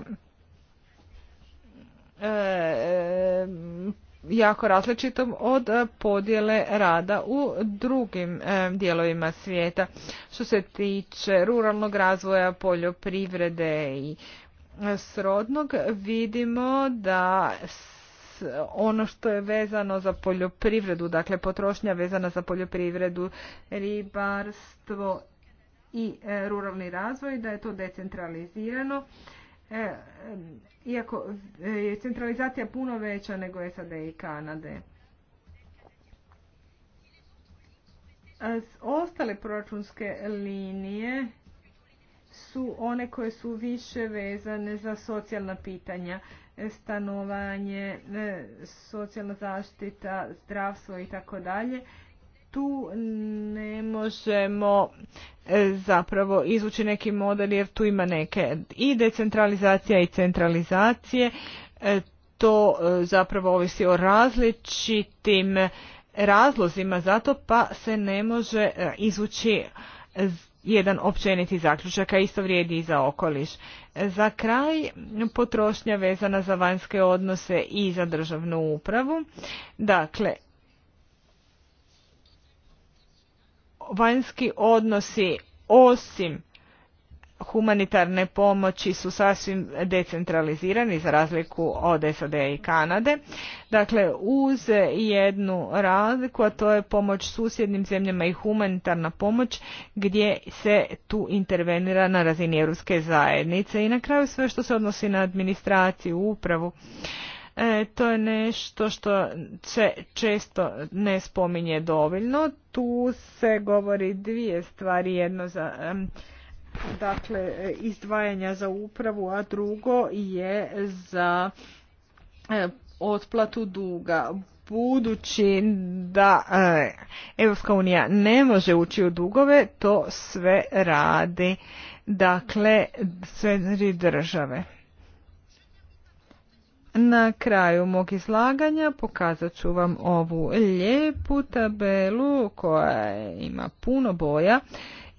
e, jako različitom od e, podjele rada u drugim e, dijelovima svijeta. Što se tiče ruralnog razvoja, poljoprivrede i srodnog, vidimo da ono što je vezano za poljoprivredu, dakle potrošnja vezana za poljoprivredu, ribarstvo i e, ruralni razvoj, da je to decentralizirano E, e, iako e, je centralizacija puno veća nego SAD i Kanade. Ostale proračunske linije su one koje su više vezane za socijalna pitanja, stanovanje, socijalna zaštita, zdravstvo i tako dalje tu ne možemo e, zapravo izvući neki model jer tu ima neke i decentralizacija i centralizacije. E, to e, zapravo ovisi o različitim razlozima zato pa se ne može izvući jedan općeniti zaključak, a isto vrijedi i za okoliš. Za kraj potrošnja vezana za vanjske odnose i za državnu upravu. Dakle, vanjski odnosi osim humanitarne pomoći su sasvim decentralizirani za razliku od SAD i Kanade. Dakle, uz jednu razliku, a to je pomoć susjednim zemljama i humanitarna pomoć gdje se tu intervenira na razini Europske zajednice. I na kraju sve što se odnosi na administraciju, upravu. E, to je nešto što se često ne spominje dovoljno. Tu se govori dvije stvari, jedno za dakle izdvajanja za upravu, a drugo je za e, otplatu duga. Budući da e, Europska unija ne može ući u dugove, to sve radi dakle sve države. Na kraju mog izlaganja pokazat ću vam ovu lijepu tabelu koja ima puno boja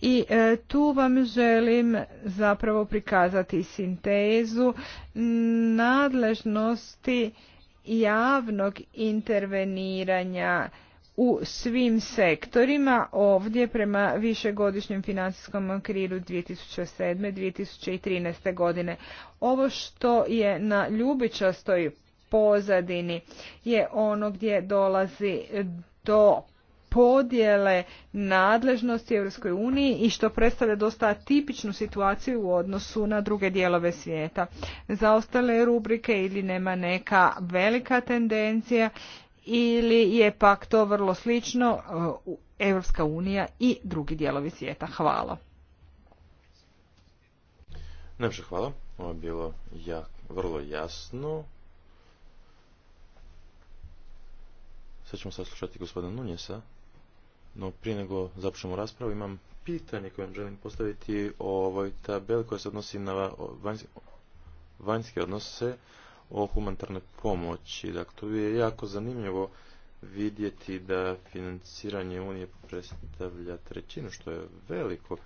i e, tu vam želim zapravo prikazati sintezu nadležnosti javnog interveniranja u svim sektorima ovdje prema višegodišnjem financijskom okviru 2007-2013. godine. Ovo što je na ljubičastoj pozadini je ono gdje dolazi do podjele nadležnosti Europskoj uniji i što predstavlja dosta atipičnu situaciju u odnosu na druge dijelove svijeta. Za ostale rubrike ili nema neka velika tendencija ili je pak to vrlo slično Europska unija i drugi dijelovi svijeta? Hvala. Najpše hvala. Ovo je bilo vrlo jasno. Sad ćemo saslušati gospodina Nunjesa. No prije nego započnemo raspravu imam pitanje koje vam želim postaviti o ovoj tabeli koja se odnosi na vanjske odnose o humanitarnoj pomoći. Dakle, to je jako zanimljivo vidjeti da financiranje Unije predstavlja trećinu, što je veliko.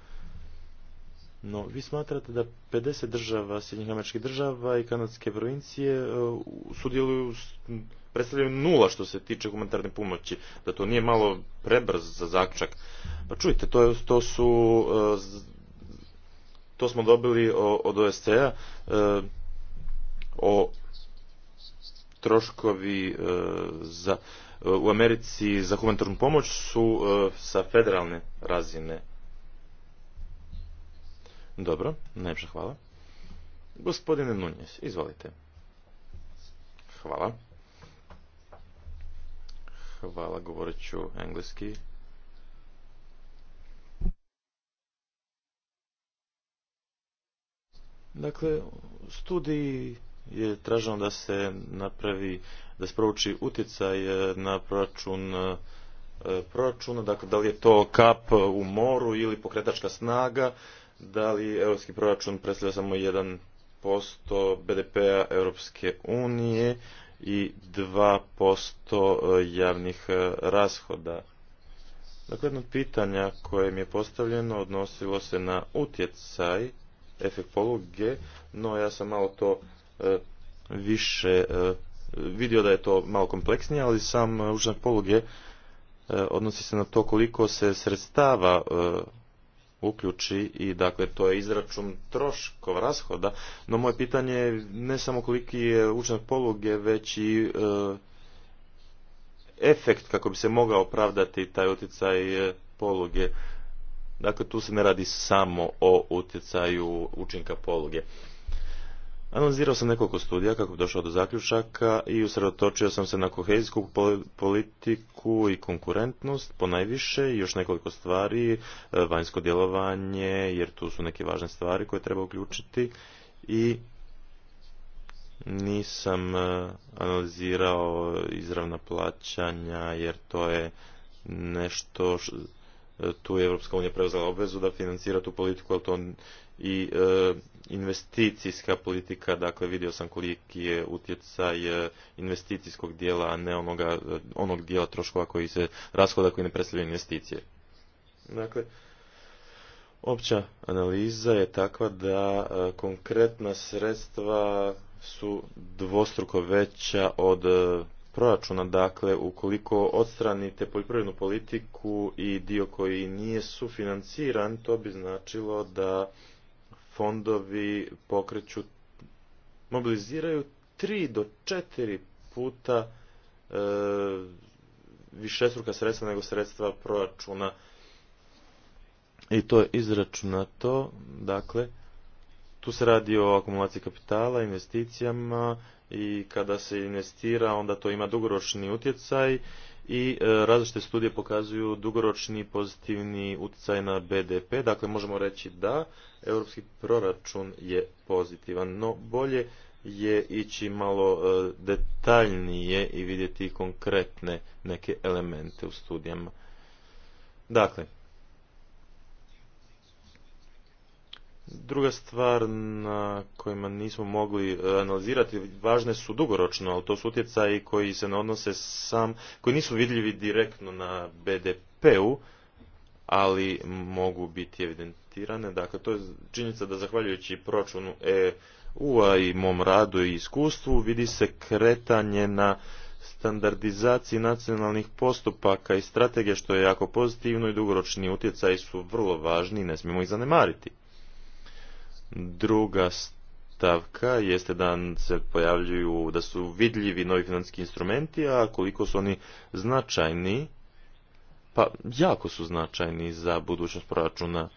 No, vi smatrate da 50 država, sjednjih američkih država i kanadske provincije e, sudjeluju, predstavljaju nula što se tiče humanitarne pomoći, da to nije malo prebrz za zaključak. Pa čujte, to, je, to su, e, to smo dobili od OSCE-a o troškovi e, za, e, u Americi za humanitarnu pomoć su e, sa federalne razine. Dobro, najpša hvala. Gospodine Nunjes, izvolite. Hvala. Hvala, govorit ću engleski. Dakle, studiji je traženo da se napravi, da se prouči utjecaj e, na proračun e, proračuna, dakle da li je to kap u moru ili pokretačka snaga, da li europski proračun predstavlja samo 1% BDP-a Europske unije i 2% e, javnih rashoda. Dakle, jedno pitanja koje mi je postavljeno odnosilo se na utjecaj efekt poluge, no ja sam malo to E, više e, vidio da je to malo kompleksnije, ali sam učinak poluge e, odnosi se na to koliko se sredstava uključi i dakle to je izračun troškova rashoda, no moje pitanje je ne samo koliki je učinak poluge, već i efekt kako bi se mogao opravdati taj utjecaj poluge. Dakle, tu se ne radi samo o utjecaju učinka poluge. Analizirao sam nekoliko studija kako bi došao do zaključaka i usredotočio sam se na kohezijsku politiku i konkurentnost, po i još nekoliko stvari, e, vanjsko djelovanje, jer tu su neke važne stvari koje treba uključiti i nisam e, analizirao izravna plaćanja jer to je nešto e, tu je Europska unija preuzela obvezu da financira tu politiku, ali to i e, investicijska politika, dakle vidio sam koliki je utjecaj e, investicijskog dijela, a ne onoga, e, onog dijela troškova koji se rashoda koji ne predstavljaju investicije. Dakle, opća analiza je takva da konkretna sredstva su dvostruko veća od proračuna, dakle ukoliko odstranite poljoprivrednu politiku i dio koji nije sufinanciran, to bi značilo da fondovi pokreću, mobiliziraju tri do četiri puta e, višestruka sredstva nego sredstva proračuna. I to je izračunato, dakle, tu se radi o akumulaciji kapitala, investicijama i kada se investira onda to ima dugoročni utjecaj i e, različite studije pokazuju dugoročni pozitivni utjecaj na BDP. Dakle, možemo reći da europski proračun je pozitivan, no bolje je ići malo e, detaljnije i vidjeti konkretne neke elemente u studijama. Dakle, Druga stvar na kojima nismo mogli e, analizirati, važne su dugoročno, ali to su utjecaji koji se ne odnose sam, koji nisu vidljivi direktno na BDP-u, ali mogu biti evidentirane. Dakle, to je činjenica da zahvaljujući proračunu EU-a i mom radu i iskustvu vidi se kretanje na standardizaciji nacionalnih postupaka i strategije, što je jako pozitivno i dugoročni utjecaji su vrlo važni i ne smijemo ih zanemariti. Druga stavka jeste da se pojavljuju, da su vidljivi novi financijski instrumenti, a koliko su oni značajni, pa jako su značajni za budućnost proračuna.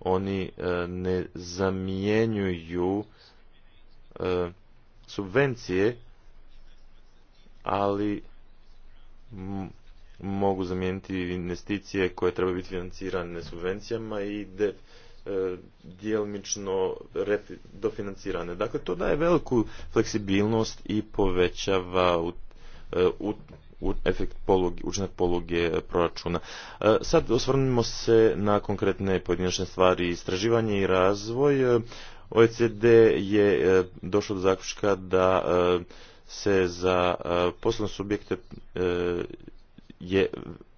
Oni e, ne zamjenjuju e, subvencije, ali mogu zamijeniti investicije koje treba biti financirane subvencijama i E, djelomično dofinancirane. Dakle, to daje veliku fleksibilnost i povećava u, e, u, u efekt učinak pologe e, proračuna. Sad osvrnimo se na konkretne pojedinačne stvari. Istraživanje i razvoj. OECD je došlo do zaključka da se za poslovne subjekte je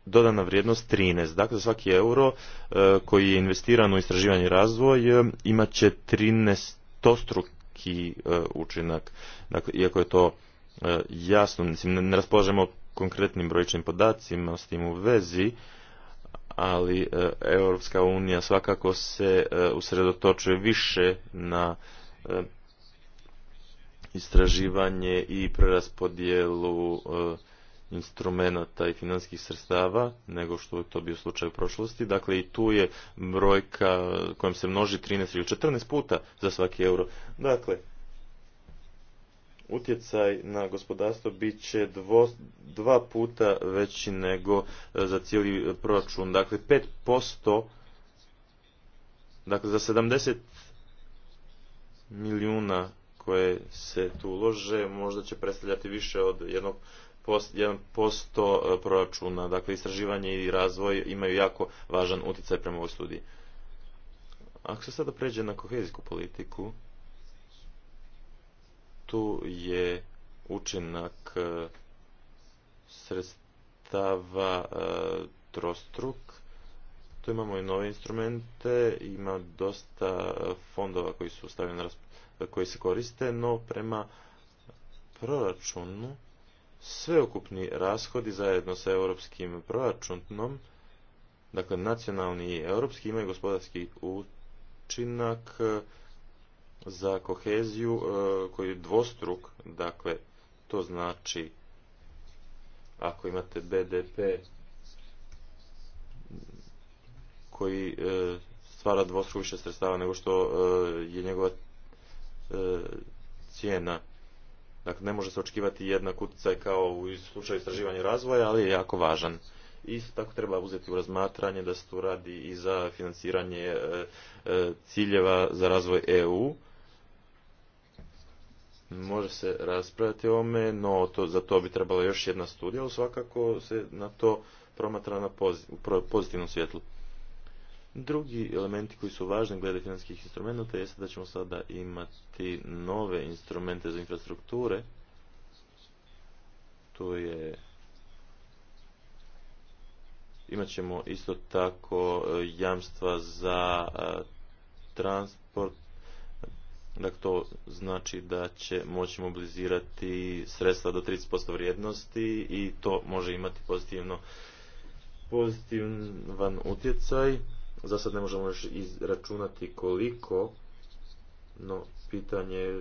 dodana vrijednost 13. Dakle, za svaki euro e, koji je investiran u istraživanje i razvoj e, imat će 13 e, učinak. Dakle, iako je to jasno, mislim, ne raspolažemo konkretnim brojčnim podacima s tim u vezi, ali Europska unija svakako se usredotočuje više na istraživanje i preraspodjelu instrumenta i financijskih sredstava nego što je to bio slučaj u prošlosti. Dakle, i tu je brojka kojom se množi 13 ili 14 puta za svaki euro. Dakle, utjecaj na gospodarstvo bit će dva puta veći nego e, za cijeli proračun. Dakle, 5%, dakle za 70 milijuna koje se tu ulože, možda će predstavljati više od jednog 1% e, proračuna. Dakle, istraživanje i razvoj imaju jako važan utjecaj prema ovoj studiji. Ako se sada pređe na kohezijsku politiku, tu je učinak e, sredstava e, trostruk. Tu imamo i nove instrumente, ima dosta fondova koji su stavljeni koji se koriste, no prema proračunu sveukupni rashodi zajedno sa europskim proračunom, dakle nacionalni i europski, imaju gospodarski učinak eh, za koheziju eh, koji je dvostruk, dakle to znači ako imate BDP koji eh, stvara dvostruk više sredstava nego što je njegova cijena Dakle, ne može se očekivati jednak utjecaj kao u slučaju istraživanja razvoja, ali je jako važan. Isto tako treba uzeti u razmatranje da se tu radi i za financiranje e, e, ciljeva za razvoj EU. Može se raspraviti o ovome, no to, za to bi trebala još jedna studija, ali svakako se na to promatra na pozitivnom svjetlu. Drugi elementi koji su važni glede financijskih instrumenta jeste da ćemo sada imati nove instrumente za infrastrukture. Tu je imat ćemo isto tako e, jamstva za e, transport Dakle, to znači da će moći mobilizirati sredstva do 30% vrijednosti i to može imati pozitivno pozitivan utjecaj za sad ne možemo još izračunati koliko, no pitanje,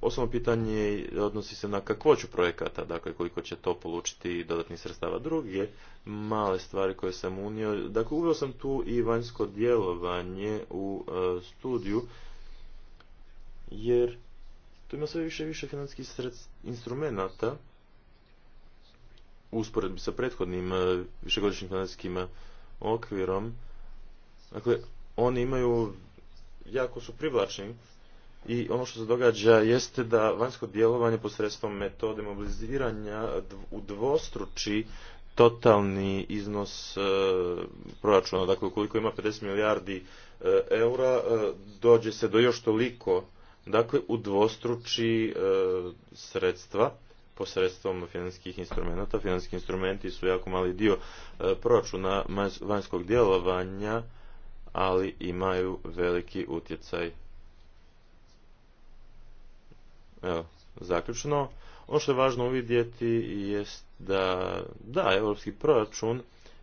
osnovno pitanje odnosi se na kakvoću projekata, dakle koliko će to polučiti dodatnih sredstava. Druge male stvari koje sam unio, dakle uveo sam tu i vanjsko djelovanje u e, studiju, jer tu ima sve više više financijskih instrumenata usporedbi sa prethodnim e, višegodišnjim financijskim e, okvirom, Dakle, oni imaju, jako su privlačni i ono što se događa jeste da vanjsko djelovanje posredstvom metode mobiliziranja u dvostruči totalni iznos e, proračuna. Dakle, ukoliko ima 50 milijardi e, eura, e, dođe se do još toliko. Dakle, u dvostruči e, sredstva posredstvom financijskih instrumenta. Financijski instrumenti su jako mali dio proračuna vanjskog djelovanja ali imaju veliki utjecaj. Evo, zaključno. Ono što je važno uvidjeti jest da, da, europski proračun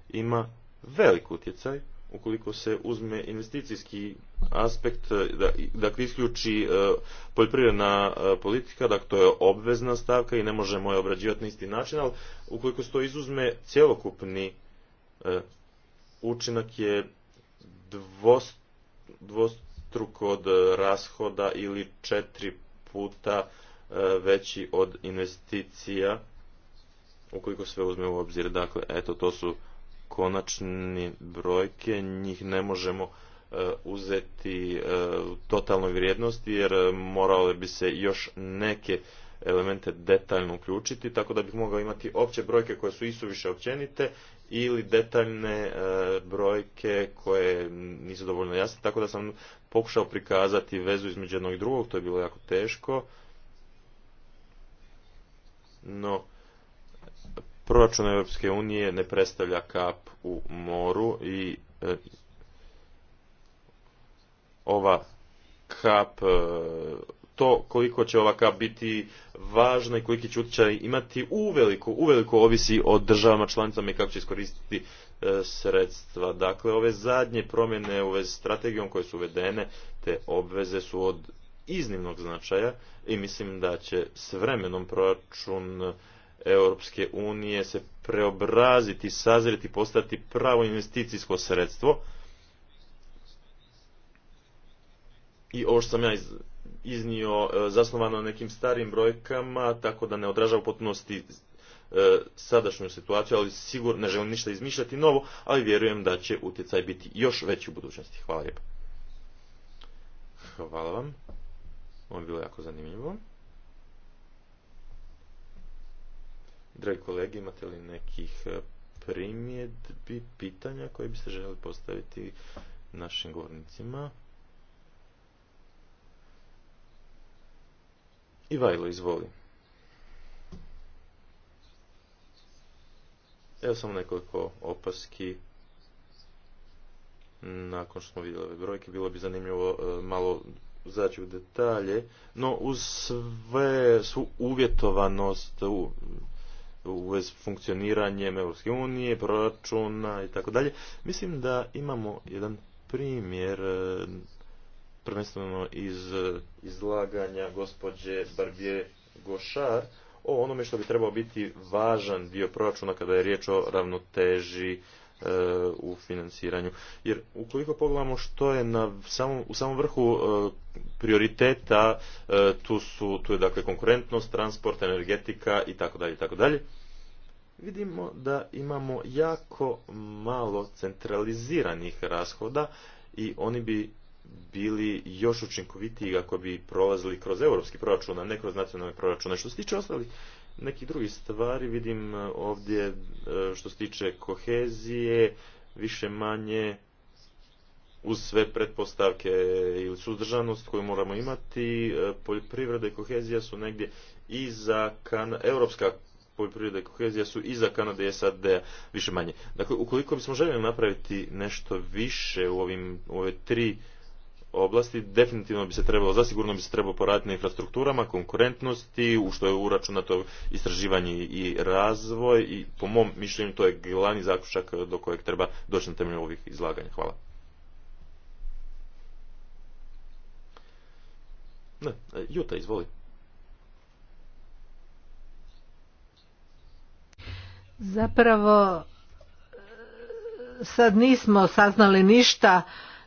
ima velik utjecaj ukoliko se uzme investicijski aspekt, dakle isključi e, poljoprivredna e, politika, dakle to je obvezna stavka i ne možemo je obrađivati na isti način, ali ukoliko se to izuzme, cjelokupni e, učinak je dvostruko od rashoda ili četiri puta e, veći od investicija ukoliko sve uzme u obzir. Dakle, eto, to su konačne brojke, njih ne možemo e, uzeti e, u totalnoj vrijednosti jer morale bi se još neke elemente detaljno uključiti, tako da bih mogao imati opće brojke koje su isuviše općenite ili detaljne e, brojke koje nisu dovoljno jasne, tako da sam pokušao prikazati vezu između jednog i drugog, to je bilo jako teško. No, proračun Europske unije ne predstavlja kap u moru i e, ova kap e, to koliko će ovakav biti važna i koliki će utjecaj imati uveliko, uveliko ovisi o državama članicama i kako će iskoristiti e, sredstva. Dakle, ove zadnje promjene u vezi strategijom koje su uvedene, te obveze su od iznimnog značaja i mislim da će s vremenom proračun Europske unije se preobraziti, i postati pravo investicijsko sredstvo. I ovo što sam ja iz, iznio e, zasnovano nekim starim brojkama, tako da ne odražava u potpunosti e, sadašnju situaciju, ali sigurno ne želim ništa izmišljati novo, ali vjerujem da će utjecaj biti još veći u budućnosti. Hvala lijepo. Hvala vam. Ovo je bilo jako zanimljivo. Dragi kolege, imate li nekih e, primjedbi, pitanja koje biste željeli postaviti našim govornicima? Ivajlo, izvoli. Evo samo nekoliko opaski. Nakon što smo vidjeli ove brojke, bilo bi zanimljivo e, malo zaći u detalje. No, uz sve su uvjetovanost u, funkcioniranjem Europske unije, proračuna i tako dalje, mislim da imamo jedan primjer e, prvenstveno iz e, izlaganja gospođe Barbije Gošar o onome što bi trebao biti važan dio proračuna kada je riječ o ravnoteži e, u financiranju. Jer ukoliko pogledamo što je na u samom vrhu e, prioriteta, tu, su, tu je dakle konkurentnost, transport, energetika i tako dalje i tako dalje. Vidimo da imamo jako malo centraliziranih rashoda i oni bi bili još učinkovitiji ako bi prolazili kroz europski proračun, a ne kroz nacionalne proračune. Što se tiče ostalih nekih drugih stvari, vidim e, ovdje e, što se tiče kohezije, više manje uz sve pretpostavke i suzdržanost koju moramo imati, e, poljoprivreda i kohezija su negdje za za europska poljoprivreda i kohezija su iza Kanade i sad više manje. Dakle, ukoliko bismo željeli napraviti nešto više u ovim, u ove tri oblasti. Definitivno bi se trebalo, zasigurno bi se trebalo poraditi na infrastrukturama, konkurentnosti, u što je uračunato istraživanje i razvoj i po mom mišljenju to je glavni zaključak do kojeg treba doći na temelju ovih izlaganja. Hvala. Ne, e, Juta, izvoli. Zapravo e, sad nismo saznali ništa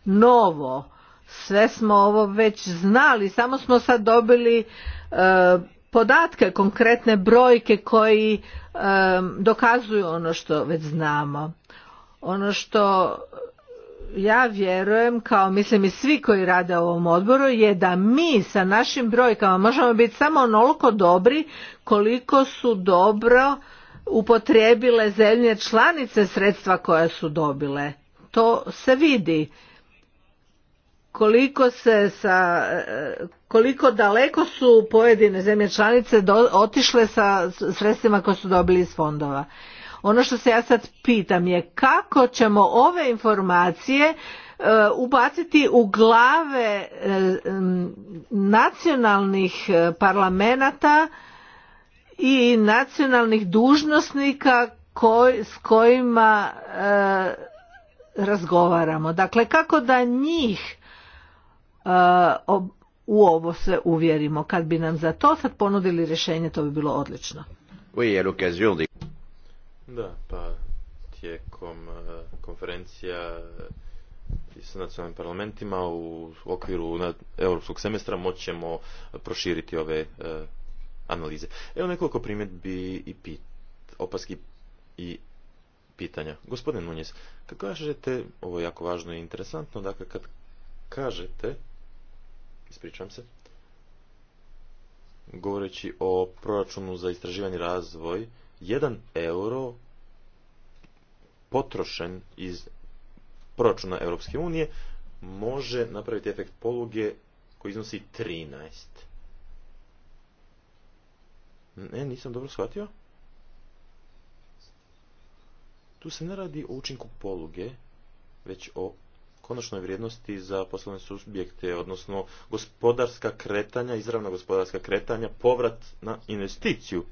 novo sve smo ovo već znali, samo smo sad dobili e, podatke, konkretne brojke koji e, dokazuju ono što već znamo. Ono što ja vjerujem, kao mislim i svi koji rade u ovom odboru, je da mi sa našim brojkama možemo biti samo onoliko dobri koliko su dobro upotrijebile zemlje članice sredstva koja su dobile. To se vidi koliko se sa koliko daleko su pojedine zemlje članice otišle sa sredstvima koje su dobili iz fondova ono što se ja sad pitam je kako ćemo ove informacije e, ubaciti u glave e, nacionalnih e, parlamenata i nacionalnih dužnosnika koj, s kojima razgovaramo. Dakle, kako da njih E, u ovo se uvjerimo. Kad bi nam za to sad ponudili rješenje, to bi bilo odlično. Da, pa tijekom e, konferencija s nacionalnim parlamentima u okviru europskog semestra moćemo proširiti ove e, analize. Evo nekoliko primjedbi i opaski i pitanja. Gospodin Munjes, kad kažete, ovo je jako važno i interesantno, dakle kad kažete ispričavam se, govoreći o proračunu za istraživanje i razvoj, jedan euro potrošen iz proračuna Europske unije može napraviti efekt poluge koji iznosi 13. Ne, nisam dobro shvatio. Tu se ne radi o učinku poluge, već o konačnoj vrijednosti za poslovne subjekte, odnosno gospodarska kretanja, izravna gospodarska kretanja, povrat na investiciju.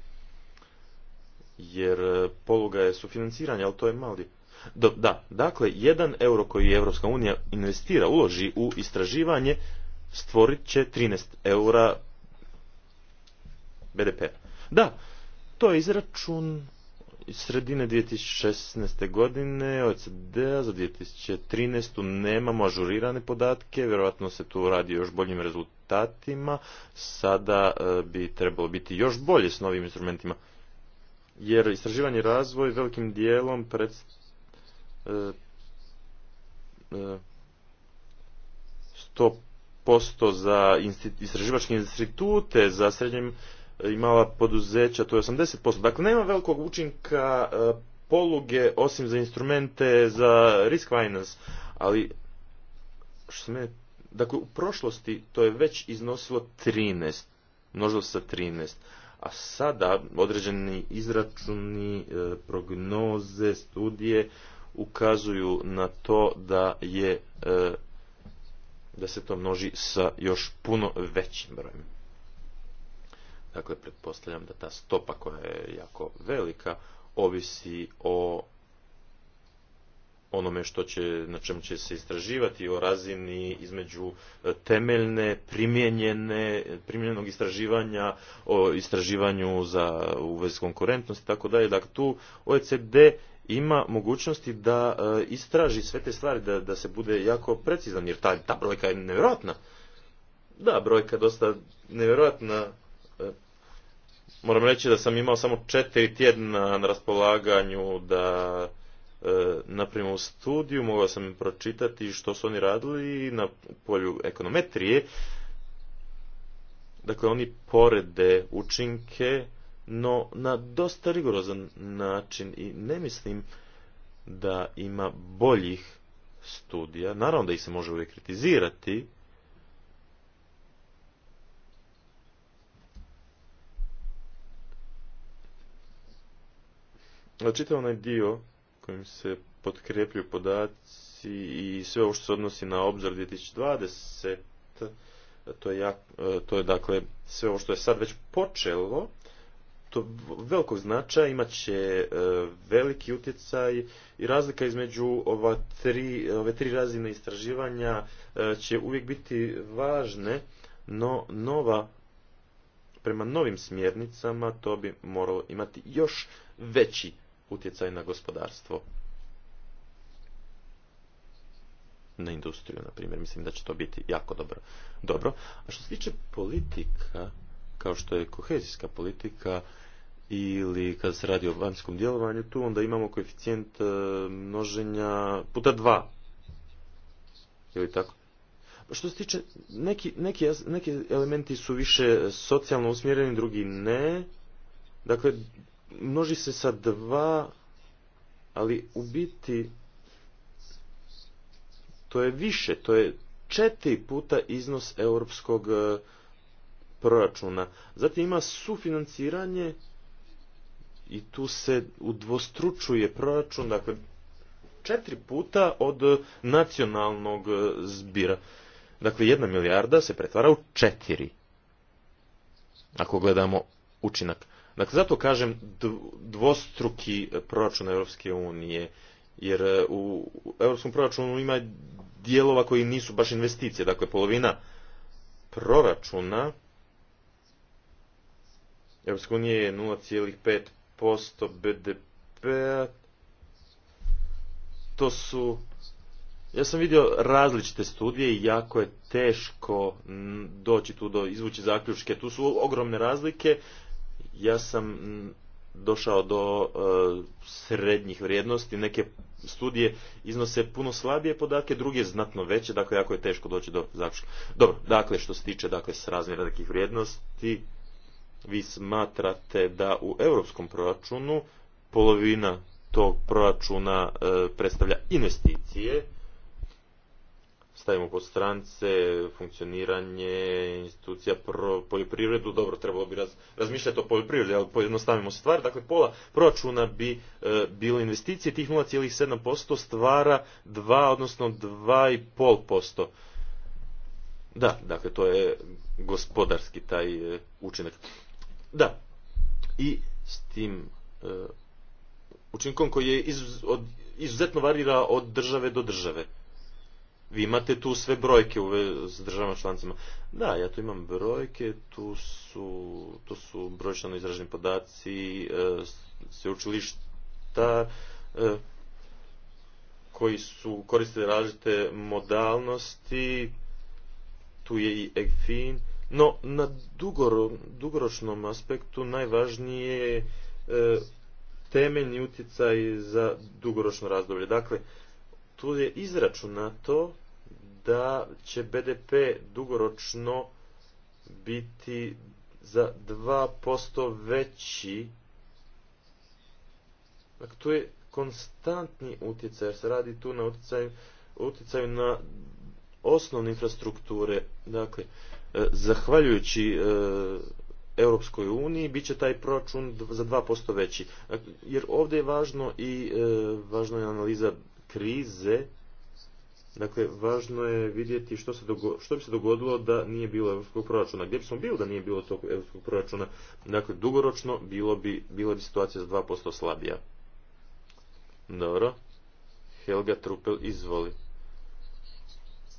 Jer e, poluga je sufinanciranje, ali to je mali. da, dakle, jedan euro koji je Europska unija investira, uloži u istraživanje, stvorit će 13 eura BDP. Da, to je izračun iz sredine 2016. godine OECD-a za 2013. nemamo ažurirane podatke, vjerojatno se tu radi još boljim rezultatima, sada e, bi trebalo biti još bolje s novim instrumentima. Jer istraživanje i razvoj velikim dijelom pred, e, 100% e, za istraživačke institute, za srednjem imala poduzeća, to je 80%. Dakle, nema velikog učinka e, poluge osim za instrumente za risk finance, ali što se mene, dakle u prošlosti to je već iznosilo 13, množilo sa 13, a sada određeni izračuni, e, prognoze, studije ukazuju na to da je e, da se to množi sa još puno većim brojem. Dakle, pretpostavljam da ta stopa koja je jako velika ovisi o onome što će, na čem će se istraživati, o razini između e, temeljne, primijenjene, primijenjenog istraživanja, o istraživanju za uvez konkurentnosti, tako dalje. Dakle, tu OECD ima mogućnosti da e, istraži sve te stvari, da, da se bude jako precizan, jer ta, ta brojka je nevjerojatna. Da, brojka je dosta nevjerojatna, Moram reći da sam imao samo četiri tjedna na raspolaganju da e, napravimo studiju, mogao sam pročitati što su oni radili na polju ekonometrije. Dakle, oni porede učinke, no na dosta rigorozan način i ne mislim da ima boljih studija. Naravno da ih se može uvijek kritizirati, Čitav onaj dio kojim se potkrepljuju podaci i sve ovo što se odnosi na obzor 2020, to je, e, to je dakle sve ovo što je sad već počelo, to velikog značaja imat će e, veliki utjecaj i razlika između ova tri, ove tri razine istraživanja e, će uvijek biti važne, no nova prema novim smjernicama to bi moralo imati još veći utjecaj na gospodarstvo, na industriju, na primjer. Mislim da će to biti jako dobro. dobro. A što se tiče politika, kao što je kohezijska politika, ili kada se radi o vanjskom djelovanju, tu onda imamo koeficijent e, množenja puta dva. Ili tako? Pa što se tiče, neki, neki, neki elementi su više socijalno usmjereni, drugi ne. Dakle, množi se sa dva, ali u biti to je više, to je četiri puta iznos europskog e, proračuna. Zatim ima sufinanciranje i tu se udvostručuje proračun, dakle četiri puta od nacionalnog e, zbira. Dakle, jedna milijarda se pretvara u četiri, ako gledamo učinak. Dakle, zato kažem dvostruki e, proračun Europske unije, jer e, u europskom proračunu ima dijelova koji nisu baš investicije, dakle polovina proračuna Europske unije je 0,5% bdp to su ja sam vidio različite studije i jako je teško doći tu do izvući zaključke. Tu su ogromne razlike ja sam došao do e, srednjih vrijednosti, neke studije iznose puno slabije podatke, druge znatno veće, dakle jako je teško doći do zaključka. Dobro, dakle što se tiče dakle razmjera nekih vrijednosti, vi smatrate da u europskom proračunu polovina tog proračuna e, predstavlja investicije, stavimo pod strance funkcioniranje institucija pro poljoprivredu, dobro trebalo bi razmišljati o poljoprivredi, ali pojednostavimo stvar, dakle pola proračuna bi e, bilo investicije, tih 0,7% stvara 2, odnosno 2,5%. Da, dakle to je gospodarski taj e, učinak. Da, i s tim e, učinkom koji je od, izuzetno varira od države do države vi imate tu sve brojke u, s državama članicama. Da, ja tu imam brojke, tu su, to su brojčano izraženi podaci, e, sveučilišta e, koji su koristili različite modalnosti, tu je i EGFIN, no na dugoro, dugoročnom aspektu najvažnije je temeljni utjecaj za dugoročno razdoblje. Dakle, tu je izračunato da će BDP dugoročno biti za 2% veći. Dakle, tu je konstantni utjecaj, jer se radi tu na utjecaju, na osnovne infrastrukture. Dakle, e, zahvaljujući e, Europskoj uniji bit će taj proračun za 2% veći. Dakle, jer ovdje je važno i e, važno je analiza krize Dakle, važno je vidjeti što, se dogo što bi se dogodilo da nije bilo europskog proračuna. Gdje smo bili da nije bilo tog europskog proračuna? Dakle, dugoročno bilo bi, bila bi situacija za 2% slabija. Dobro. Helga Trupel, izvoli.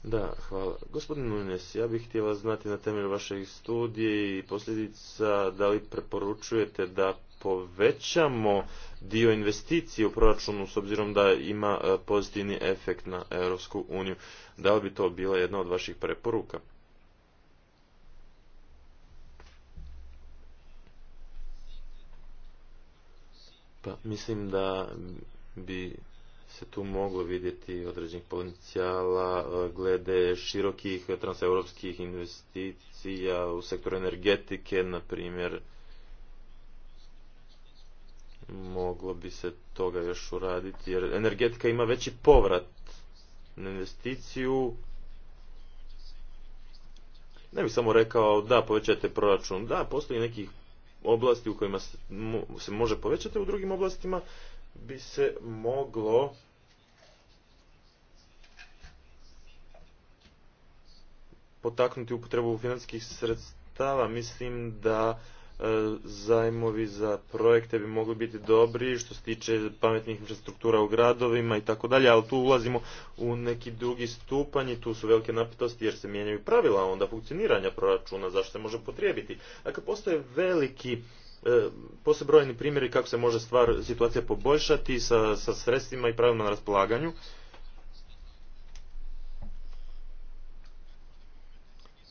Da, hvala. Gospodin Nunes, ja bih htjela znati na temelju vaše studije i posljedica da li preporučujete da povećamo dio investicije u proračunu s obzirom da ima e, pozitivni efekt na Europsku uniju. Da li bi to bila jedna od vaših preporuka? Pa mislim da bi se tu moglo vidjeti određenih potencijala e, glede širokih transeuropskih investicija u sektoru energetike, na primjer moglo bi se toga još uraditi jer energetika ima veći povrat na investiciju ne bih samo rekao da povećate proračun da postoji nekih oblasti u kojima se, se može povećati u drugim oblastima bi se moglo potaknuti upotrebu financijskih sredstava mislim da E, zajmovi za projekte bi mogli biti dobri što se tiče pametnih infrastruktura u gradovima i tako dalje, ali tu ulazimo u neki drugi stupanj i tu su velike napetosti jer se mijenjaju pravila onda funkcioniranja proračuna, zašto se može potrijebiti. Dakle, postoje veliki e, postoje brojni primjeri kako se može stvar, situacija poboljšati sa, sa sredstvima i pravilima na raspolaganju.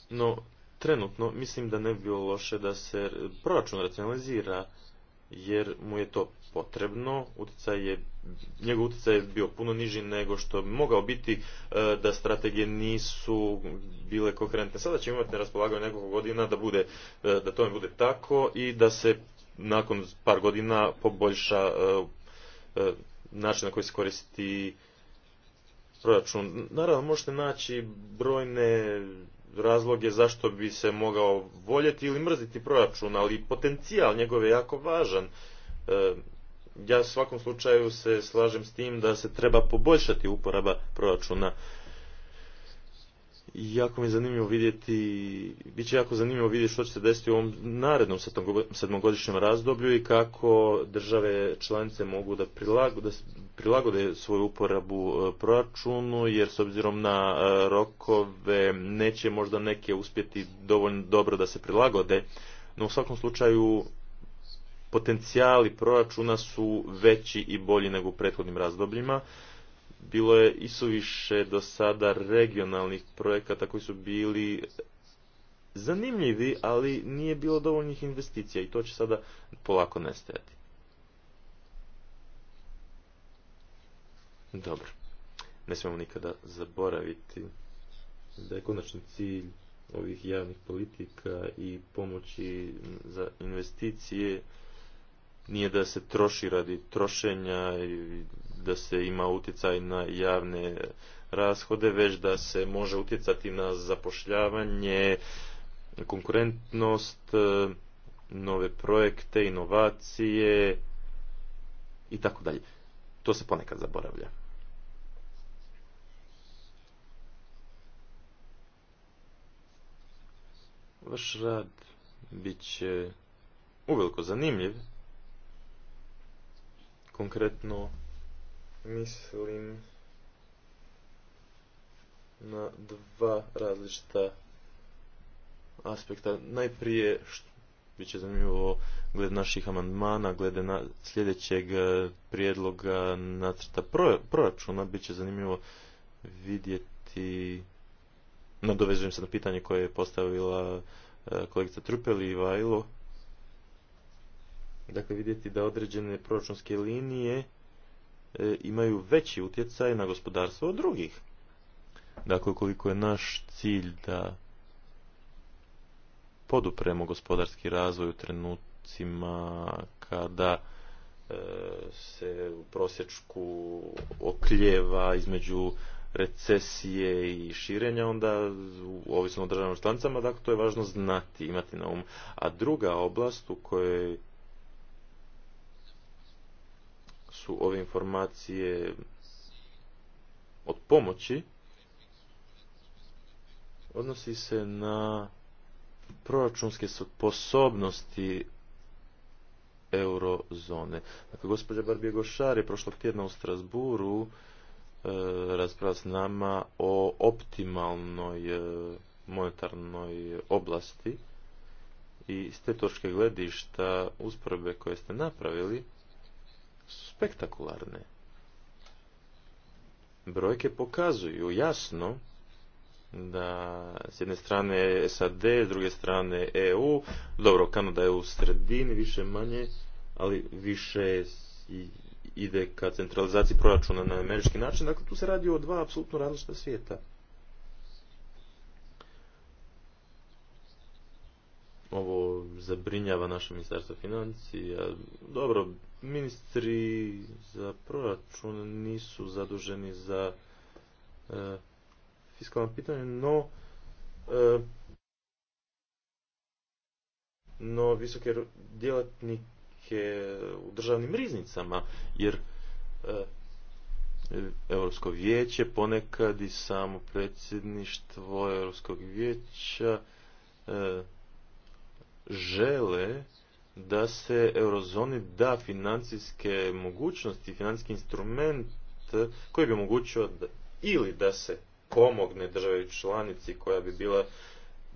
No, trenutno mislim da ne bi bilo loše da se proračun racionalizira jer mu je to potrebno, utjecaj je, njegov utjecaj je bio puno niži nego što bi mogao biti e, da strategije nisu bile koherentne. Sada ćemo imati na raspolaganju nekoliko godina da, bude, e, da to ne bude tako i da se nakon par godina poboljša e, način na koji se koristi proračun. Naravno, možete naći brojne razloge zašto bi se mogao voljeti ili mrziti proračun, ali potencijal njegov je jako važan. E, ja u svakom slučaju se slažem s tim da se treba poboljšati uporaba proračuna jako mi je zanimljivo vidjeti, bit će jako zanimljivo vidjeti što će se desiti u ovom narednom sedmogodišnjem razdoblju i kako države članice mogu da prilagode, svoju uporabu e, proračunu, jer s obzirom na e, rokove neće možda neke uspjeti dovoljno dobro da se prilagode, no u svakom slučaju potencijali proračuna su veći i bolji nego u prethodnim razdobljima bilo je isuviše do sada regionalnih projekata koji su bili zanimljivi, ali nije bilo dovoljnih investicija i to će sada polako nestajati. Dobro. Ne smemo nikada zaboraviti da je konačni cilj ovih javnih politika i pomoći za investicije nije da se troši radi trošenja i da se ima utjecaj na javne rashode, već da se može utjecati na zapošljavanje, konkurentnost, e, nove projekte, inovacije i tako dalje. To se ponekad zaboravlja. Vaš rad bit će uveliko zanimljiv konkretno mislim na dva različita aspekta. Najprije, što bit će zanimljivo glede naših amandmana, glede na sljedećeg e, prijedloga nacrta proračuna, bit će zanimljivo vidjeti, nadovezujem se na pitanje koje je postavila e, kolegica Trupeli i Vajlo, dakle vidjeti da određene proračunske linije e, imaju veći utjecaj na gospodarstvo od drugih. Dakle, koliko je naš cilj da podupremo gospodarski razvoj u trenucima kada e, se u prosječku okljeva između recesije i širenja, onda ovisno o državnom članicama, dakle to je važno znati, imati na umu. A druga oblast u kojoj su ove informacije od pomoći odnosi se na proračunske sposobnosti eurozone. Dakle, gospođa Barbije Gošar je prošlog tjedna u Strasburu e, s nama o optimalnoj e, monetarnoj oblasti i s te točke gledišta usporebe koje ste napravili, spektakularne. Brojke pokazuju jasno da s jedne strane SAD, s druge strane EU, dobro, Kanada je u sredini, više manje, ali više ide ka centralizaciji proračuna na američki način. Dakle, tu se radi o dva apsolutno različita svijeta. ovo zabrinjava naše ministarstvo financija. Dobro, ministri za proračun nisu zaduženi za e, fiskalno pitanje, no e, no visoke djelatnike u državnim riznicama, jer e, Europsko vijeće ponekad i samo predsjedništvo Europskog vijeća žele da se eurozoni da financijske mogućnosti, financijski instrument koji bi omogućio ili da se pomogne državi članici koja bi bila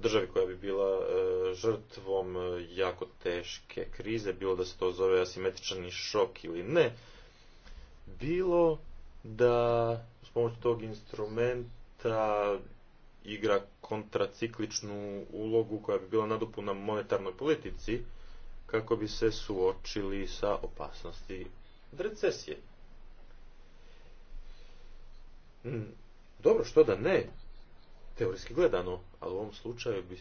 državi koja bi bila e, žrtvom e, jako teške krize, bilo da se to zove asimetrični šok ili ne, bilo da s pomoć tog instrumenta igra kontracikličnu ulogu koja bi bila nadopuna monetarnoj politici kako bi se suočili sa opasnosti recesije. Hm, dobro, što da ne, teorijski gledano, ali u ovom slučaju bi,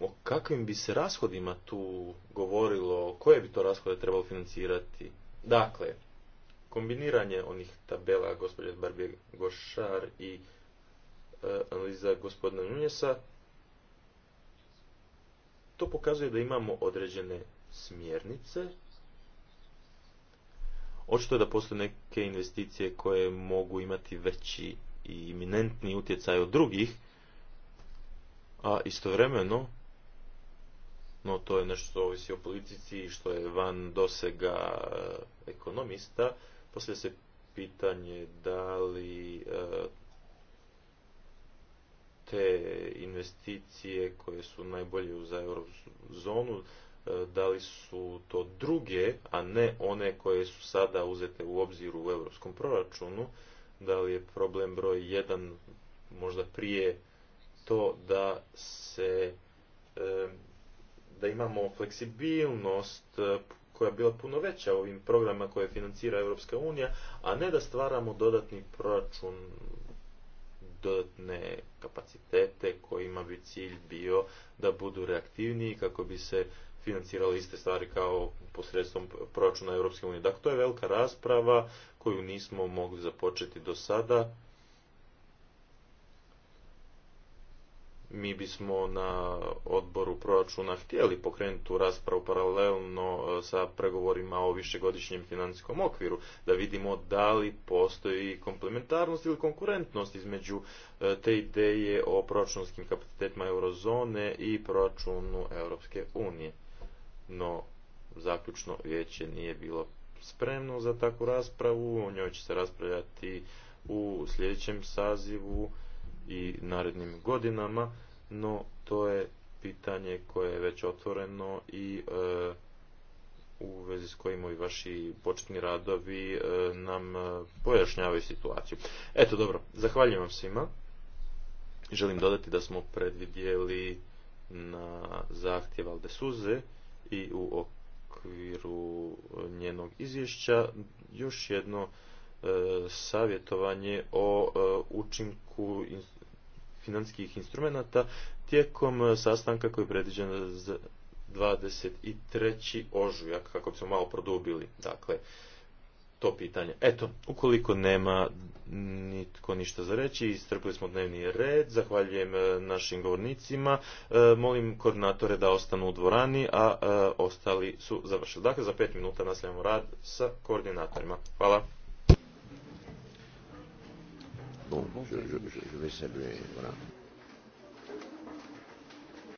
o kakvim bi se rashodima tu govorilo, koje bi to rashode trebalo financirati. Dakle, kombiniranje onih tabela gospođe Barbie Gošar i E, analiza gospodina Nunjesa, to pokazuje da imamo određene smjernice. Očito je da postoje neke investicije koje mogu imati veći i iminentni utjecaj od drugih, a istovremeno, no to je nešto što ovisi o politici i što je van dosega e, ekonomista, poslije se pitanje da li e, te investicije koje su najbolje za eurozonu, e, da li su to druge, a ne one koje su sada uzete u obzir u europskom proračunu, da li je problem broj jedan možda prije to da se e, da imamo fleksibilnost e, koja je bila puno veća ovim programima koje financira Europska unija, a ne da stvaramo dodatni proračun dodatne kapacitete kojima bi cilj bio da budu reaktivniji kako bi se financirali iste stvari kao posredstvom proračuna Europske unije. Dakle, to je velika rasprava koju nismo mogli započeti do sada mi bismo na odboru proračuna htjeli pokrenuti tu raspravu paralelno e, sa pregovorima o višegodišnjem financijskom okviru, da vidimo da li postoji komplementarnost ili konkurentnost između e, te ideje o proračunskim kapacitetima eurozone i proračunu Europske unije. No, zaključno vijeće nije bilo spremno za takvu raspravu, o njoj će se raspravljati u sljedećem sazivu i narednim godinama, no to je pitanje koje je već otvoreno i e, u vezi s kojim i vaši početni radovi e, nam e, pojašnjavaju situaciju. Eto dobro, zahvaljujem vam svima. Želim dodati da smo predvidjeli na zahtjev Alde Suze i u okviru njenog izvješća još jedno savjetovanje o učinku financijskih instrumenata tijekom e, sastanka koji je predviđen za 23. ožujak, kako smo malo produbili, dakle, to pitanje. Eto, ukoliko nema nitko ništa za reći, istrpili smo dnevni red, zahvaljujem e, našim govornicima, e, molim koordinatore da ostanu u dvorani, a ostali su završili. Dakle, za pet minuta nastavljamo rad sa koordinatorima. Hvala. Bon, je, je, je vais saluer. Voilà.